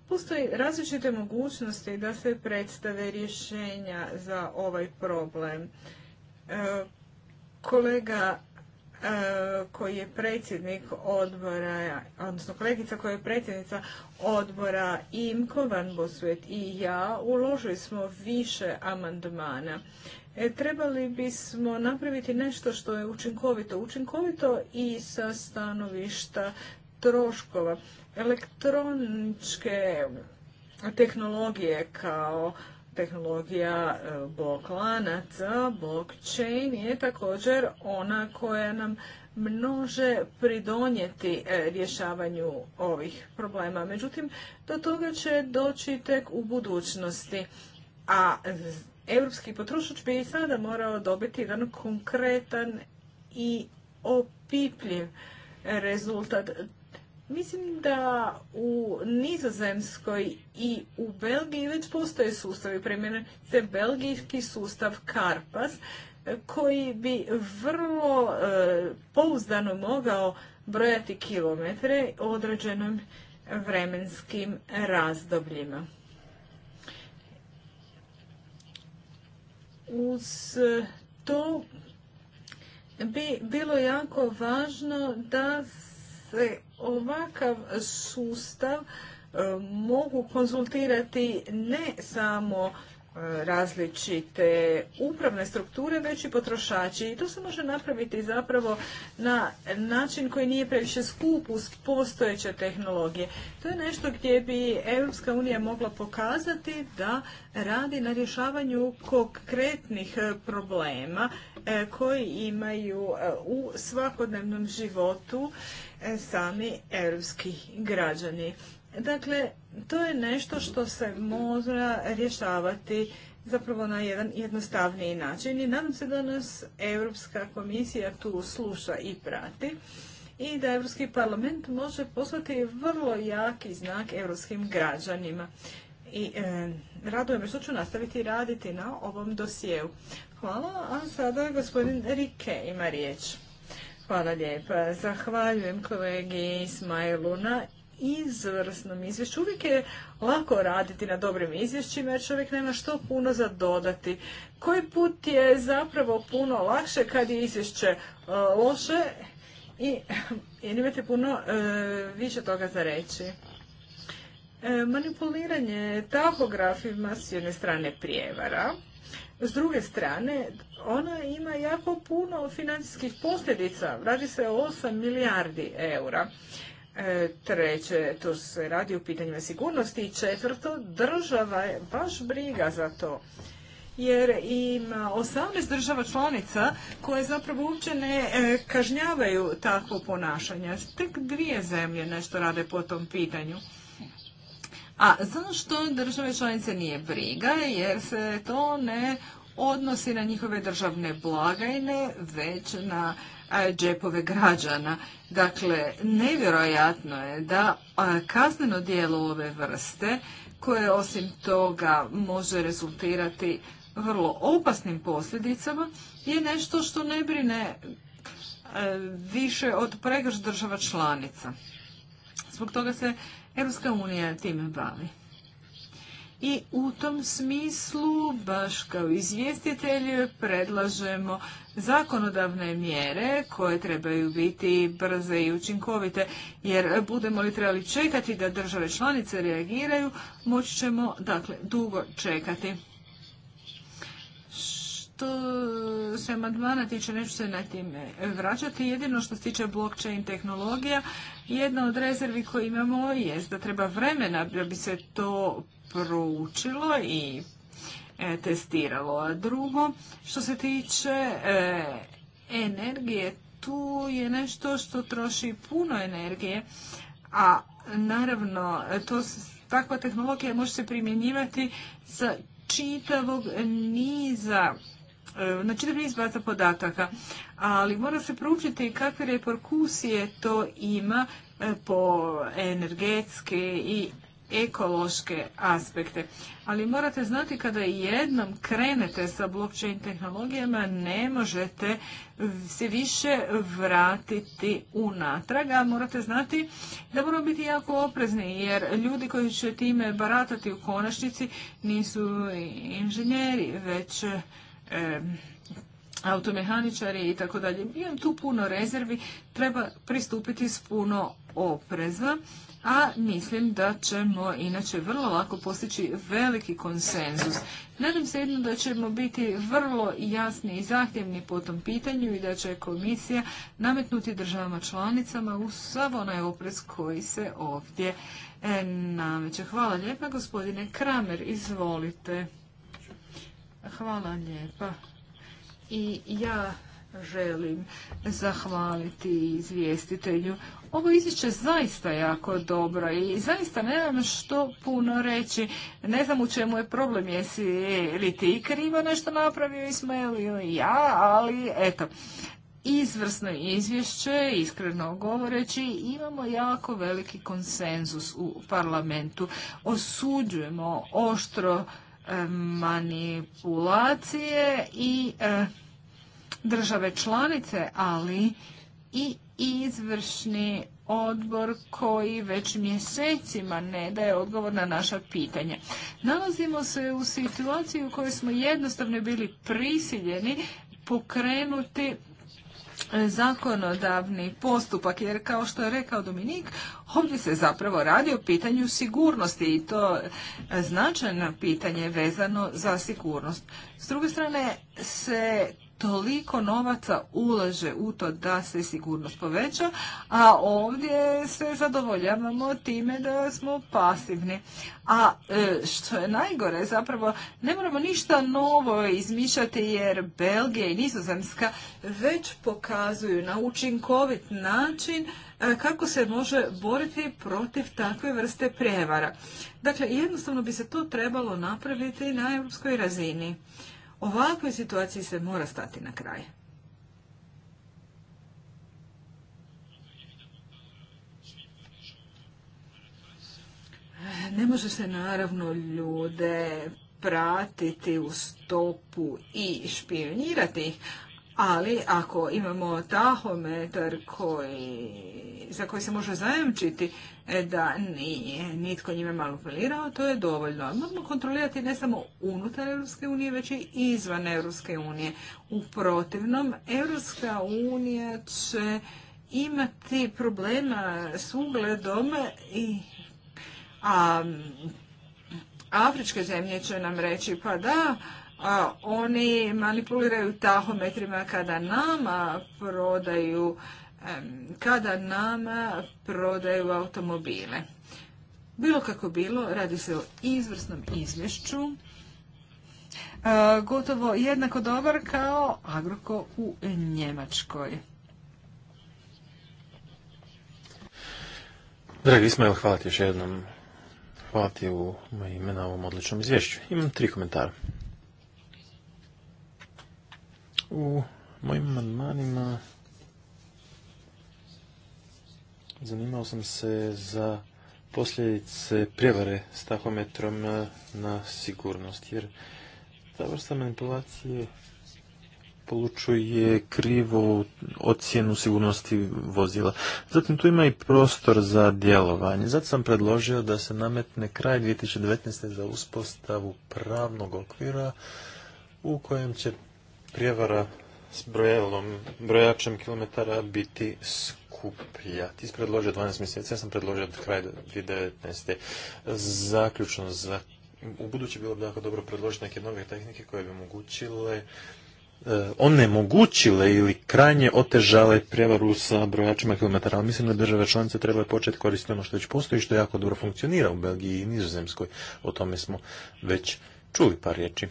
Postoji različite mogućnosti da se predstave rješenja za ovaj problem. kolega E, koji je predsjednik odbora, odnosno kolegica koja je predsjednica odbora Imko Van Bosvet i ja uložili smo više amandmana. E, trebali bismo napraviti nešto što je učinkovito. Učinkovito i sa stanovišta troškova. Elektroničke tehnologije kao tehnologija e, blok lanaca, blockchain je također ona koja nam množe pridonijeti e, rješavanju ovih problema. Međutim, do toga će doći tek u budućnosti. A europski potrošač bi i sada morao dobiti jedan konkretan i opipljiv rezultat Mislim da u Nizozemskoj i u Belgiji već postoje sustavi, primjerice belgijski sustav Karpas, e, koji bi vrlo e, pouzdano mogao brojati kilometre određenim vremenskim razdobljima. Uz to bi bilo jako važno da se ovakav sustav e, mogu konzultirati ne samo e, različite upravne strukture, već i potrošači. I to se može napraviti zapravo na način koji nije previše skup uz postojeće tehnologije. To je nešto gdje bi Europska unija mogla pokazati da radi na rješavanju konkretnih e, problema koji imaju u svakodnevnom životu E, sami europski građani. Dakle, to je nešto što se mora rješavati zapravo na jedan jednostavniji način i nadam se da nas Europska komisija tu sluša i prati i da Europski parlament može poslati vrlo jaki znak europskim građanima. I e, radujem me što ću nastaviti raditi na ovom dosjeu. Hvala, a sada gospodin Rike ima riječ. Hvala lijepa. Zahvaljujem kolegi Ismailu na izvrsnom izvješću. Uvijek je lako raditi na dobrim izvješćima jer čovjek nema što puno za dodati. Koji put je zapravo puno lakše kad je izvješće e, loše i, i imate puno e, više toga za reći. E, manipuliranje tahografima s jedne strane prijevara, s druge strane, ona ima jako puno financijskih posljedica, radi se o 8 milijardi eura. E, treće, to se radi o pitanjima sigurnosti i četvrto, država je baš briga za to. Jer ima 18 država članica koje zapravo uopće ne e, kažnjavaju takvo ponašanje. Tek dvije zemlje nešto rade po tom pitanju. A zašto države članice nije briga? Jer se to ne odnosi na njihove državne blagajne, već na e, džepove građana. Dakle, nevjerojatno je da kazneno dijelo ove vrste, koje osim toga može rezultirati vrlo opasnim posljedicama, je nešto što ne brine e, više od pregrš država članica. Zbog toga se Evropska unija time bavi. I u tom smislu, baš kao izvjestitelj, predlažemo zakonodavne mjere koje trebaju biti brze i učinkovite, jer budemo li trebali čekati da države članice reagiraju, moći ćemo dakle dugo čekati što se amandmana tiče, neću se na tim e, vraćati. Jedino što se tiče blockchain tehnologija, jedna od rezervi koje imamo je da treba vremena da bi se to proučilo i e, testiralo. A drugo, što se tiče e, energije, tu je nešto što troši puno energije, a naravno to takva tehnologija može se primjenjivati sa čitavog niza E, na čitav niz baza podataka, ali mora se proučiti kakve reperkusije to ima e, po energetske i ekološke aspekte. Ali morate znati kada jednom krenete sa blockchain tehnologijama ne možete se više vratiti unatrag, a morate znati da moramo biti jako oprezni jer ljudi koji će time baratati u konačnici nisu inženjeri, već automehaničari i tako dalje. Imam tu puno rezervi, treba pristupiti s puno opreza, a mislim da ćemo inače vrlo lako postići veliki konsenzus. Nadam se jedno da ćemo biti vrlo jasni i zahtjevni po tom pitanju i da će komisija nametnuti državama članicama u sav onaj oprez koji se ovdje nameće. Hvala lijepa gospodine Kramer, izvolite. Hvala lijepa. I ja želim zahvaliti izvjestitelju. Ovo izvješće zaista jako dobro i zaista nemam što puno reći. Ne znam u čemu je problem, jesi li ti krivo nešto napravio Ismail ili ja, ali eto. Izvrsno izvješće, iskreno govoreći, imamo jako veliki konsenzus u parlamentu. Osuđujemo oštro manipulacije i e, države članice, ali i izvršni odbor koji već mjesecima ne daje odgovor na naša pitanja. Nalazimo se u situaciji u kojoj smo jednostavno bili prisiljeni pokrenuti zakonodavni postupak, jer kao što je rekao Dominik, ovdje se zapravo radi o pitanju sigurnosti i to značajno pitanje vezano za sigurnost. S druge strane se toliko novaca ulaže u to da se sigurnost poveća, a ovdje se zadovoljavamo time da smo pasivni. A e, što je najgore, zapravo ne moramo ništa novo izmišljati jer Belgija i Nizozemska već pokazuju na učinkovit način e, kako se može boriti protiv takve vrste prijevara. Dakle, jednostavno bi se to trebalo napraviti na europskoj razini. Ovakvoj situaciji se mora stati na kraj. Ne može se naravno ljude pratiti u stopu i špionirati ih, ali ako imamo tahometar koji, za koji se može zajemčiti e, da nije, nitko njime manipulirao, to je dovoljno. Moramo kontrolirati ne samo unutar Europske unije, već i izvan Europske unije. U protivnom, Europska unija će imati problema s ugledom i a afričke zemlje će nam reći pa da, a, oni manipuliraju tahometrima kada nama prodaju kada nama prodaju automobile. Bilo kako bilo, radi se o izvrsnom izvješću, e, gotovo jednako dobar kao Agroko u Njemačkoj. Dragi Ismail, hvala ti još jednom. Hvala ti u ovom odličnom izvješću. Imam tri komentara. U mojim amandmanima zanimao sam se za posljedice prijevare s tahometrom eh, na sigurnost, jer ta vrsta manipulacije polučuje krivu ocjenu sigurnosti vozila. Zatim tu ima i prostor za djelovanje. Zato sam predložio da se nametne kraj 2019. za uspostavu pravnog okvira u kojem će prijevara s brojelom, brojačem kilometara biti skuplja. Ti si predložio 12 mjeseci, ja sam predložio do kraja 2019. Zaključno, za, u budući bilo bi jako dobro predložiti neke nove tehnike koje bi omogućile eh, onemogućile ili krajnje otežale prijevaru sa brojačima kilometara, ali mislim da države članice trebaju početi koristiti ono što već postoji, što jako dobro funkcionira u Belgiji i Nizozemskoj. O tome smo već čuli par riječi.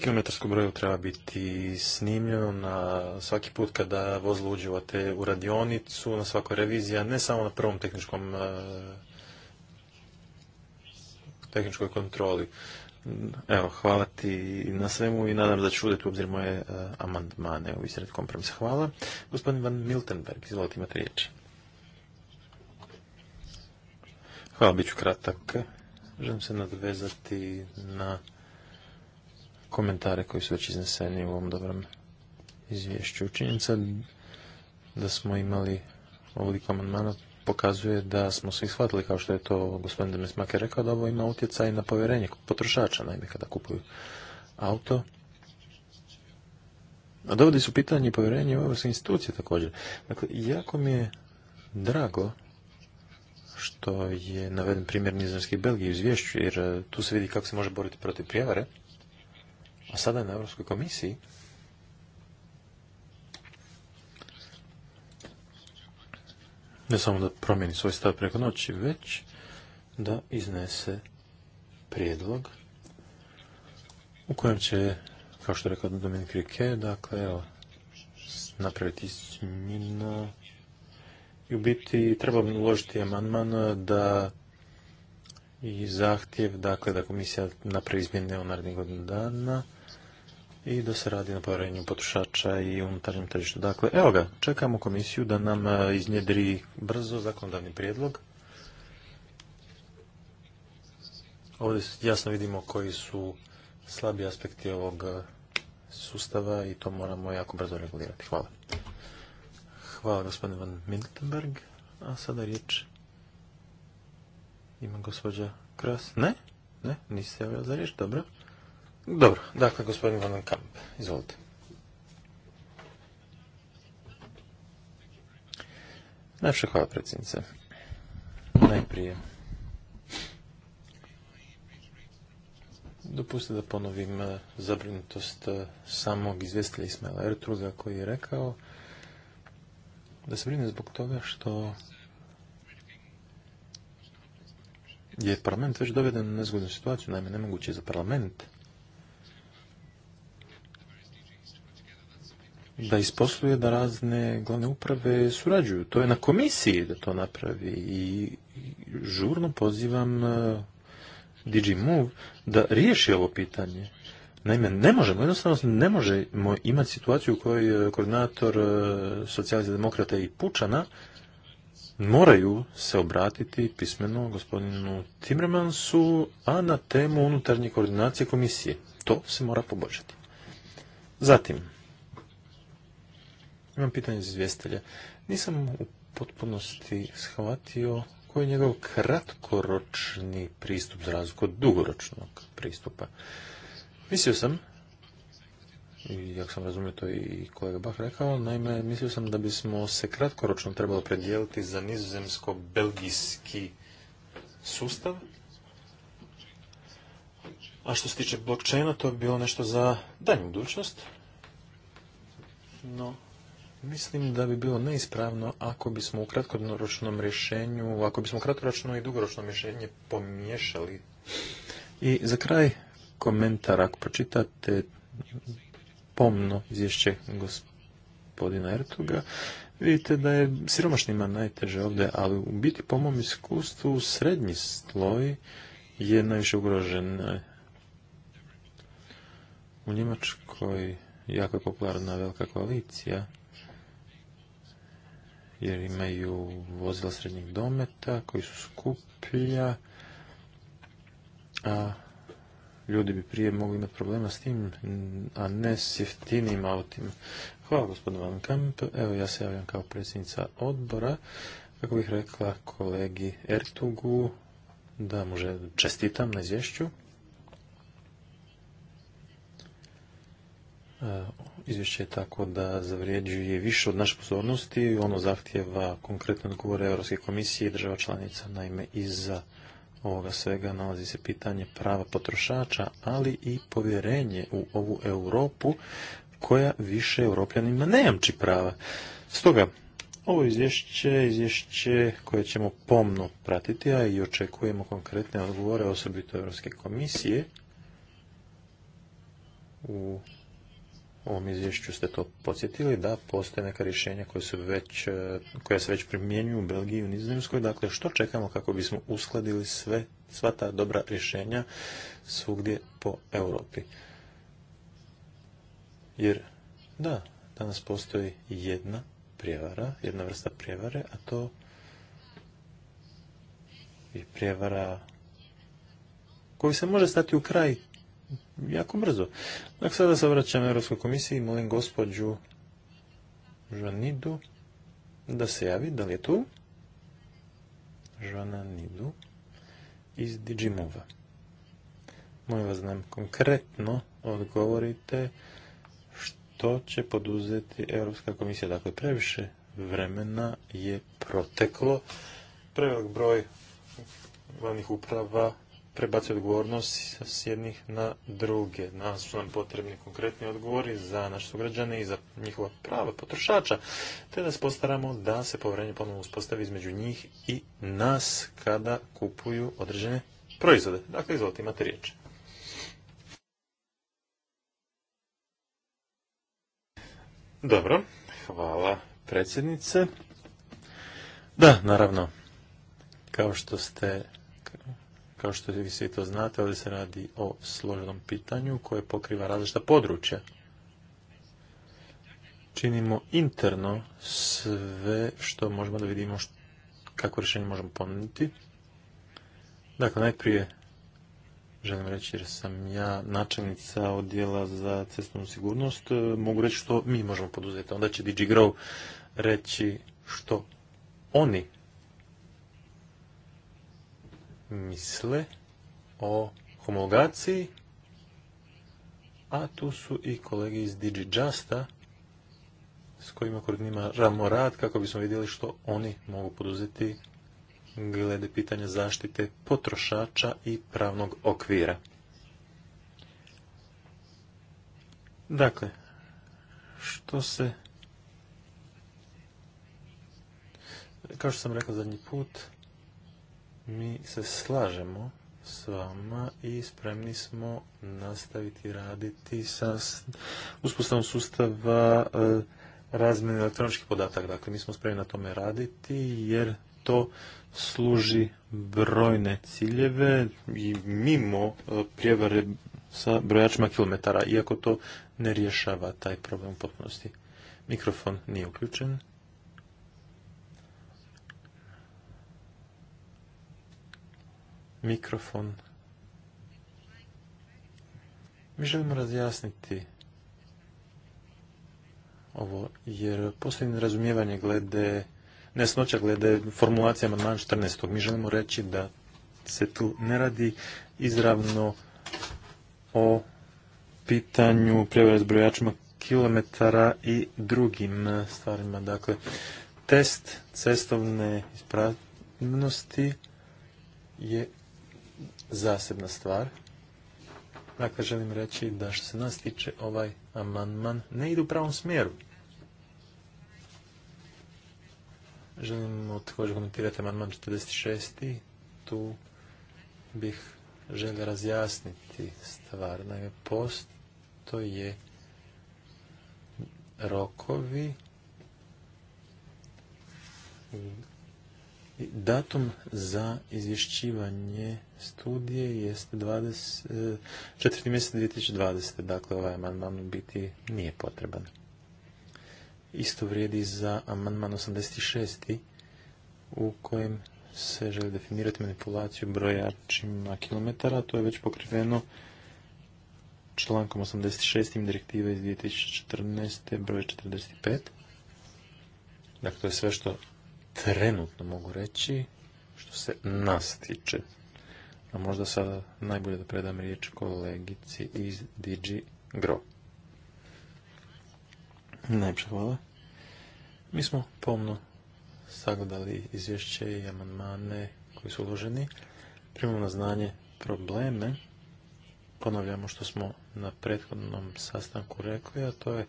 kilometarsko broju treba biti snimljeno na svaki put kada vozilo u radionicu, na svakoj reviziji, a ne samo na prvom tehničkom e, tehničkoj kontroli. Evo, hvala ti na svemu i nadam da ću uzeti u obzir moje e, amandmane u isred kompromisa. Hvala. Gospodin Van Miltenberg, izvolite imate riječ. Hvala, bit ću kratak. Želim se nadvezati na komentare koji su već izneseni u ovom dobrom izvješću. Činjenica da smo imali ovoliko amandmana pokazuje da smo svi shvatili, kao što je to gospodin Maker rekao, da ovo ima utjecaj na povjerenje potrošača, naime, kada kupuju auto. A dovodi su pitanje povjerenje u evropske institucije također. Dakle, jako mi je drago što je naveden primjer Nizozemske Belgije u izvješću, jer eh, tu se vidi kako se može boriti protiv prijevare. A sada na Europskoj komisiji ne samo da promijeni svoj stav preko noći, već da iznese prijedlog u kojem će, kao što je rekao Dominik Rike, dakle, evo, napraviti izmjena i u biti treba uložiti amandman da i zahtjev, dakle, da komisija napravi izmjene u narednih godinu dana i da se radi na povjerenju potrošača i unutarnjem tržištu. Dakle, evo ga, čekamo komisiju da nam e, iznjedri brzo zakonodavni prijedlog. Ovdje jasno vidimo koji su slabi aspekti ovog e, sustava i to moramo jako brzo regulirati. Hvala. Hvala gospodin Van Miltenberg. A sada riječ ima gospođa Kras. Ne? Ne? Niste javljala za riječ? Dobro. Dobro, dakle, gospodin Van Kamp, izvolite. hvala, predsjednice. Najprije. Dopustite da ponovim eh, zabrinutost eh, samog izvjestitelja Ismaela Ertruga koji je rekao da se brine zbog toga što je parlament već doveden u nezgodnu situaciju, naime nemoguće je za parlament da isposluje da razne glavne uprave surađuju. To je na komisiji da to napravi i žurno pozivam e, MOVE da riješi ovo pitanje. Naime, ne možemo, jednostavno ne možemo imati situaciju u kojoj e, koordinator e, socijalista demokrata i pučana moraju se obratiti pismeno gospodinu Timremansu a na temu unutarnje koordinacije komisije. To se mora poboljšati. Zatim, imam pitanje za Nisam u potpunosti shvatio koji je njegov kratkoročni pristup za razliku od dugoročnog pristupa. Mislio sam, i jak sam razumio to i kolega Bach rekao, naime, mislio sam da bismo se kratkoročno trebalo predijeliti za nizozemsko-belgijski sustav, a što se tiče blockchaina, to je bilo nešto za danju budućnost. No, Mislim da bi bilo neispravno ako bismo u kratkoročnom rješenju, ako bismo kratkoročno i dugoročno rješenje pomiješali. I za kraj komentar, ako pročitate pomno izvješće gospodina Ertuga, vidite da je siromašnima najteže ovdje, ali u biti po mom iskustvu srednji sloj je najviše ugrožen. U Njemačkoj jako je popularna velika koalicija jer imaju vozila srednjeg dometa koji su skuplja, a ljudi bi prije mogli imati problema s tim, a ne s jeftinim autima. Hvala gospodin Van Kamp. Evo ja se javljam kao predsjednica odbora. Kako bih rekla kolegi Ertugu da mu čestitam na izvješću. E, izvješće je tako da zavrijeđuje više od naše pozornosti. Ono zahtjeva konkretne odgovore Europske komisije i država članica. Naime, iza ovoga svega nalazi se pitanje prava potrošača, ali i povjerenje u ovu Europu koja više europljanima ne jamči prava. Stoga, ovo izvješće je izvješće koje ćemo pomno pratiti, a i očekujemo konkretne odgovore, osobito Europske komisije, u ovom izvješću ste to podsjetili da postoje neka rješenja koje su već, e, koja se već primjenjuju u Belgiji i u Nizozemskoj. Dakle, što čekamo kako bismo uskladili sve, sva ta dobra rješenja svugdje po Europi? Jer, da, danas postoji jedna prijevara, jedna vrsta prijevare, a to je prijevara koji se može stati u kraj jako brzo. Dakle, sada se vraćam Europskoj komisiji i molim gospođu Žanidu da se javi. Da li je tu? Žana Nidu iz Digimova. Molim vas da konkretno odgovorite što će poduzeti Europska komisija. Dakle, previše vremena je proteklo. Prevelik broj glavnih uprava prebacuje odgovornost s jednih na druge. Nas su nam potrebni konkretni odgovori za naše sugrađane i za njihova prava potrošača, te da se da se povjerenje ponovno uspostavi između njih i nas kada kupuju određene proizvode. Dakle, izvolite, imate riječ. Dobro, hvala predsjednice. Da, naravno, kao što ste kao što vi svi to znate, ovdje se radi o složenom pitanju koje pokriva različita područja. Činimo interno sve što možemo da vidimo kakvo kako rješenje možemo ponuditi. Dakle, najprije želim reći jer sam ja načelnica odjela za cestovnu sigurnost. E, mogu reći što mi možemo poduzeti. Onda će DigiGrow reći što oni misle o homologaciji, a tu su i kolege iz DigiJusta s kojima koordiniramo rad kako bismo vidjeli što oni mogu poduzeti glede pitanja zaštite potrošača i pravnog okvira. Dakle, što se kao što sam rekao zadnji put, mi se slažemo s vama i spremni smo nastaviti raditi sa uspostavom sustava e, razmjene elektroničkih podataka. Dakle, mi smo spremni na tome raditi jer to služi brojne ciljeve i mimo e, prijevare sa brojačima kilometara, iako to ne rješava taj problem u potpunosti. Mikrofon nije uključen. mikrofon. Mi želimo razjasniti ovo, jer postoji razumijevanje glede, nesnoća glede formulacija amandmana 14. Mi želimo reći da se tu ne radi izravno o pitanju prijevara s kilometara i drugim stvarima. Dakle, test cestovne ispravnosti je zasebna stvar. Dakle, želim reći da što se nas tiče ovaj amandman ne ide u pravom smjeru. Želim također komentirati amandman 46. Tu bih želio razjasniti stvar. Naime, je rokovi datum za izvješćivanje studije jeste 20, četvrti mjesec 2020. Dakle, ovaj amandman u biti nije potreban. Isto vrijedi za amandman 86. u kojem se želi definirati manipulaciju brojačima kilometara. To je već pokriveno člankom 86. direktive iz 2014. broj 45. Dakle, to je sve što trenutno mogu reći što se nas tiče. A možda sada najbolje da predam riječ kolegici iz Digi Gro. Najpša hvala. Mi smo pomno sagledali izvješće i amandmane koji su uloženi. Primamo na znanje probleme. Ponavljamo što smo na prethodnom sastanku rekli, a to je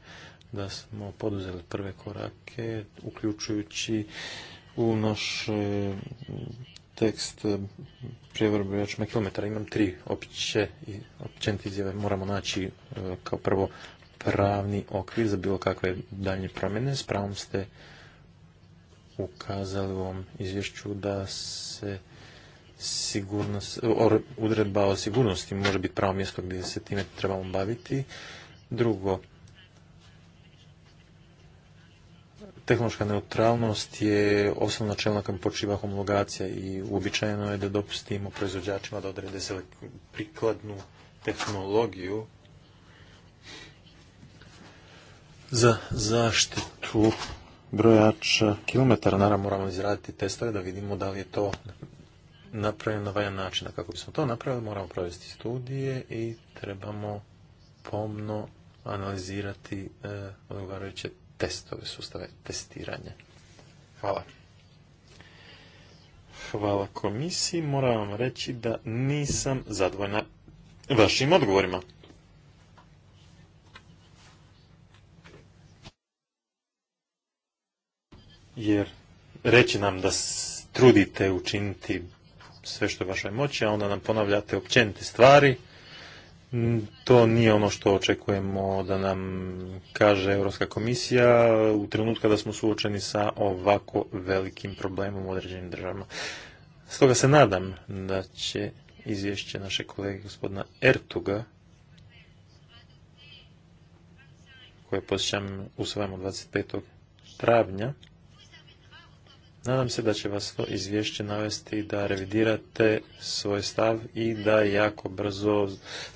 da smo poduzeli prve korake, uključujući u naš tekst e, prijevoru još kilometara. Imam tri opće i općenite izjave. Moramo naći e, kao prvo pravni okvir za bilo kakve daljnje promjene. S pravom ste ukazali u ovom izvješću da se sigurnost, uredba o sigurnosti može biti pravo mjesto gdje se time trebamo baviti. Drugo, tehnološka neutralnost je osnovna čelna kojem počiva homologacija i uobičajeno je da dopustimo proizvođačima da odrede se prikladnu tehnologiju za zaštitu brojača kilometara. Naravno moramo izraditi testove da vidimo da li je to napravljeno na valjan način. kako bismo to napravili moramo provesti studije i trebamo pomno analizirati e, odgovarajuće testove, sustave testiranja. Hvala. Hvala komisiji. Moram vam reći da nisam zadvojna vašim odgovorima. Jer reći nam da trudite učiniti sve što je vašoj moći, a onda nam ponavljate općenite stvari Mm, to nije ono što očekujemo da nam kaže Europska komisija u trenutku kada smo suočeni sa ovako velikim problemom u određenim državama. Stoga se nadam da će izvješće naše kolege gospodina Ertuga koje posjećam usvajamo 25. travnja Nadam se da će vas to izvješće navesti da revidirate svoj stav i da jako brzo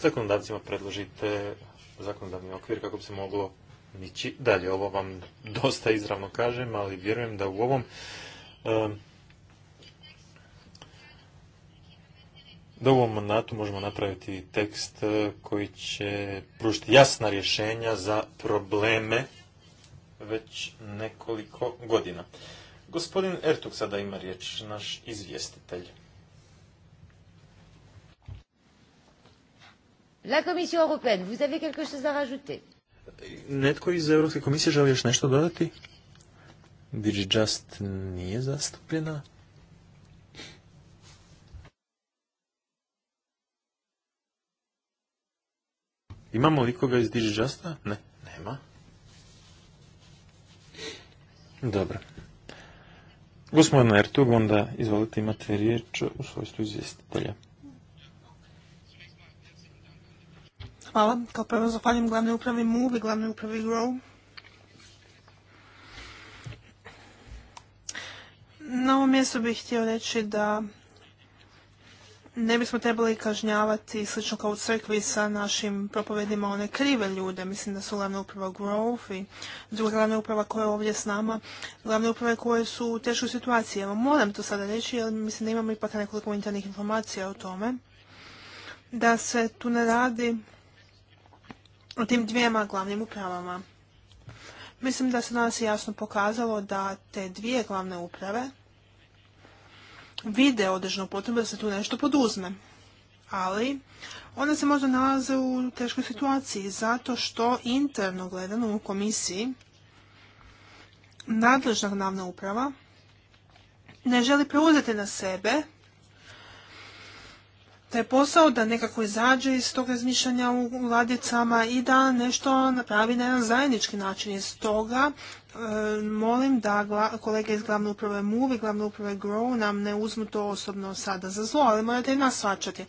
zakonodavcima predložite zakonodavni okvir kako bi se moglo nići dalje. Ovo vam dosta izravno kažem, ali vjerujem da u ovom da u ovom mandatu možemo napraviti tekst e, koji će pružiti jasna rješenja za probleme već nekoliko godina. Gospodin Ertug sada ima riječ, naš izvjestitelj. La Commission européenne, vous avez quelque chose à rajouter? Netko iz Europske komisije želi još nešto dodati? Digijust nije zastupljena. Imamo li koga iz Digijusta? Ne, nema. Dobro. Gospodin Ertug, onda izvolite imate riječ u svojstvu izvjestitelja. Hvala. Kao prvo zahvaljujem glavnoj upravi MUV i glavnoj upravi GROW. Na ovom mjestu bih htio reći da ne bismo trebali kažnjavati slično kao u crkvi sa našim propovedima one krive ljude. Mislim da su glavna uprava Grove i druga glavna uprava koja je ovdje s nama, glavne uprave koje su u teškoj situaciji. Evo, moram to sada reći jer mislim da imamo ipak nekoliko internih informacija o tome. Da se tu ne radi o tim dvijema glavnim upravama. Mislim da se danas jasno pokazalo da te dvije glavne uprave vide određenu potrebu da se tu nešto poduzme. Ali one se možda nalaze u teškoj situaciji zato što interno gledano u komisiji nadležna glavna uprava ne želi preuzeti na sebe taj posao, da nekako izađe iz tog razmišljanja u ladicama i da nešto napravi na jedan zajednički način. Iz toga e, molim da kolege iz glavne uprave i glavne uprave GROW nam ne uzmu to osobno sada za zlo, ali morate i nas svačati.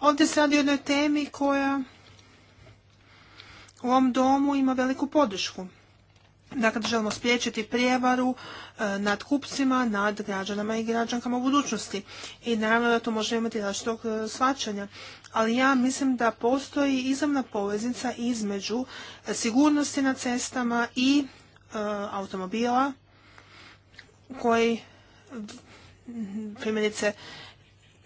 Ovdje se radi o jednoj temi koja u ovom domu ima veliku podršku. Dakle, želimo spriječiti prijevaru e, nad kupcima, nad građanama i građankama u budućnosti. I naravno da to može imati različitog e, svačanja. Ali ja mislim da postoji izravna poveznica između e, sigurnosti na cestama i automobila koji primjerice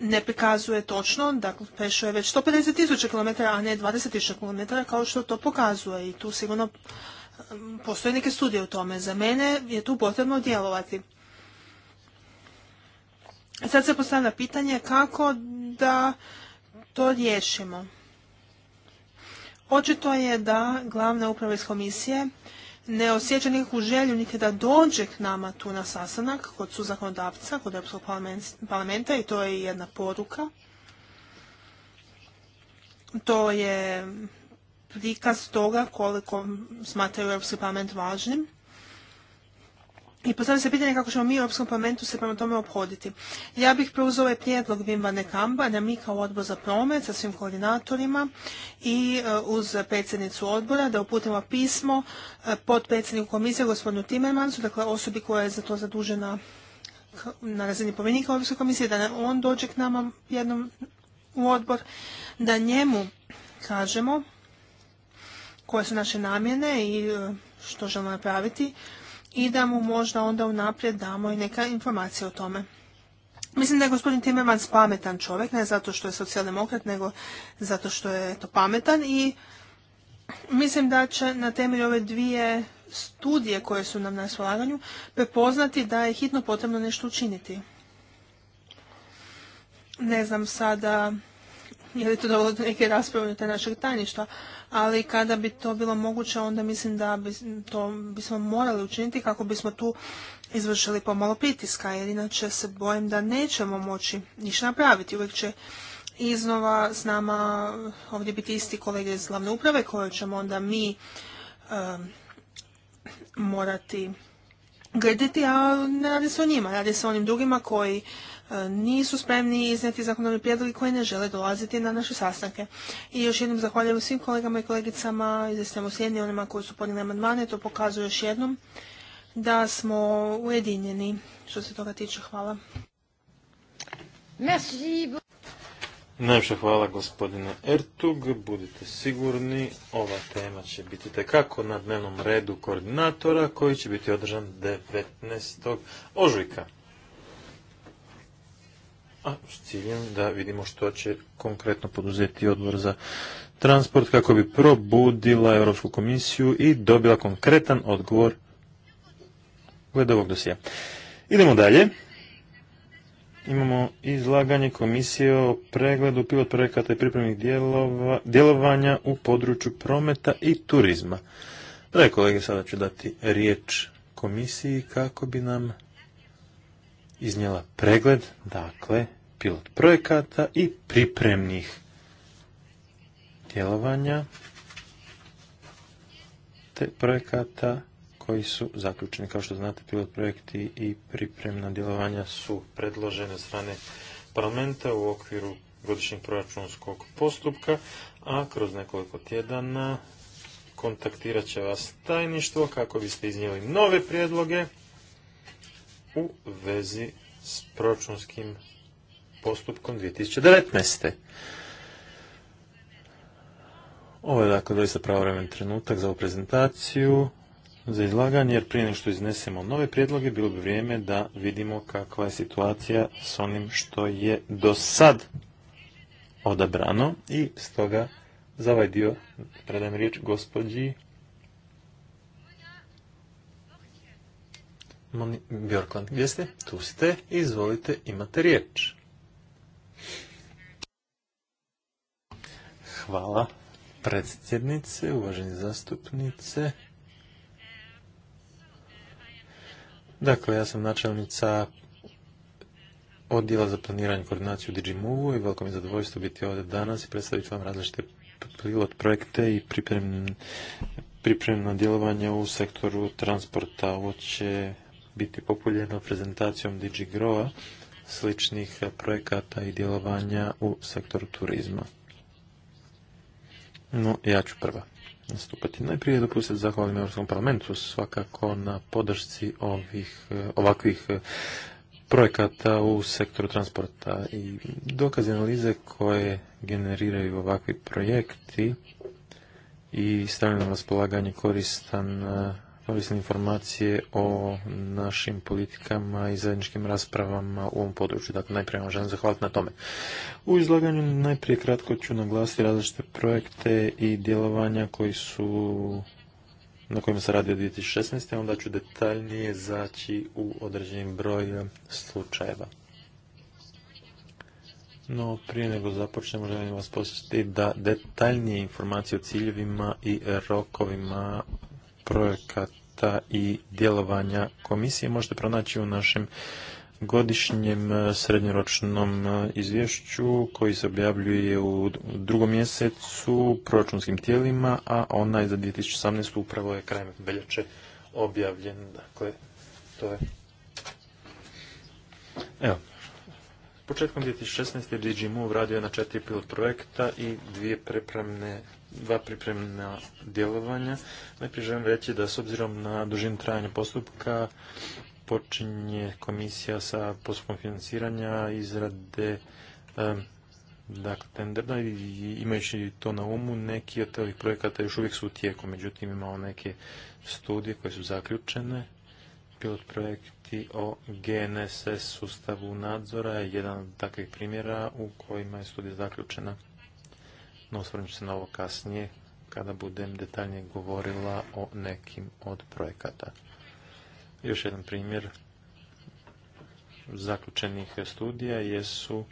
ne prikazuje točno, dakle prešao je već 150.000 km, a ne 20.000 km kao što to pokazuje i tu sigurno postoje neke studije u tome. Za mene je tu potrebno djelovati. E, sad se postavlja pitanje kako da to riješimo. Očito je da glavna uprava iz komisije ne osjeća nikakvu želju niti da dođe k nama tu na sastanak kod suzakonodavca, kod Europskog parlamenta i to je jedna poruka. To je prikaz toga koliko smatraju Europski parlament važnim. I postavlja se pitanje kako ćemo mi u Europskom parlamentu se prema tome obhoditi. Ja bih preuzela ovaj prijedlog Vimba Nekamba da mi kao odbor za promet sa svim koordinatorima i e, uz predsjednicu odbora da uputimo pismo e, pod predsjedniku komisije gospodinu Timmermansu, dakle osobi koja je za to zadužena na razini povjenika Europske komisije, da on dođe k nama jednom u odbor, da njemu kažemo koje su naše namjene i e, što želimo napraviti i da mu možda onda unaprijed damo i neka informacija o tome. Mislim da je gospodin Timmermans pametan čovjek, ne zato što je socijaldemokrat, nego zato što je to pametan i mislim da će na temelju ove dvije studije koje su nam na svolaganju prepoznati da je hitno potrebno nešto učiniti. Ne znam sada je li to dovoljno do neke rasprave unutar našeg tajništva, ali kada bi to bilo moguće, onda mislim da to bismo morali učiniti kako bismo tu izvršili pomalo pritiska, jer inače se bojim da nećemo moći ništa napraviti. Uvijek će iznova s nama ovdje biti isti kolege iz glavne uprave koje ćemo onda mi morati gledati, a ne radi se o njima, radi se o onim drugima koji E, nisu spremni iznijeti zakonodavni prijedlogi koji ne žele dolaziti na naše sastanke. I još jednom zahvaljujem svim kolegama i kolegicama, izvjestljamo slijedni onima koji su podnijeli amandmane, to pokazuje još jednom da smo ujedinjeni što se toga tiče. Hvala. Merci. Najviše hvala gospodine Ertug, budite sigurni, ova tema će biti tekako na dnevnom redu koordinatora koji će biti održan 19. ožujka a s ciljem da vidimo što će konkretno poduzeti odbor za transport kako bi probudila Europsku komisiju i dobila konkretan odgovor glede ovog dosija. Idemo dalje. Imamo izlaganje komisije o pregledu pilot projekata i pripremnih djelovanja u području prometa i turizma. Dakle, kolege, sada ću dati riječ komisiji kako bi nam iznijela pregled, dakle, pilot projekata i pripremnih djelovanja te projekata koji su zaključeni. Kao što znate, pilot projekti i pripremna djelovanja su predložene strane parlamenta u okviru godišnjeg proračunskog postupka, a kroz nekoliko tjedana kontaktirat će vas tajništvo kako biste iznijeli nove prijedloge u vezi s proračunskim postupkom 2019. Ovo je dakle doista pravoremen trenutak za ovu prezentaciju, za izlaganje, jer prije nego što iznesemo nove prijedloge, bilo bi vrijeme da vidimo kakva je situacija s onim što je do sad odabrano i stoga za ovaj dio predajem riječ gospođi Moni Bjorkland, gdje ste? Tu ste. Izvolite, imate riječ. Hvala predsjednice, uvaženi zastupnice. Dakle, ja sam načelnica odjela za planiranje i koordinaciju Digimovu i veliko mi je zadovoljstvo biti ovdje danas i predstaviti vam različite pilot projekte i pripremno djelovanje u sektoru transporta. Ovo će biti populjeno prezentacijom DigiGrowa sličnih projekata i djelovanja u sektoru turizma. No, ja ću prva nastupati. Najprije dopustiti zahvalim Europskom parlamentu svakako na podršci ovih, ovakvih projekata u sektoru transporta i dokaze analize koje generiraju ovakvi projekti i stavljeno na raspolaganje koristan Ovisne informacije o našim politikama i zajedničkim raspravama u ovom području. Dakle, najprije vam želim zahvaliti na tome. U izlaganju najprije kratko ću naglasiti različite projekte i djelovanja koji su na kojima se radi od 2016. Onda ću detaljnije zaći u određenim broj slučajeva. No, prije nego započnemo, želim vas posjetiti da detaljnije informacije o ciljevima i rokovima projekata i djelovanja komisije možete pronaći u našem godišnjem e, srednjoročnom e, izvješću koji se objavljuje u drugom mjesecu proračunskim tijelima, a onaj za 2018. upravo je krajem veljače objavljen. Dakle, to je... Evo, Početkom 2016. DG Move radio na četiri pilot projekta i dvije dva pripremna djelovanja. Najprije želim reći da s obzirom na dužinu trajanja postupka počinje komisija sa postupkom financiranja izrade tenderna. dakle, i imajući to na umu, neki od ovih projekata još uvijek su u tijeku, međutim imamo neke studije koje su zaključene pilot projekti o GNSS sustavu nadzora je jedan od takvih primjera u kojima je studija zaključena. No, osvrnit ću se na ovo kasnije kada budem detaljnije govorila o nekim od projekata. Još jedan primjer zaključenih studija jesu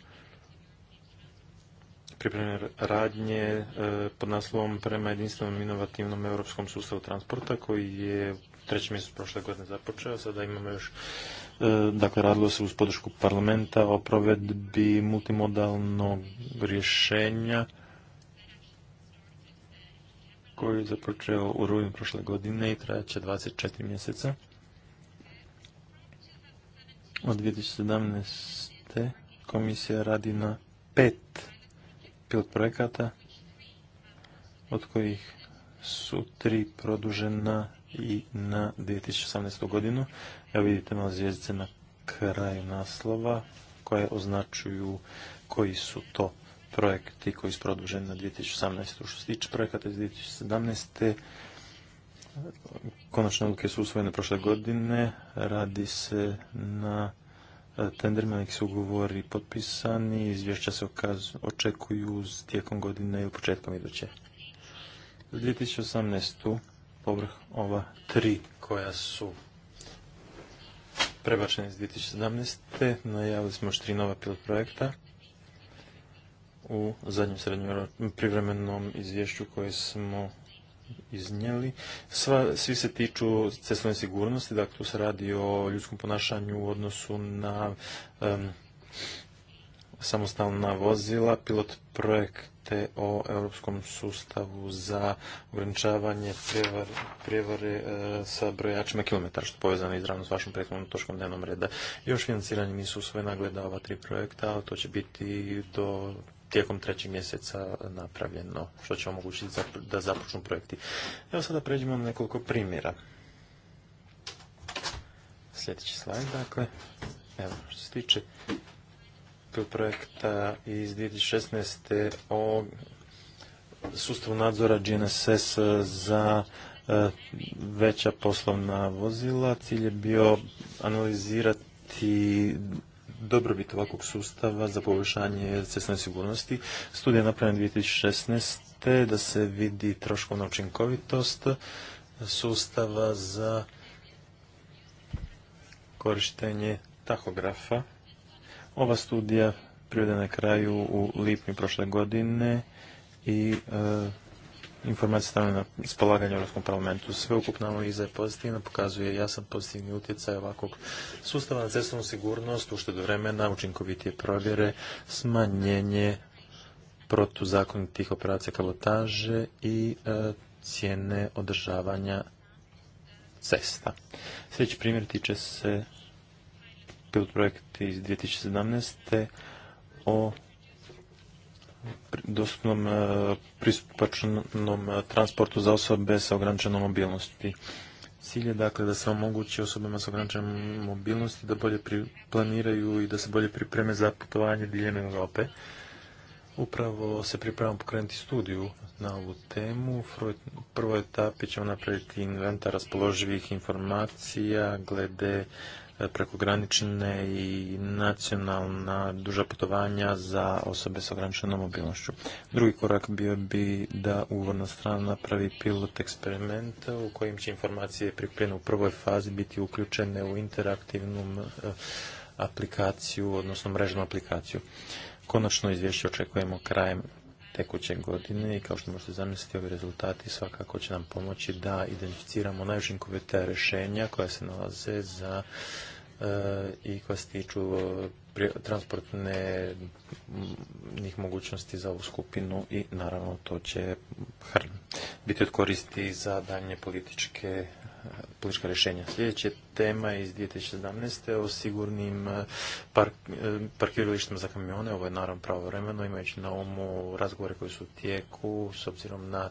pripremljene radnje e, pod naslovom prema jedinstvenom inovativnom europskom sustavu transporta koji je treći mjesec prošle godine započeo, sada imamo još e, dakle radilo se uz podršku parlamenta o provedbi multimodalnog rješenja koji je započeo u rujnu prošle godine i će 24 mjeseca. Od 2017. komisija radi na pet pilot projekata, od kojih su tri produžena i na 2018. godinu. Evo vidite malo zvijezdice na kraju naslova koje označuju koji su to projekti koji su produženi na 2018. Što se tiče projekata iz 2017. Konačne odluke su usvojene prošle godine. Radi se na e, tenderima su ugovori potpisani. Izvješća se očekuju tijekom godine i početkom iduće. U 2018 povrh ova tri koja su prebačena iz 2017. Najavili smo još tri nova pilot projekta u zadnjem srednjem privremenom izvješću koje smo iznijeli. svi se tiču cestovne sigurnosti, dakle tu se radi o ljudskom ponašanju u odnosu na samostalna vozila. Pilot projekt o europskom sustavu za ograničavanje prijevare e, sa brojačima kilometara, što je povezano izravno s vašom prethodnom točkom dnevnom reda. Još financiranje nisu svoje nagleda ova tri projekta, ali to će biti do tijekom trećeg mjeseca napravljeno, što će omogućiti da započnu projekti. Evo sada pređemo na nekoliko primjera. Sljedeći slajd, dakle. Evo, što se tiče projekta iz 2016. o sustavu nadzora GNSS za e, veća poslovna vozila. Cilj je bio analizirati dobrobit ovakvog sustava za poboljšanje cestne sigurnosti. Studija je napravljena 2016. da se vidi troškovna učinkovitost sustava za korištenje tahografa ova studija privedena na kraju u lipnju prošle godine i informacija e, informacije stavljene na spolaganje Europskom parlamentu. Sveukupna analiza je pozitivna, pokazuje jasan pozitivni utjecaj ovakvog sustava na cestovnu sigurnost, uštedu vremena, učinkovitije provjere, smanjenje protuzakonitih operacija kabotaže i e, cijene održavanja cesta. Sljedeći primjer tiče se pilot projekt iz 2017. o dostupnom e, pristupačnom e, transportu za osobe sa ograničenom mobilnosti. Cilj je dakle da se omogući osobama sa ograničenom mobilnosti da bolje planiraju i da se bolje pripreme za putovanje diljem Europe. Upravo se pripremamo pokrenuti studiju na ovu temu. U prvoj etapi ćemo napraviti inventar raspoloživih informacija glede E, prekogranične i nacionalna duža putovanja za osobe s ograničenom mobilnošću. Drugi korak bio bi da uvodna strana napravi pilot eksperiment u kojem će informacije pripremljene u prvoj fazi biti uključene u interaktivnu e, aplikaciju, odnosno mrežnu aplikaciju. Konačno izvješće očekujemo krajem tekuće godine i kao što možete zamisliti ovi rezultati svakako će nam pomoći da identificiramo najučinkovita rješenja koja se nalaze za E, i koja se tiču e, transportne njih mogućnosti za ovu skupinu i naravno to će biti od koristi za daljnje političke e, politička rješenja. Sljedeća tema je iz 2017. o sigurnim park, parkiralištima za kamione. Ovo je naravno pravovremeno, imajući na omu razgovore koji su u tijeku s obzirom na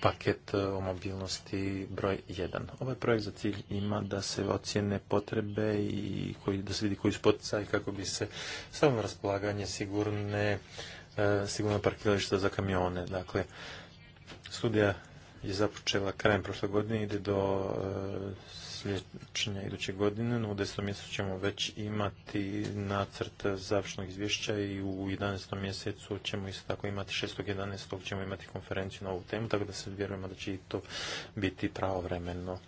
paket e, o mobilnosti broj 1. Ovaj projekt za cilj ima da se ocjene potrebe i koji, da se vidi koji su poticaj kako bi se samo raspolaganje sigurne, e, sigurno parkirališta za kamione. Dakle, studija je započela krajem prošle godine, ide do e, siječnja iduće godine, no u desetom mjesecu ćemo već imati nacrt završnog izvješća i u 11. mjesecu ćemo isto tako imati 6.11. ćemo imati konferenciju na ovu temu, tako da se vjerujemo da će i to biti pravovremeno.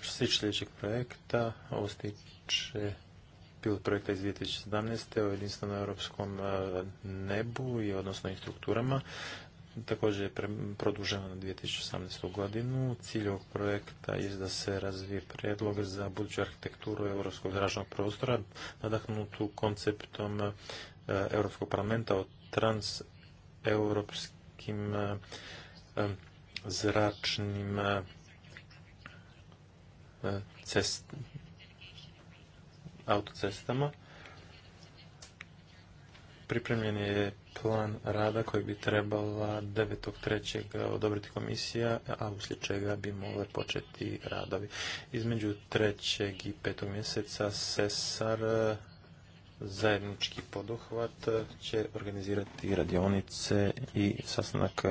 Što se tiče sljedećeg projekta, ovo se tiče pilot projekta iz 2017. o jedinstvenom europskom e, nebu i odnosno i strukturama također je produžena na 2018. godinu. Cilj ovog projekta je da se razvije predlog za buduću arhitekturu europskog zračnog prostora, nadahnutu konceptom e, Europskog parlamenta o transeuropskim e, e, zračnim autocestama. Pripremljen je plan rada koji bi trebala 9.3. odobriti komisija, a uslijed čega bi mogle početi radovi. Između 3. i 5. mjeseca Sesar zajednički poduhvat će organizirati radionice i sastanak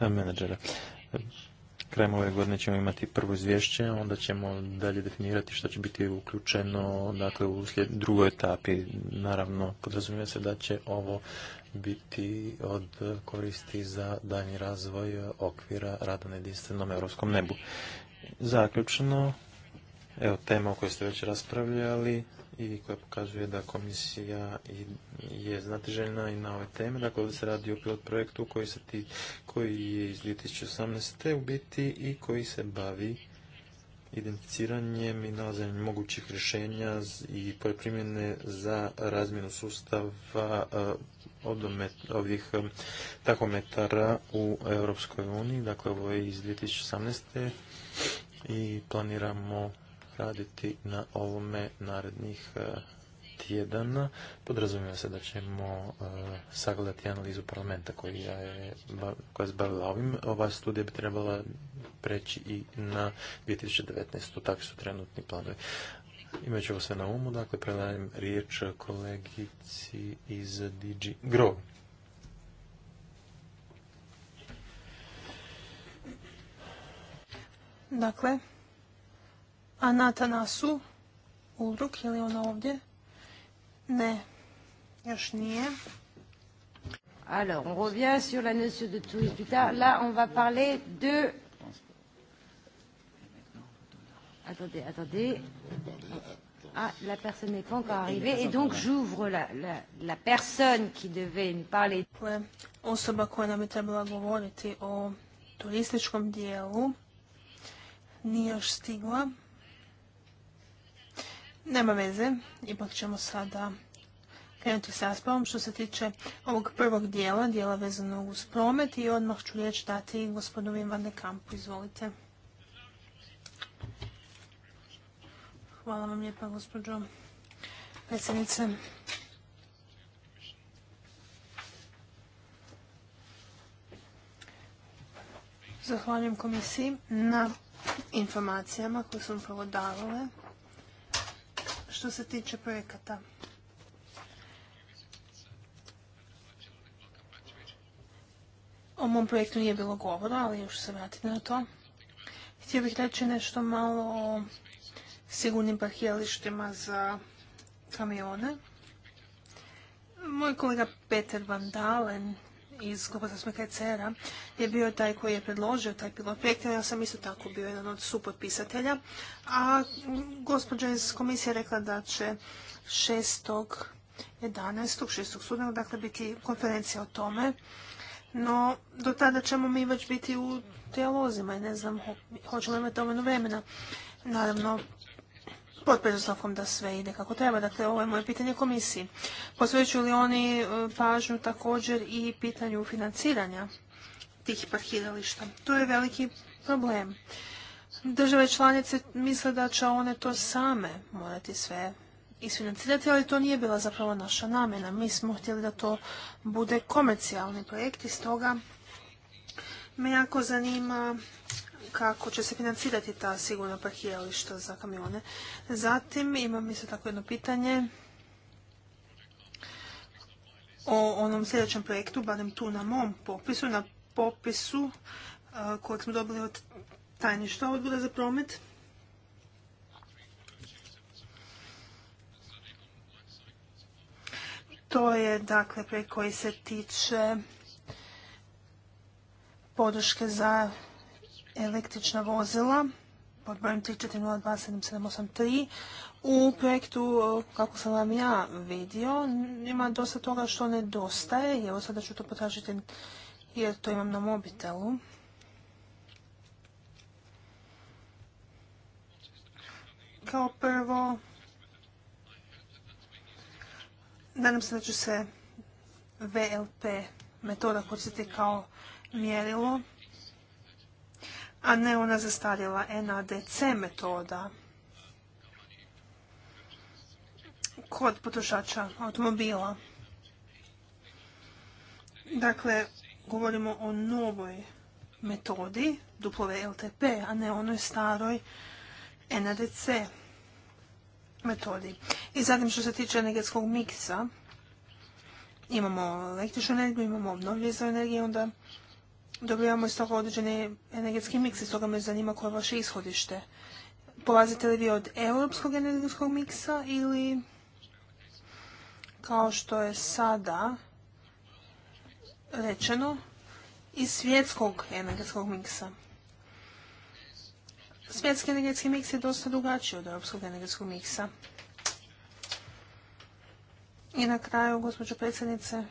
e, menadžera. Krajem ove godine ćemo imati prvo izvješće, onda ćemo dalje definirati što će biti uključeno dakle, u drugoj etapi. Naravno, podrazumije se da će ovo biti od koristi za dalji razvoj okvira rada na jedinstvenom europskom nebu. Zaključno, evo tema o kojoj ste već raspravljali i koja pokazuje da komisija je znatiželjna i na ove teme. Dakle, ovdje se radi o pilot projektu koji, se ti, koji je iz 2018. u biti i koji se bavi identificiranjem i nalazanjem mogućih rješenja i poljoprimjene za razmjenu sustava od ovih um, takometara u Europskoj uniji. Dakle, ovo je iz 2018. i planiramo raditi na ovome narednih uh, tjedana. Podrazumijeva se da ćemo uh, sagledati analizu parlamenta koja je, zbavila ovim. Ova studija bi trebala preći i na 2019. Takvi su trenutni planovi. Imajući ovo sve na umu, dakle, predajem riječ kolegici iz DG Grow. Dakle, Anata Nasu, Ulruk, je li ona ovdje? Ne, još nije. Alors, on revient sur la notion de tourisme plus tard. Là, on va parler de Attendez, attendez. Ah, la personne n'est pas encore arrivée et donc j'ouvre la, la, la personne qui devait parler. Osoba koja nam je trebala govoriti o turističkom dijelu nije još stigla. Nema veze, ipak ćemo sada krenuti s raspravom što se tiče ovog prvog dijela, dijela vezanog uz promet i odmah ću riječ dati gospodinu Van Kampu. Izvolite. Hvala vam lijepa, gospođo predsjednice. Zahvaljujem komisiji na informacijama koje su upravo davale što se tiče projekata. O mom projektu nije bilo govora, ali još se vratim na to. Htio bih reći nešto malo o sigurnim parkijalištima za kamione. Moj kolega Peter Van Dalen iz Gospodarstva a je bio taj koji je predložio taj pilot projekt, ja sam isto tako bio jedan od supotpisatelja, a gospođa iz komisije rekla da će 6. 11. dakle biti konferencija o tome, no do tada ćemo mi već biti u dijalozima i ne znam hoćemo imati dovoljno vremena. Naravno, pod predstavkom da sve ide kako treba. Dakle, ovo je moje pitanje komisiji. Posvećuju li oni e, pažnju također i pitanju financiranja tih parkirališta? To je veliki problem. Države članice misle da će one to same morati sve isfinancirati, ali to nije bila zapravo naša namjena. Mi smo htjeli da to bude komercijalni projekt i stoga me jako zanima kako će se financirati ta sigurna parkirališta za kamione. Zatim imam isto tako jedno pitanje o onom sljedećem projektu, barem tu na mom popisu, na popisu e, kojeg smo dobili od tajništva odbora za promet. To je dakle projekt koji se tiče podrške za električna vozila pod brojem 34027783 u projektu, kako sam vam ja vidio, ima dosta toga što nedostaje. Evo sada ću to potražiti jer to imam na mobitelu. Kao prvo, nadam se da ću se VLP metoda koristiti kao mjerilo a ne ona zastarjela NADC metoda kod potrošača automobila. Dakle, govorimo o novoj metodi duplove LTP, a ne onoj staroj NADC metodi. I zatim što se tiče energetskog miksa, imamo električnu energiju, imamo obnovljivu za energije, onda dobivamo iz toga određeni energetski miks i stoga me zanima koje je vaše ishodište. Polazite li vi od europskog energetskog miksa ili kao što je sada rečeno iz svjetskog energetskog miksa? Svjetski energetski miks je dosta drugačiji od europskog energetskog miksa. I na kraju, gospođo predsjednice,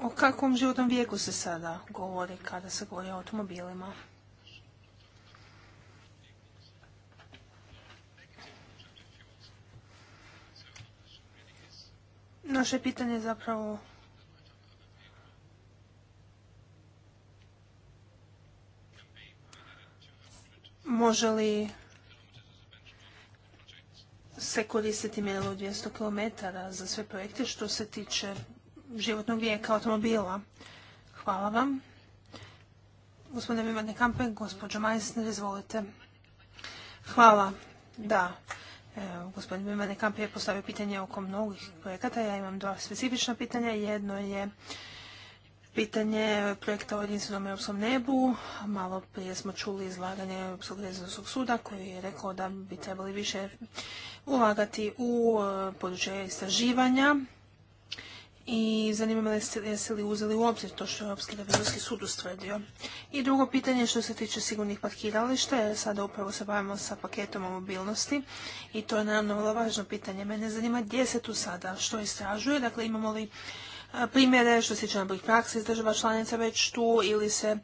o kakvom životnom vijeku se sada govori kada se govori o automobilima? Naše pitanje je zapravo može li se koristiti mjerilo 200 km za sve projekte što se tiče životnog vijeka automobila. Hvala vam. Gospodine Vimadne Kampe, gospođo Majsner, izvolite. Hvala. Da, e, gospodin Bimane Kamp je postavio pitanje oko mnogih projekata. Ja imam dva specifična pitanja. Jedno je pitanje projekta o jedinstvenom europskom nebu. Malo prije smo čuli izlaganje Europskog rezervnog suda koji je rekao da bi trebali više ulagati u e, područje istraživanja i zanima me jeste li uzeli u obzir to što je Europski revizorski sud ustvrdio. I drugo pitanje što se tiče sigurnih parkirališta, jer sada upravo se bavimo sa paketom o mobilnosti i to je naravno vrlo važno pitanje. Mene zanima gdje se tu sada, što istražuje, dakle imamo li primjere što se tiče najboljih praksi iz država članica već tu ili se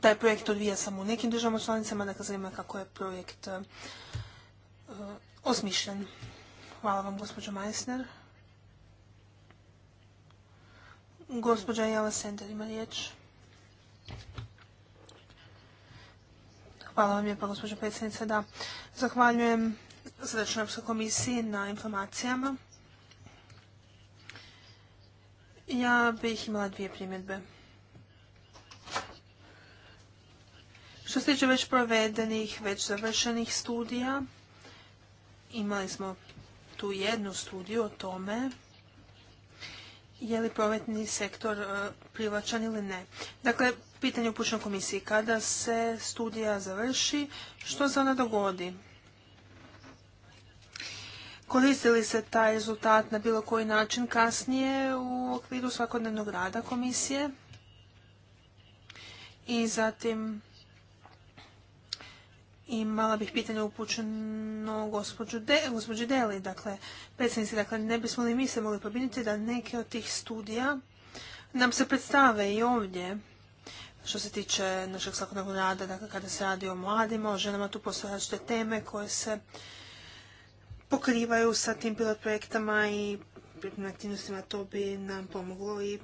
taj projekt odvija samo u nekim državama članicama, dakle zanima kako je projekt osmišljen. Hvala vam gospođo Meissner. Gospođa Jala Sender ima riječ. Hvala vam lijepa, gospođo predsjednice. Da, zahvaljujem Srdečnoj Europskoj komisiji na informacijama. Ja bih imala dvije primjedbe. Što se tiče već provedenih, već završenih studija, imali smo tu jednu studiju o tome je li prometni sektor e, privlačan ili ne. Dakle, pitanje upućeno komisiji. Kada se studija završi, što se ona dogodi? Koristi li se taj rezultat na bilo koji način kasnije u okviru svakodnevnog rada komisije? I zatim, Imala bih pitanje upućeno gospođu gospođi Deli, dakle, predsjednici, dakle, ne bismo li mi se mogli pobiniti da neke od tih studija nam se predstave i ovdje, što se tiče našeg svakodnevnog rada, dakle, kada se radi o mladima, o ženama, tu postoje različite teme koje se pokrivaju sa tim pilot projektama i aktivnostima to bi nam pomoglo i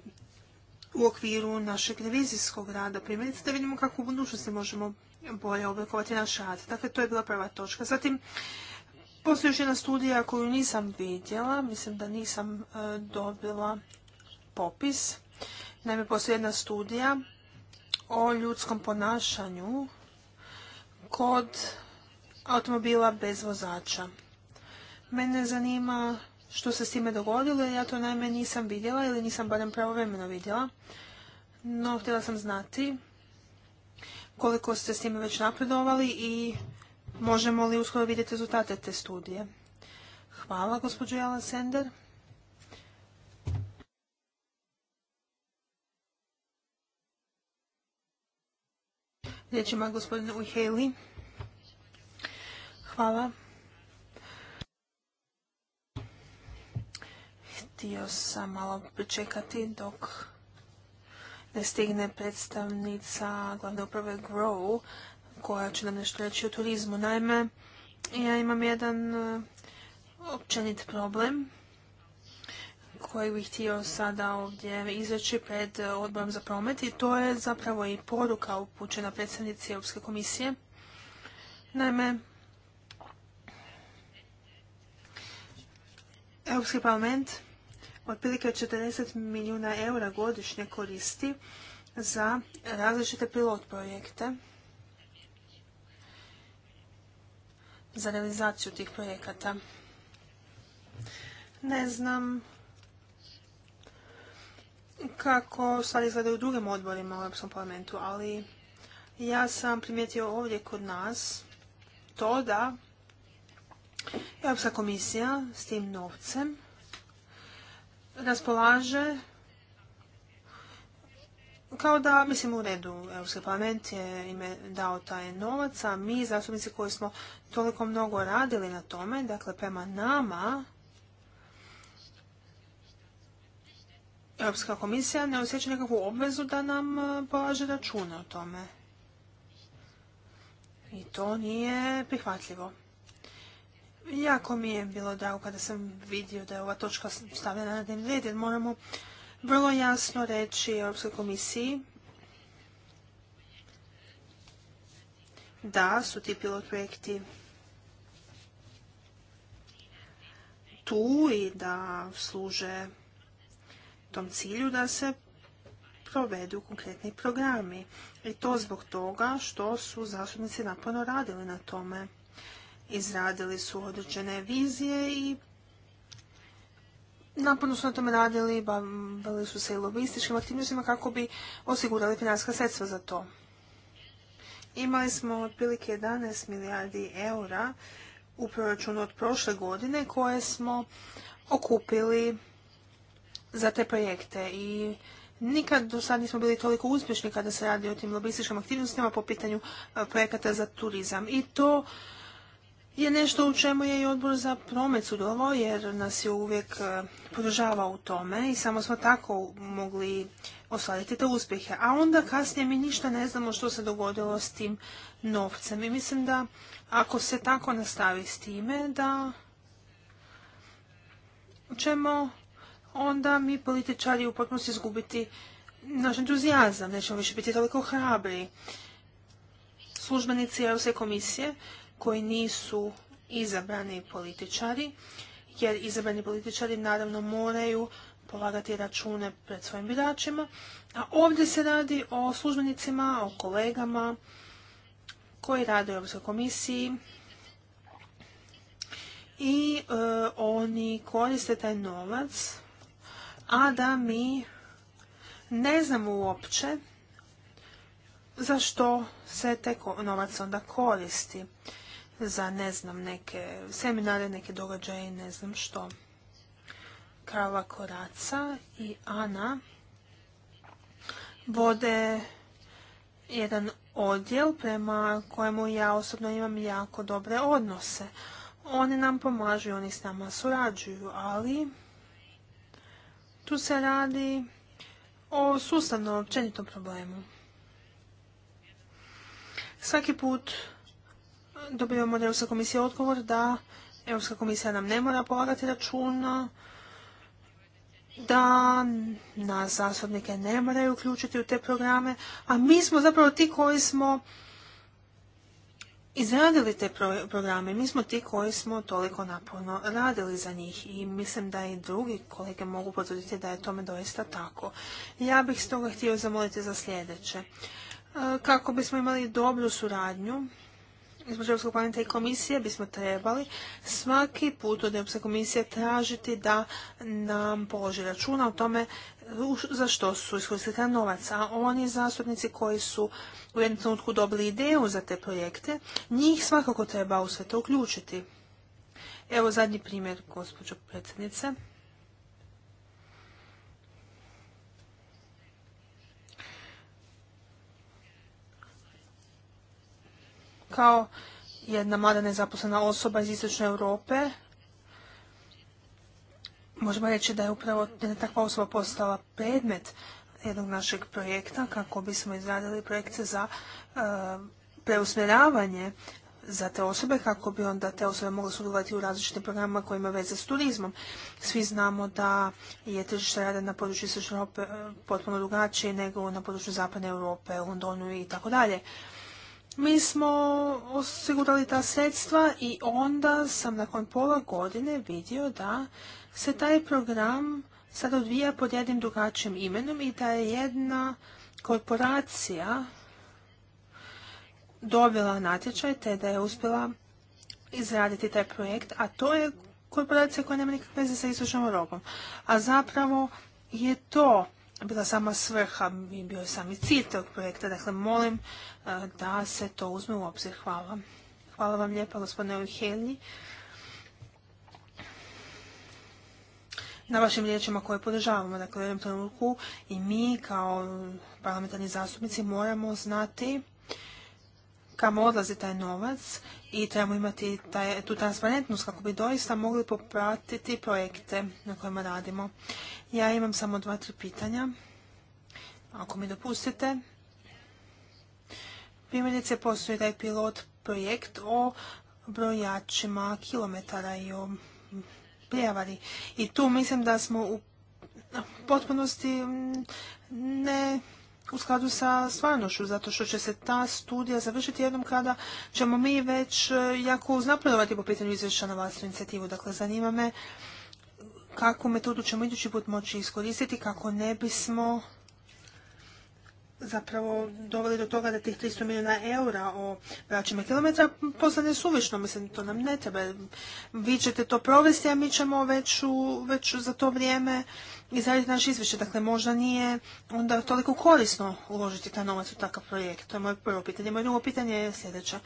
u okviru našeg revizijskog rada. Primjerice da vidimo kako u budućnosti možemo bolje oblikovati naš rad. Dakle, to je bila prva točka. Zatim, postoji još jedna studija koju nisam vidjela, mislim da nisam e, dobila popis. Naime, postoji jedna studija o ljudskom ponašanju kod automobila bez vozača. Mene zanima što se s time dogodilo, ja to naime nisam vidjela ili nisam barem pravovremeno vidjela. No, htjela sam znati koliko ste s time već napredovali i možemo li uskoro vidjeti rezultate te studije. Hvala, gospođo Jalan Sender. Riječ ima gospodin Ujheli. Hvala. Htio sam malo pričekati dok stigne predstavnica glavne uprave Grow koja će nam nešto reći o turizmu. Naime, ja imam jedan e, općenit problem koji bih htio sada ovdje izreći pred e, odborom za promet i to je zapravo i poruka upućena predstavnici Europske komisije. Naime, Europski parlament otprilike 40 milijuna eura godišnje koristi za različite pilot projekte, za realizaciju tih projekata. Ne znam kako stvari izgledaju u drugim odborima u Europskom parlamentu, ali ja sam primijetio ovdje kod nas to da Europska komisija s tim novcem raspolaže kao da, mislim, u redu, Europski parlament je im dao taj novac, a mi, zastupnici koji smo toliko mnogo radili na tome, dakle, prema nama, Europska komisija ne osjeća nekakvu obvezu da nam polaže račune o tome. I to nije prihvatljivo. Jako mi je bilo drago kada sam vidio da je ova točka stavljena na dnevni red, jer moramo vrlo jasno reći Europskoj komisiji da su ti pilot projekti tu i da služe tom cilju da se provedu konkretni programi. I to zbog toga što su zastupnici naporno radili na tome izradili su određene vizije i naporno su na tome radili, bavili su se i lobističkim aktivnostima kako bi osigurali finanska sredstva za to. Imali smo otprilike 11 milijardi eura u proračunu od prošle godine koje smo okupili za te projekte i nikad do sad nismo bili toliko uspješni kada se radi o tim lobističkim aktivnostima po pitanju e, projekata za turizam. I to je nešto u čemu je i odbor za promet sudjelovao jer nas je uvijek e, podržavao u tome i samo smo tako mogli ostvariti te uspjehe. A onda kasnije mi ništa ne znamo što se dogodilo s tim novcem. I mislim da ako se tako nastavi s time da ćemo onda mi političari u potpunosti izgubiti naš entuzijazam, nećemo više biti toliko hrabri. Službenici Europske komisije koji nisu izabrani političari, jer izabrani političari naravno moraju polagati račune pred svojim biračima, a ovdje se radi o službenicima, o kolegama koji rade u Europskoj komisiji i e, oni koriste taj novac, a da mi ne znamo uopće zašto se taj novac onda koristi za, ne znam, neke seminare, neke događaje i ne znam što. Krava Koraca i Ana vode jedan odjel prema kojemu ja osobno imam jako dobre odnose. Oni nam pomažu i oni s nama surađuju, ali tu se radi o sustavno općenitom problemu. Svaki put dobivamo od Europske komisije odgovor da Europska komisija nam ne mora polagati računa, da nas zastupnike ne moraju uključiti u te programe, a mi smo zapravo ti koji smo izradili te programe. Mi smo ti koji smo toliko naporno radili za njih i mislim da i drugi kolege mogu potvrditi da je tome doista tako. Ja bih stoga htio zamoliti za sljedeće. E, kako bismo imali dobru suradnju između Europskog parlamenta i komisije bismo trebali svaki put od Europske komisije tražiti da nam položi računa o tome za što su iskoristili novac. A oni zastupnici koji su u jednom trenutku dobili ideju za te projekte, njih svakako treba u sve to uključiti. Evo zadnji primjer, gospođo predsjednice. kao jedna mlada nezaposlena osoba iz Istočne Europe, možemo reći da je upravo jedna takva osoba postala predmet jednog našeg projekta kako bismo izradili projekte za e, preusmjeravanje za te osobe kako bi onda te osobe mogle sudjelovati u različitim programima koji ima veze s turizmom. Svi znamo da je tržište rada na području Istočne Europe e, potpuno drugačije nego na području Zapadne Europe, Londonu i tako dalje. Mi smo osigurali ta sredstva i onda sam nakon pola godine vidio da se taj program sad odvija pod jednim drugačijim imenom i da je jedna korporacija dobila natječaj te da je uspjela izraditi taj projekt, a to je korporacija koja nema nikakve veze sa istočnom robom. A zapravo je to bila sama svrha i bio sami cilj tog projekta. Dakle, molim e, da se to uzme u obzir. Hvala. Hvala vam lijepa, gospodine Ujhelji. na vašim riječima koje podržavamo. Dakle, u jednom trenutku i mi kao parlamentarni zastupnici moramo znati kamo odlazi taj novac i trebamo imati tu transparentnost kako bi doista mogli popratiti projekte na kojima radimo. Ja imam samo dva, tri pitanja. Ako mi dopustite, primjerice postoji taj pilot projekt o brojačima kilometara i o prijavari. I tu mislim da smo u potpunosti mm, ne u skladu sa stvarnošću, zato što će se ta studija završiti jednom kada ćemo mi već e, jako uznapredovati po pitanju izvješća na vlastnu inicijativu. Dakle, zanima me kakvu metodu ćemo idući put moći iskoristiti kako ne bismo zapravo doveli do toga da tih 300 milijuna eura o vraćima kilometra postane suvišno. Mislim, to nam ne treba. Vi ćete to provesti, a mi ćemo već, za to vrijeme izraditi naš izvješće. Dakle, možda nije onda toliko korisno uložiti ta novac u takav projekt. To je moje prvo pitanje. Moje drugo pitanje je sljedeće.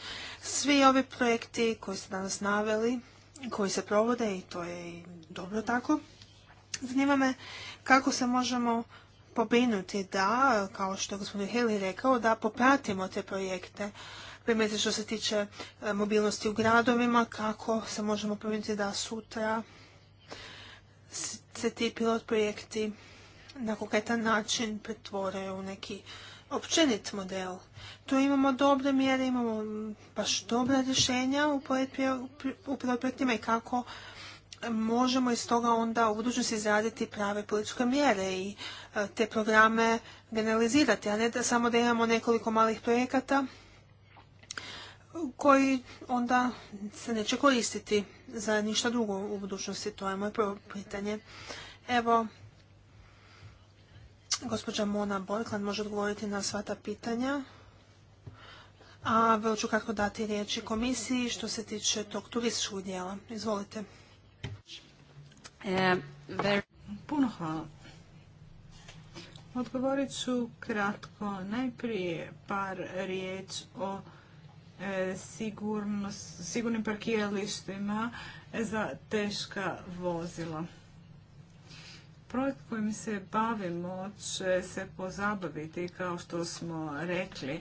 Svi ovi projekti koji ste danas naveli, koji se provode i to je dobro tako, zanima me kako se možemo pobrinuti da, kao što je gospodin Heli rekao, da popratimo te projekte. Primjerice što se tiče e, mobilnosti u gradovima, kako se možemo pobrinuti da sutra se ti pilot projekti na konkretan način pretvore u neki općenit model. Tu imamo dobre mjere, imamo baš dobra rješenja u pilot projektima i kako možemo iz toga onda u budućnosti izraditi prave političke mjere i e, te programe generalizirati, a ne da samo da imamo nekoliko malih projekata koji onda se neće koristiti za ništa drugo u budućnosti. To je moje prvo pitanje. Evo, gospođa Mona Borkland može odgovoriti na sva ta pitanja. A vrlo ću kako dati riječi komisiji što se tiče tog turističkog dijela. Izvolite. Eh, Puno hvala. Odgovorit ću kratko. Najprije par riječ o eh, sigurnim parkiralištima za teška vozila. Projekt kojim se bavimo će se pozabaviti, kao što smo rekli,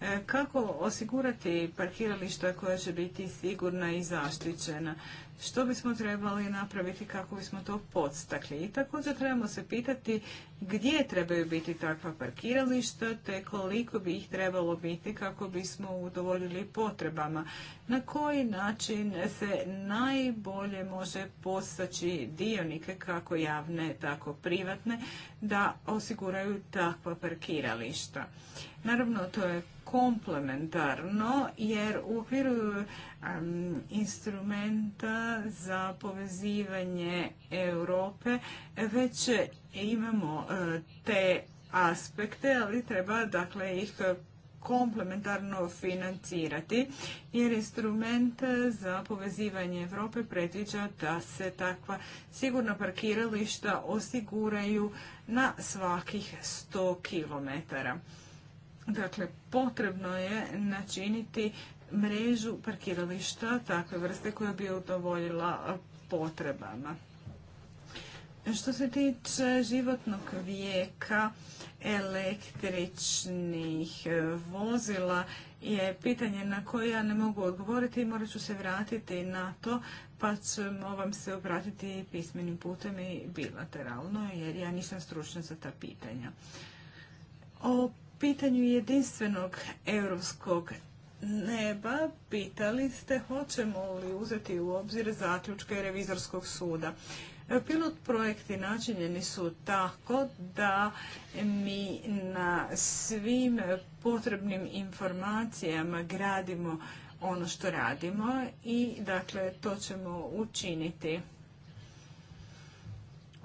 eh, kako osigurati parkirališta koja će biti sigurna i zaštićena što bismo trebali napraviti kako bismo to podstakli. I također trebamo se pitati gdje trebaju biti takva parkirališta te koliko bi ih trebalo biti kako bismo udovoljili potrebama. Na koji način se najbolje može postaći dionike kako javne tako privatne da osiguraju takva parkirališta. Naravno to je komplementarno jer u okviru instrumenta za povezivanje Europe već imamo e, te aspekte, ali treba dakle ih komplementarno financirati jer instrument za povezivanje Europe predviđa da se takva sigurna parkirališta osiguraju na svakih 100 km. Dakle, potrebno je načiniti mrežu parkirališta takve vrste koja bi udovoljila potrebama. Što se tiče životnog vijeka električnih vozila je pitanje na koje ja ne mogu odgovoriti i morat ću se vratiti na to pa ćemo vam se obratiti pismenim putem i bilateralno jer ja nisam stručna za ta pitanja. O pitanju jedinstvenog europskog neba pitali ste hoćemo li uzeti u obzir zaključke revizorskog suda. Pilot projekti načinjeni su tako da mi na svim potrebnim informacijama gradimo ono što radimo i dakle to ćemo učiniti.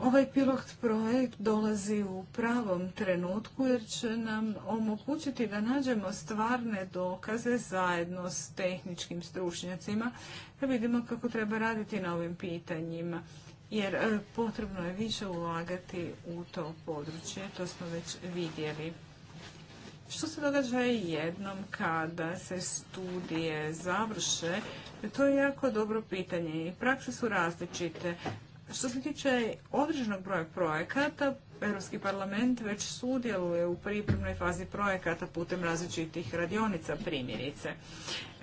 Ovaj pilot projekt dolazi u pravom trenutku jer će nam omogućiti da nađemo stvarne dokaze zajedno s tehničkim stručnjacima da vidimo kako treba raditi na ovim pitanjima. Jer e, potrebno je više ulagati u to područje, to smo već vidjeli. Što se događa jednom kada se studije završe, to je jako dobro pitanje i prakse su različite. Što se tiče određenog broja projekata, Europski parlament već sudjeluje u pripremnoj fazi projekata putem različitih radionica primjerice.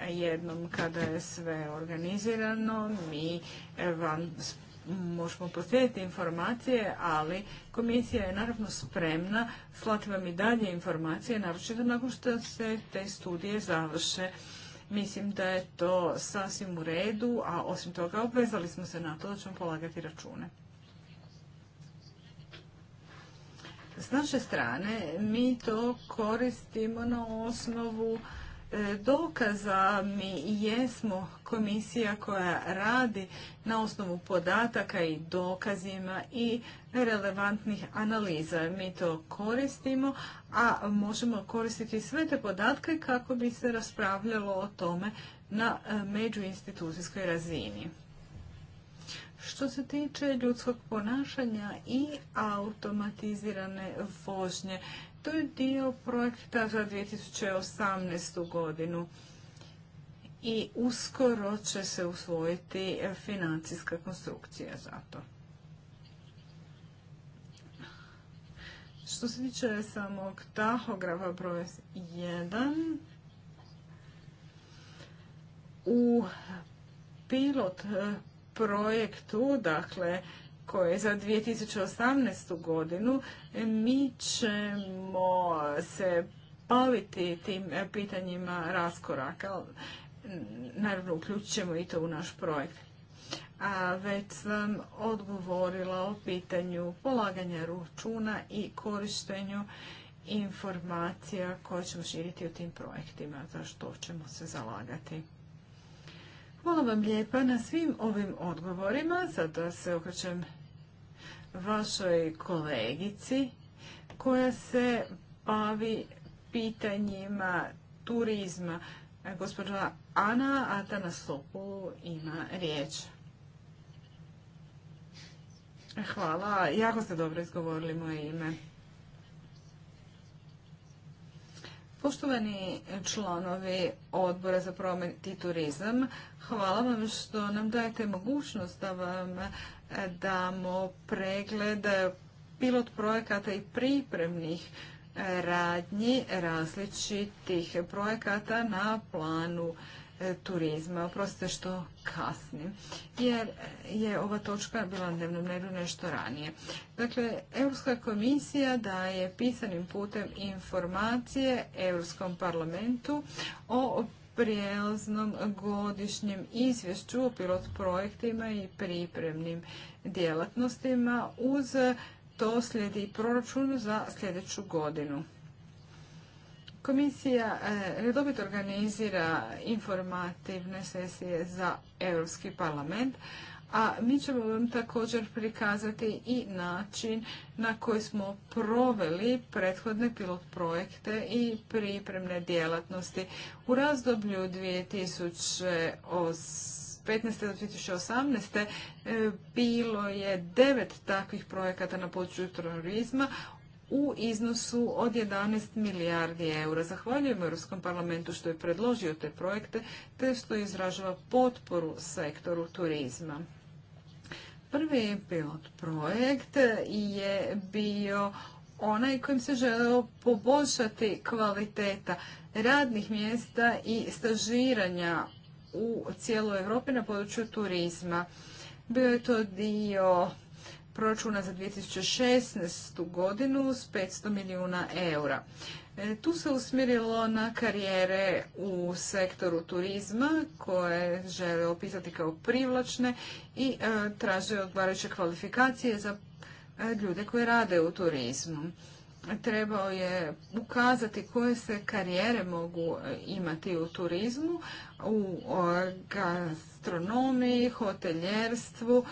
Jednom kada je sve organizirano, mi e, vam možemo proslijediti informacije, ali komisija je naravno spremna slati vam i dalje informacije, naročito nakon što se te studije završe Mislim da je to sasvim u redu, a osim toga obvezali smo se na to da ćemo polagati račune. S naše strane mi to koristimo na osnovu E, dokaza. Mi jesmo komisija koja radi na osnovu podataka i dokazima i relevantnih analiza. Mi to koristimo, a možemo koristiti sve te podatke kako bi se raspravljalo o tome na e, međuinstitucijskoj razini. Što se tiče ljudskog ponašanja i automatizirane vožnje, to je dio projekta za 2018. godinu i uskoro će se usvojiti financijska konstrukcija za to. Što se tiče samog tahografa broj 1, u pilot projektu, dakle, koje za 2018. godinu mi ćemo se baviti tim pitanjima raskoraka. Naravno, uključit ćemo i to u naš projekt. A već sam odgovorila o pitanju polaganja računa i korištenju informacija koje ćemo širiti u tim projektima, za što ćemo se zalagati. Hvala vam lijepa na svim ovim odgovorima. Sada se okrećem vašoj kolegici koja se bavi pitanjima turizma. Gospođa Ana sopu ima riječ. Hvala, jako ste dobro izgovorili moje ime. Poštovani članovi odbora za promet i turizam, hvala vam što nam dajete mogućnost da vam damo pregled pilot projekata i pripremnih radnji različitih projekata na planu e, turizma. Oprostite što kasnim, jer je ova točka bila na dnevnom redu nešto ranije. Dakle, Europska komisija daje pisanim putem informacije Europskom parlamentu o prijelaznom godišnjem izvješću o pilot projektima i pripremnim djelatnostima uz to slijedi proračun za sljedeću godinu. Komisija e, redovito organizira informativne sesije za Europski parlament, a mi ćemo vam također prikazati i način na koji smo proveli prethodne pilot projekte i pripremne djelatnosti. U razdoblju 2015. do 2018. E, bilo je devet takvih projekata na području turizma u iznosu od 11 milijardi eura. Zahvaljujem Europskom parlamentu što je predložio te projekte te što izražava potporu sektoru turizma. Prvi pilot projekt je bio onaj kojim se želeo poboljšati kvaliteta radnih mjesta i stažiranja u cijeloj Europi na području turizma. Bio je to dio proračuna za 2016. godinu s 500 milijuna eura. E, tu se usmirilo na karijere u sektoru turizma koje žele opisati kao privlačne i e, traže odgovarajuće kvalifikacije za e, ljude koji rade u turizmu. Trebao je ukazati koje se karijere mogu imati u turizmu, u gastronomiji, hoteljerstvu,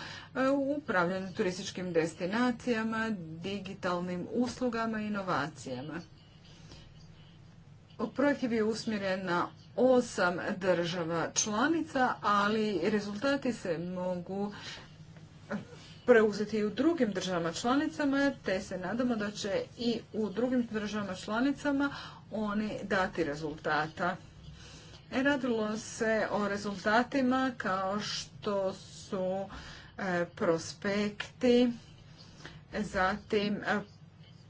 u upravljanju turističkim destinacijama, digitalnim uslugama i inovacijama. Projekt je usmjeren na osam država članica, ali rezultati se mogu preuzeti i u drugim državama članicama, te se nadamo da će i u drugim državama članicama oni dati rezultata. E, radilo se o rezultatima kao što su e, prospekti, zatim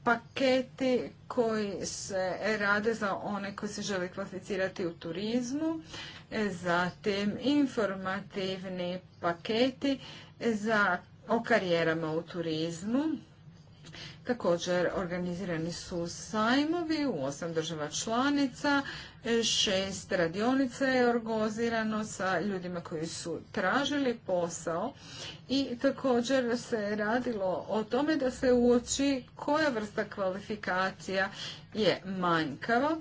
paketi koji se rade za one koji se žele kvalificirati u turizmu, zatim informativni paketi za, o karijerama u turizmu. Također organizirani su sajmovi u osam država članica Šest radionica je organizirano sa ljudima koji su tražili posao i također se je radilo o tome da se uoči koja vrsta kvalifikacija je manjkava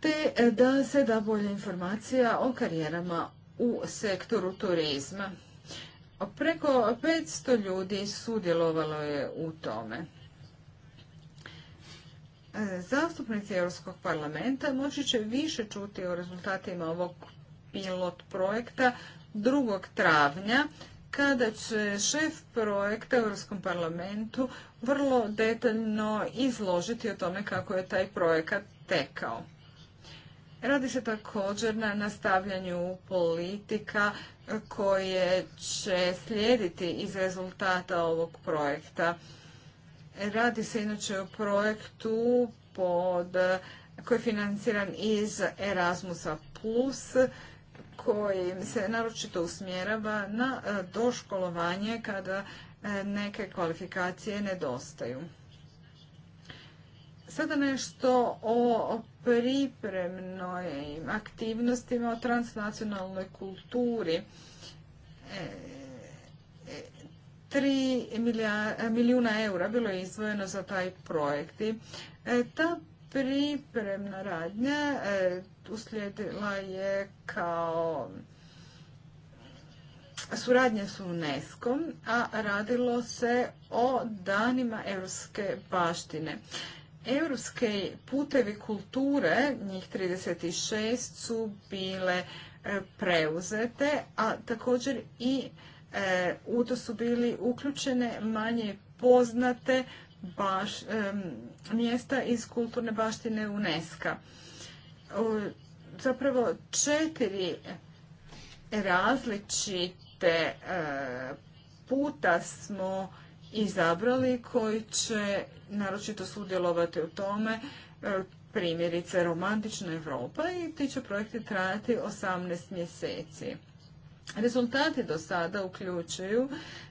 te da se da bolja informacija o karijerama u sektoru turizma. Preko 500 ljudi sudjelovalo je u tome. Zastupnici Europskog parlamenta moći će više čuti o rezultatima ovog pilot projekta 2. travnja kada će šef projekta u Europskom parlamentu vrlo detaljno izložiti o tome kako je taj projekat tekao. Radi se također na nastavljanju politika koje će slijediti iz rezultata ovog projekta. Radi se inače o projektu pod, koji je financiran iz Erasmusa Plus, koji se naročito usmjerava na e, doškolovanje kada e, neke kvalifikacije nedostaju. Sada nešto o pripremnoj aktivnostima o transnacionalnoj kulturi. E, 3 eh, milijuna eura bilo je izdvojeno za taj projekt. Eh, ta pripremna radnja eh, uslijedila je kao suradnja s UNESCO, a radilo se o danima europske baštine. Europske putevi kulture, njih 36, su bile preuzete, a također i E, u to su bili uključene manje poznate mjesta iz kulturne baštine UNESCO. Zapravo četiri različite e, puta smo izabrali koji će naročito sudjelovati u tome e, primjerice romantična Europa i ti će projekti trajati 18 mjeseci. Rezultati do sada uključuju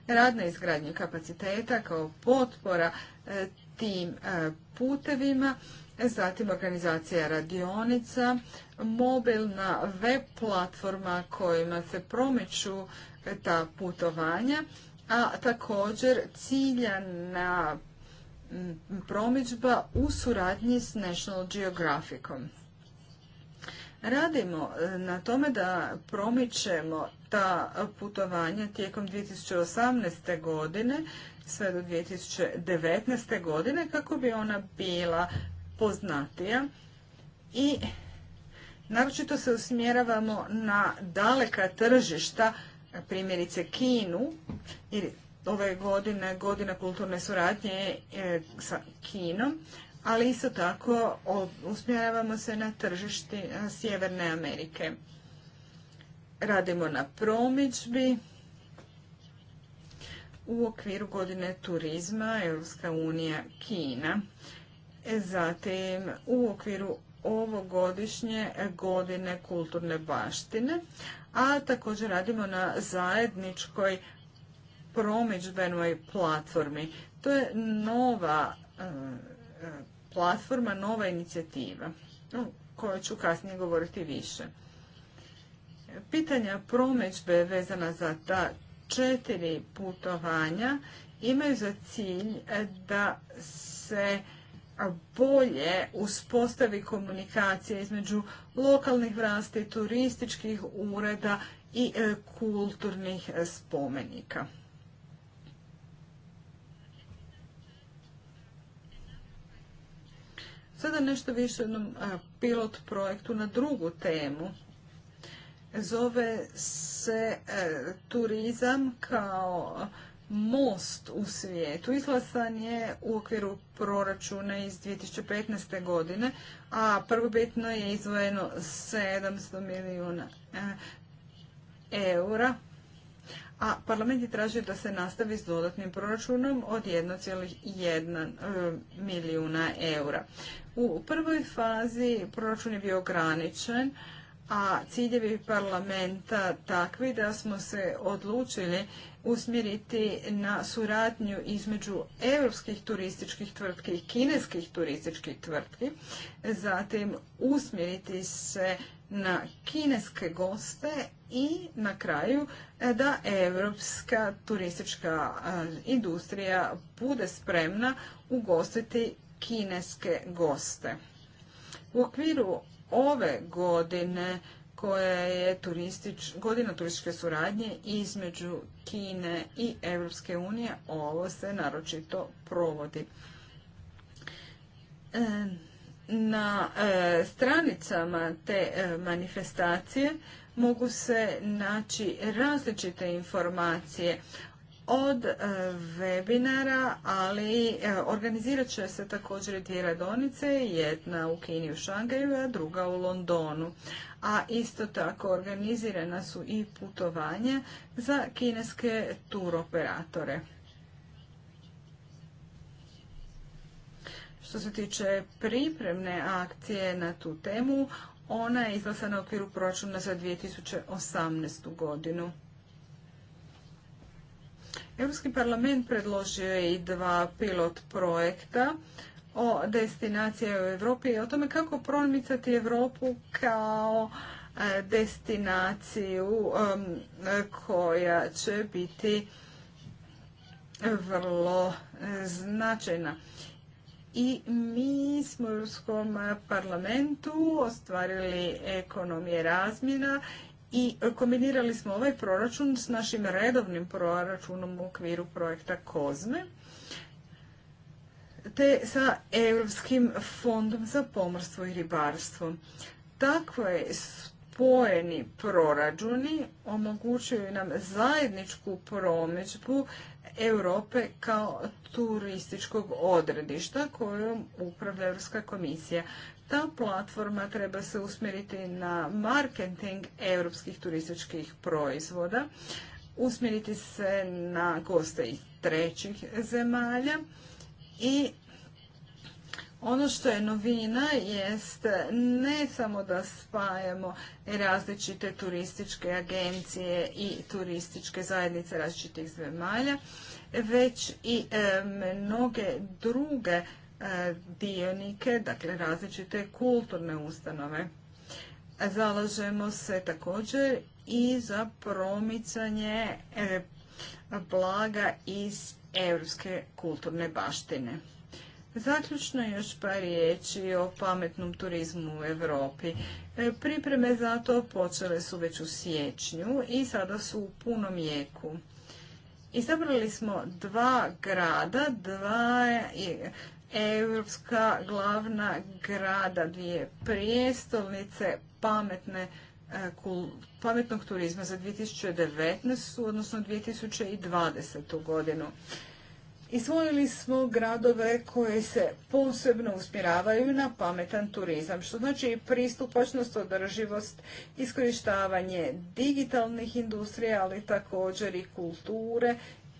radne izgradnje kapaciteta kao potpora e, tim e, putevima, zatim organizacija radionica, mobilna web platforma kojima se promiču e, ta putovanja, a također ciljana promičba u suradnji s National Geographicom. Radimo e, na tome da promičemo ta putovanja tijekom 2018. godine sve do 2019. godine kako bi ona bila poznatija i naročito se usmjeravamo na daleka tržišta, primjerice Kinu, jer ove godine godina kulturne suradnje e, sa Kinom, ali isto tako usmjeravamo se na tržišti Sjeverne Amerike. Radimo na promičbi u okviru godine turizma Europska unija Kina. Zatim u okviru ovogodišnje godine kulturne baštine, a također radimo na zajedničkoj promičbenoj platformi. To je nova platforma Nova inicijativa, o kojoj ću kasnije govoriti više. Pitanja promidžbe vezana za ta četiri putovanja imaju za cilj da se bolje uspostavi komunikacija između lokalnih vlasti, turističkih ureda i e, kulturnih spomenika. Sada nešto više o jednom pilot projektu na drugu temu. Zove se e, turizam kao most u svijetu. Izlasan je u okviru proračuna iz 2015. godine, a prvobitno je izvojeno 700 milijuna e, eura a parlament je tražio da se nastavi s dodatnim proračunom od 1,1 e, milijuna eura. U prvoj fazi proračun je bio ograničen, a ciljevi parlamenta takvi da smo se odlučili usmjeriti na suradnju između europskih turističkih tvrtki i kineskih turističkih tvrtki, zatim usmjeriti se na kineske goste i na kraju e, da europska turistička e, industrija bude spremna ugostiti kineske goste. U okviru ove godine koja je godina turističke suradnje između Kine i Europske unije, ovo se naročito provodi. E, na e, stranicama te e, manifestacije mogu se naći različite informacije od e, webinara, ali e, organizirat će se također dvije radonice, jedna u Kini u Šangaju, a druga u Londonu. A isto tako organizirana su i putovanje za kineske operatore Što se tiče pripremne akcije na tu temu, ona je izglasana u okviru proračuna za 2018. godinu. Europski parlament predložio je i dva pilot projekta o destinacije u Europi i o tome kako promicati Europu kao e, destinaciju koja će biti vrlo e, značajna. I mi smo u Europskom parlamentu ostvarili ekonomije razmjena i kombinirali smo ovaj proračun s našim redovnim proračunom u okviru projekta COSME te sa Europskim fondom za pomorstvo i ribarstvo. Tako je spojeni proračuni omogućuju nam zajedničku promidžbu Europe kao turističkog odredišta kojom upravlja Europska komisija. Ta platforma treba se usmjeriti na marketing europskih turističkih proizvoda, usmjeriti se na goste iz trećih zemalja i ono što je novina jest ne samo da spajamo različite turističke agencije i turističke zajednice različitih zemalja, već i e, mnoge druge E, dionike, dakle različite kulturne ustanove. Zalažemo se također i za promicanje e, blaga iz europske kulturne baštine. Zaključno još par riječi o pametnom turizmu u Europi. E, pripreme za to počele su već u siječnju i sada su u punom jeku. Izabrali smo dva grada, dva europska glavna grada, dvije prijestolnice pametne e, pametnog turizma za 2019. odnosno 2020. godinu. Izvojili smo gradove koje se posebno usmjeravaju na pametan turizam, što znači pristupačnost, održivost, iskorištavanje digitalnih industrija, ali također i kulture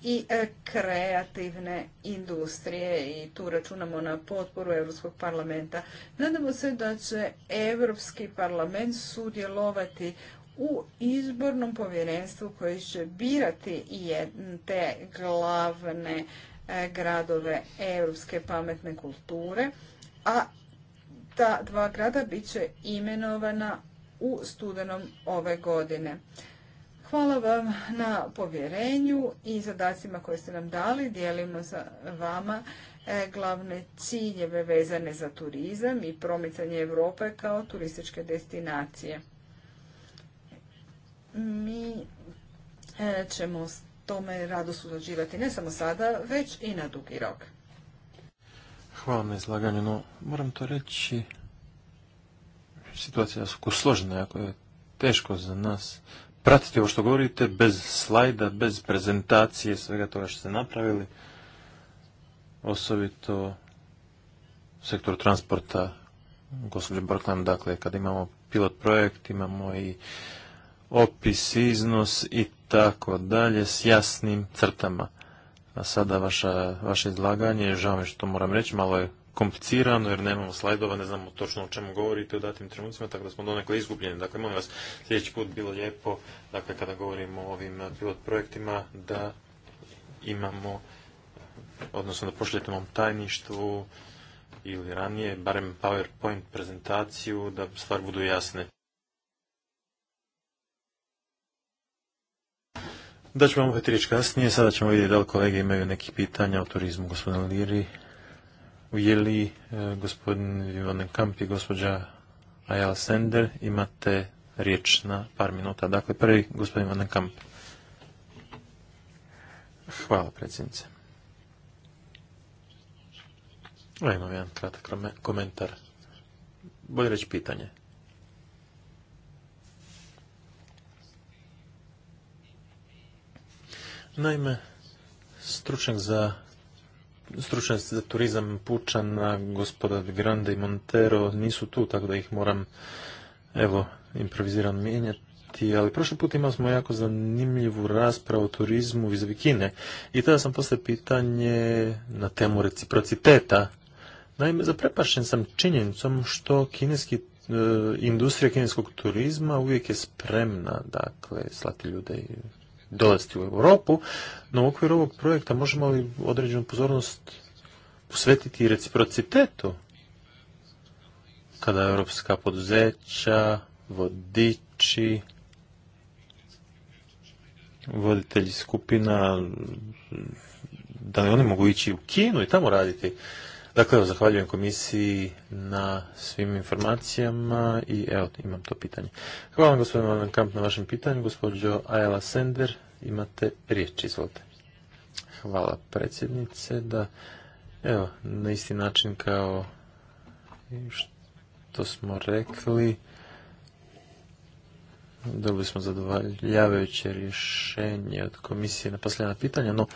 i e, kreativne industrije i tu računamo na potporu Europskog parlamenta. Nadamo se da će Europski parlament sudjelovati u izbornom povjerenstvu koji će birati te glavne e, gradove Europske pametne kulture, a ta dva grada bit će imenovana u studenom ove godine. Hvala vam na povjerenju i zadacima koje ste nam dali. Dijelimo sa vama e, glavne ciljeve vezane za turizam i promicanje Europe kao turističke destinacije. Mi e, ćemo s tome rado surađivati ne samo sada, već i na dugi rok. Hvala na izlaganju, no moram to reći, situacija je složena, jako je teško za nas pratiti ovo što govorite bez slajda, bez prezentacije svega toga što ste napravili, osobito sektor transporta gospođe Brkland, dakle kad imamo pilot projekt, imamo i opis, iznos i tako dalje s jasnim crtama. A sada vaše izlaganje, žao mi što moram reći, malo je komplicirano jer nemamo slajdova, ne znamo točno o čemu govorite u datim trenucima, tako da smo donekle izgubljeni. Dakle, molim vas, sljedeći put bilo lijepo, dakle, kada govorimo o ovim pilot projektima, da imamo, odnosno da pošaljete mom tajništvu ili ranije, barem PowerPoint prezentaciju, da stvari budu jasne. Da ćemo vam opet riječ kasnije, sada ćemo vidjeti da li kolege imaju nekih pitanja o turizmu, gospodine Liri je li e, gospodin Ivan Kamp i gospođa Ajal Sender imate riječ na par minuta. Dakle, prvi gospodin Ivan Kamp. Hvala, predsjednice. Evo imam jedan kratak komentar. Bolje reći pitanje. Naime, stručnjak za stručnjaci za turizam Pučana, gospoda Grande i Montero nisu tu, tako da ih moram evo, improviziran mijenjati. Ali prošli put imali smo jako zanimljivu raspravu o turizmu iz Vikine. i tada sam poslije pitanje na temu reciprociteta. Naime, zaprepašen sam činjenicom što kineski e, industrija kineskog turizma uvijek je spremna, dakle, slati ljude dolaziti u Europu, no u okviru ovog projekta možemo li određenu pozornost posvetiti i reciprocitetu kada europska poduzeća, vodiči, voditelji skupina, da li oni mogu ići u Kinu i tamo raditi? Dakle, zahvaljujem komisiji na svim informacijama i evo, imam to pitanje. Hvala vam gospodin Van Kamp na vašem pitanju. Gospođo Ajela Sender, imate riječ, izvolite. Hvala predsjednice da, evo, na isti način kao što smo rekli, dobili smo zadovoljavajuće rješenje od komisije na posljedna pitanja, no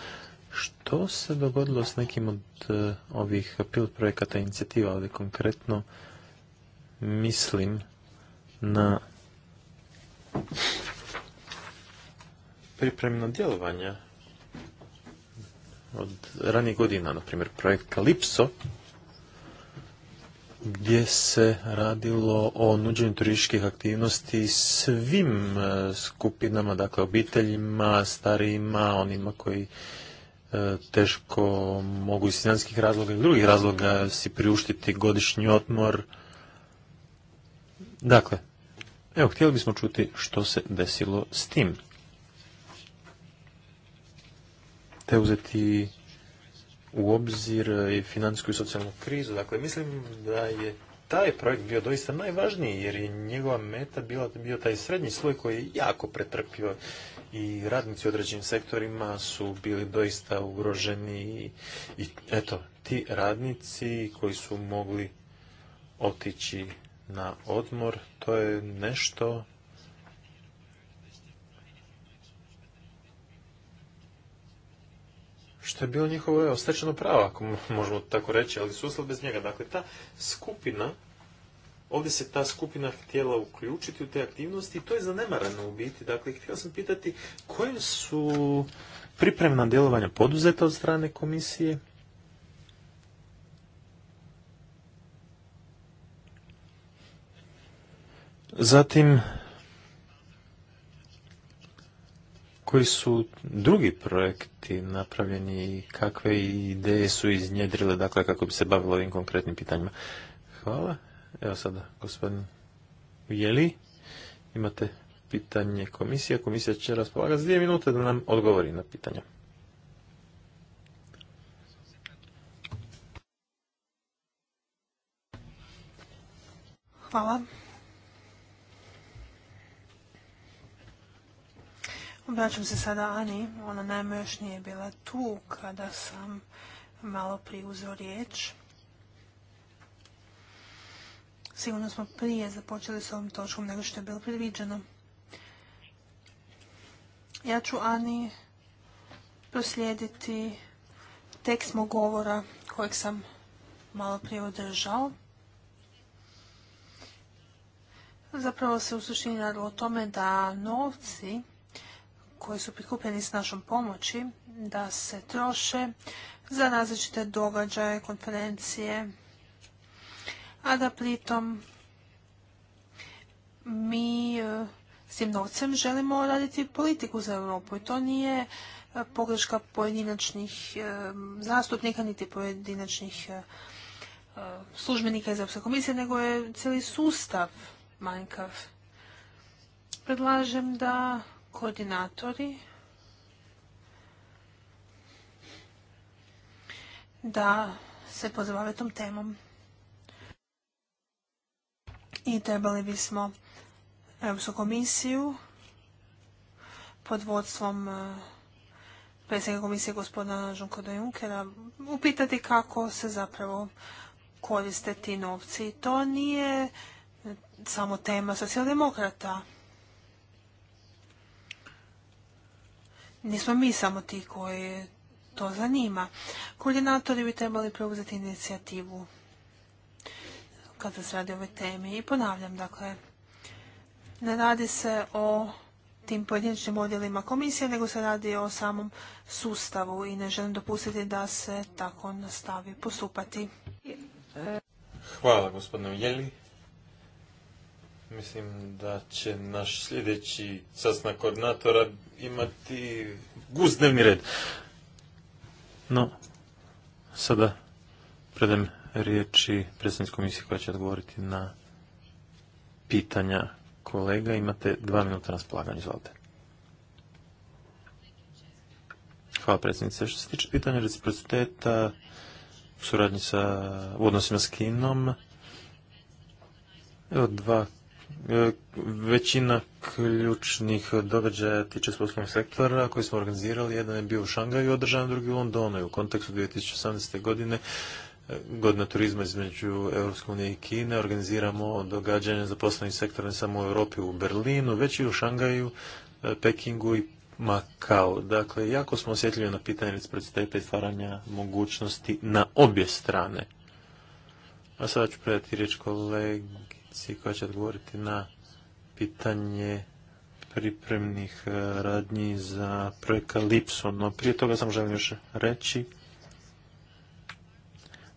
što se dogodilo s nekim od e, ovih pilot projekata inicijativa, ali konkretno mislim na pripremno djelovanje od ranijih godina, na primjer projekt Kalipso, gdje se radilo o nuđenju turističkih aktivnosti svim e, skupinama, dakle obiteljima, starijima, onima koji E, teško mogu iz financijskih razloga i drugih razloga si priuštiti godišnji otmor. Dakle, evo, htjeli bismo čuti što se desilo s tim. Te uzeti u obzir i financijsku i socijalnu krizu. Dakle, mislim da je taj projekt bio doista najvažniji, jer je njegova meta bila bio taj srednji sloj koji je jako pretrpio i radnici u određenim sektorima su bili doista ugroženi i eto, ti radnici koji su mogli otići na odmor, to je nešto što je bilo njihovo evo, stečeno pravo, ako možemo tako reći, ali sustav bez njega. Dakle, ta skupina Ovdje se ta skupina htjela uključiti u te aktivnosti i to je zanemarano u biti. Dakle, htio sam pitati koje su pripremna djelovanja poduzeta od strane komisije? Zatim, koji su drugi projekti napravljeni i kakve ideje su iznjedrile, dakle, kako bi se bavilo ovim konkretnim pitanjima. Hvala. Evo sada, gospodin Ujeli, imate pitanje komisije. Komisija će raspolagati dvije minute da nam odgovori na pitanja. Hvala. Obraćam se sada Ani. Ona najme bila tu kada sam malo priuzeo riječ sigurno smo prije započeli s ovom točkom nego što je bilo predviđeno. Ja ću Ani proslijediti tekst mog govora kojeg sam malo prije održao. Zapravo se u suštini radilo o tome da novci koji su prikupljeni s našom pomoći, da se troše za različite događaje, konferencije, a da pritom mi e, s tim novcem želimo raditi politiku za Europu i to nije e, pogreška pojedinačnih e, zastupnika niti pojedinačnih službenika iz Europske komisije, nego je cijeli sustav manjkav. Predlažem da koordinatori da se pozabave tom temom i trebali bismo Europsku komisiju pod vodstvom e, predsjednika komisije gospodina Žunkoda Junkera upitati kako se zapravo koriste ti novci. to nije samo tema socijaldemokrata. Nismo mi samo ti koji to zanima. Koordinatori bi trebali preuzeti inicijativu kada se radi o ovoj temi. I ponavljam, dakle, ne radi se o tim pojedinačnim odjelima komisije, nego se radi o samom sustavu i ne želim dopustiti da se tako nastavi postupati. Hvala gospodine Jeli. Mislim da će naš sljedeći sasna koordinatora imati guzdnevni red. No, sada predajem riječi predsjednici komisije koja će odgovoriti na pitanja kolega. Imate dva minuta na splaganju, izvolite. Hvala predsjednice. Što se tiče pitanja reciprociteta u suradnji sa odnosima s Kinom, evo dva e, Većina ključnih događaja tiče poslovnog sektora koji smo organizirali, jedan je bio u Šangaju održan, drugi u Londonu i u kontekstu 2018. godine godina turizma između EU i Kine organiziramo događanje za poslovni sektor ne samo u Europi, u Berlinu, već i u Šangaju, e, Pekingu i Makao. Dakle, jako smo osjetljivi na pitanje reciprociteta i stvaranja mogućnosti na obje strane. A sada ću predati riječ kolegici koja će odgovoriti na pitanje pripremnih e, radnji za projekt Lipson. No prije toga sam želim još reći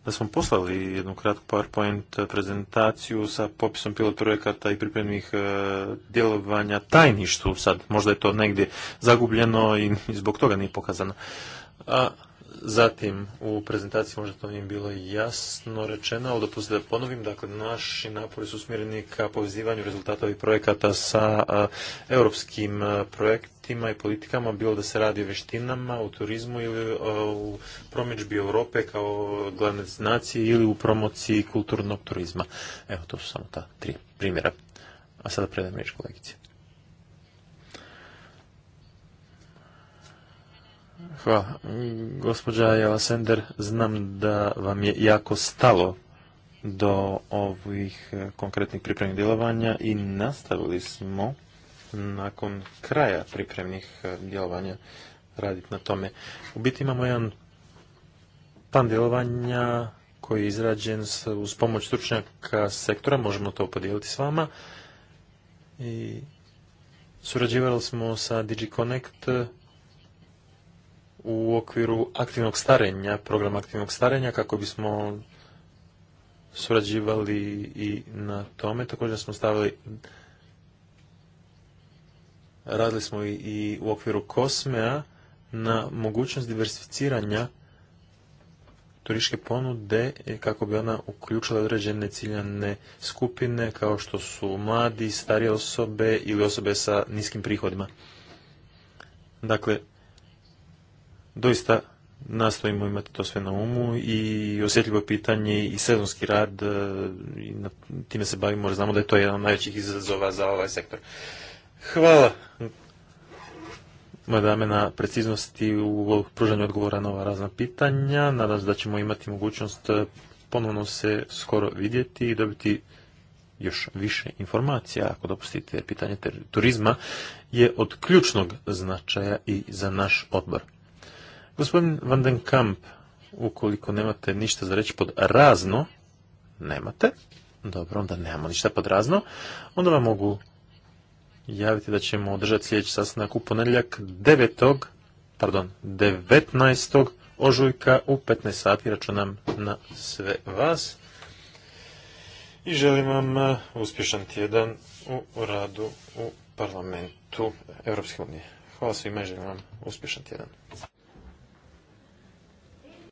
da smo poslali jednu kratku PowerPoint prezentaciju sa popisom pilot projekata i pripremnih e, djelovanja tajništu. Sad možda je to negdje zagubljeno i zbog toga nije pokazano. Zatim, u prezentaciji možda to nije bilo jasno rečeno, ali dopustite da ponovim, dakle, naši napori su usmjereni ka povezivanju rezultata ovih projekata sa europskim projektima i politikama, bilo da se radi o vještinama, u turizmu ili u promječbi Europe kao glavne znaciji ili u promociji kulturnog turizma. Evo, to su samo ta tri primjera. A sada predajem riječ kolegici. Hvala. Gospođa Jela znam da vam je jako stalo do ovih e, konkretnih pripremnih djelovanja i nastavili smo nakon kraja pripremnih e, djelovanja raditi na tome. U biti imamo jedan plan djelovanja koji je izrađen uz pomoć stručnjaka sektora, možemo to podijeliti s vama. I surađivali smo sa DigiConnect u okviru aktivnog starenja, program aktivnog starenja, kako bismo surađivali i na tome. Također smo stavili, radili smo i u okviru kosmea na mogućnost diversificiranja turističke ponude kako bi ona uključila određene ciljane skupine kao što su mladi, starije osobe ili osobe sa niskim prihodima. Dakle, doista nastojimo imati to sve na umu i osjetljivo pitanje i sezonski rad e, i na time se bavimo jer znamo da je to jedan od najvećih izazova za ovaj sektor. Hvala dame, na preciznosti u pružanju odgovora na ova razna pitanja. Nadam se da ćemo imati mogućnost e, ponovno se skoro vidjeti i dobiti još više informacija, ako dopustite, pitanje turizma je od ključnog značaja i za naš odbor. Gospodin Van den Kamp, ukoliko nemate ništa za reći pod razno, nemate, dobro, onda nemamo ništa pod razno, onda vam mogu javiti da ćemo održati sljedeći sastanak u ponedjeljak 9. pardon, 19. ožujka u 15 sati računam na sve vas. I želim vam e, uspješan tjedan u radu u parlamentu Europske unije. Hvala svima i želim vam uspješan tjedan.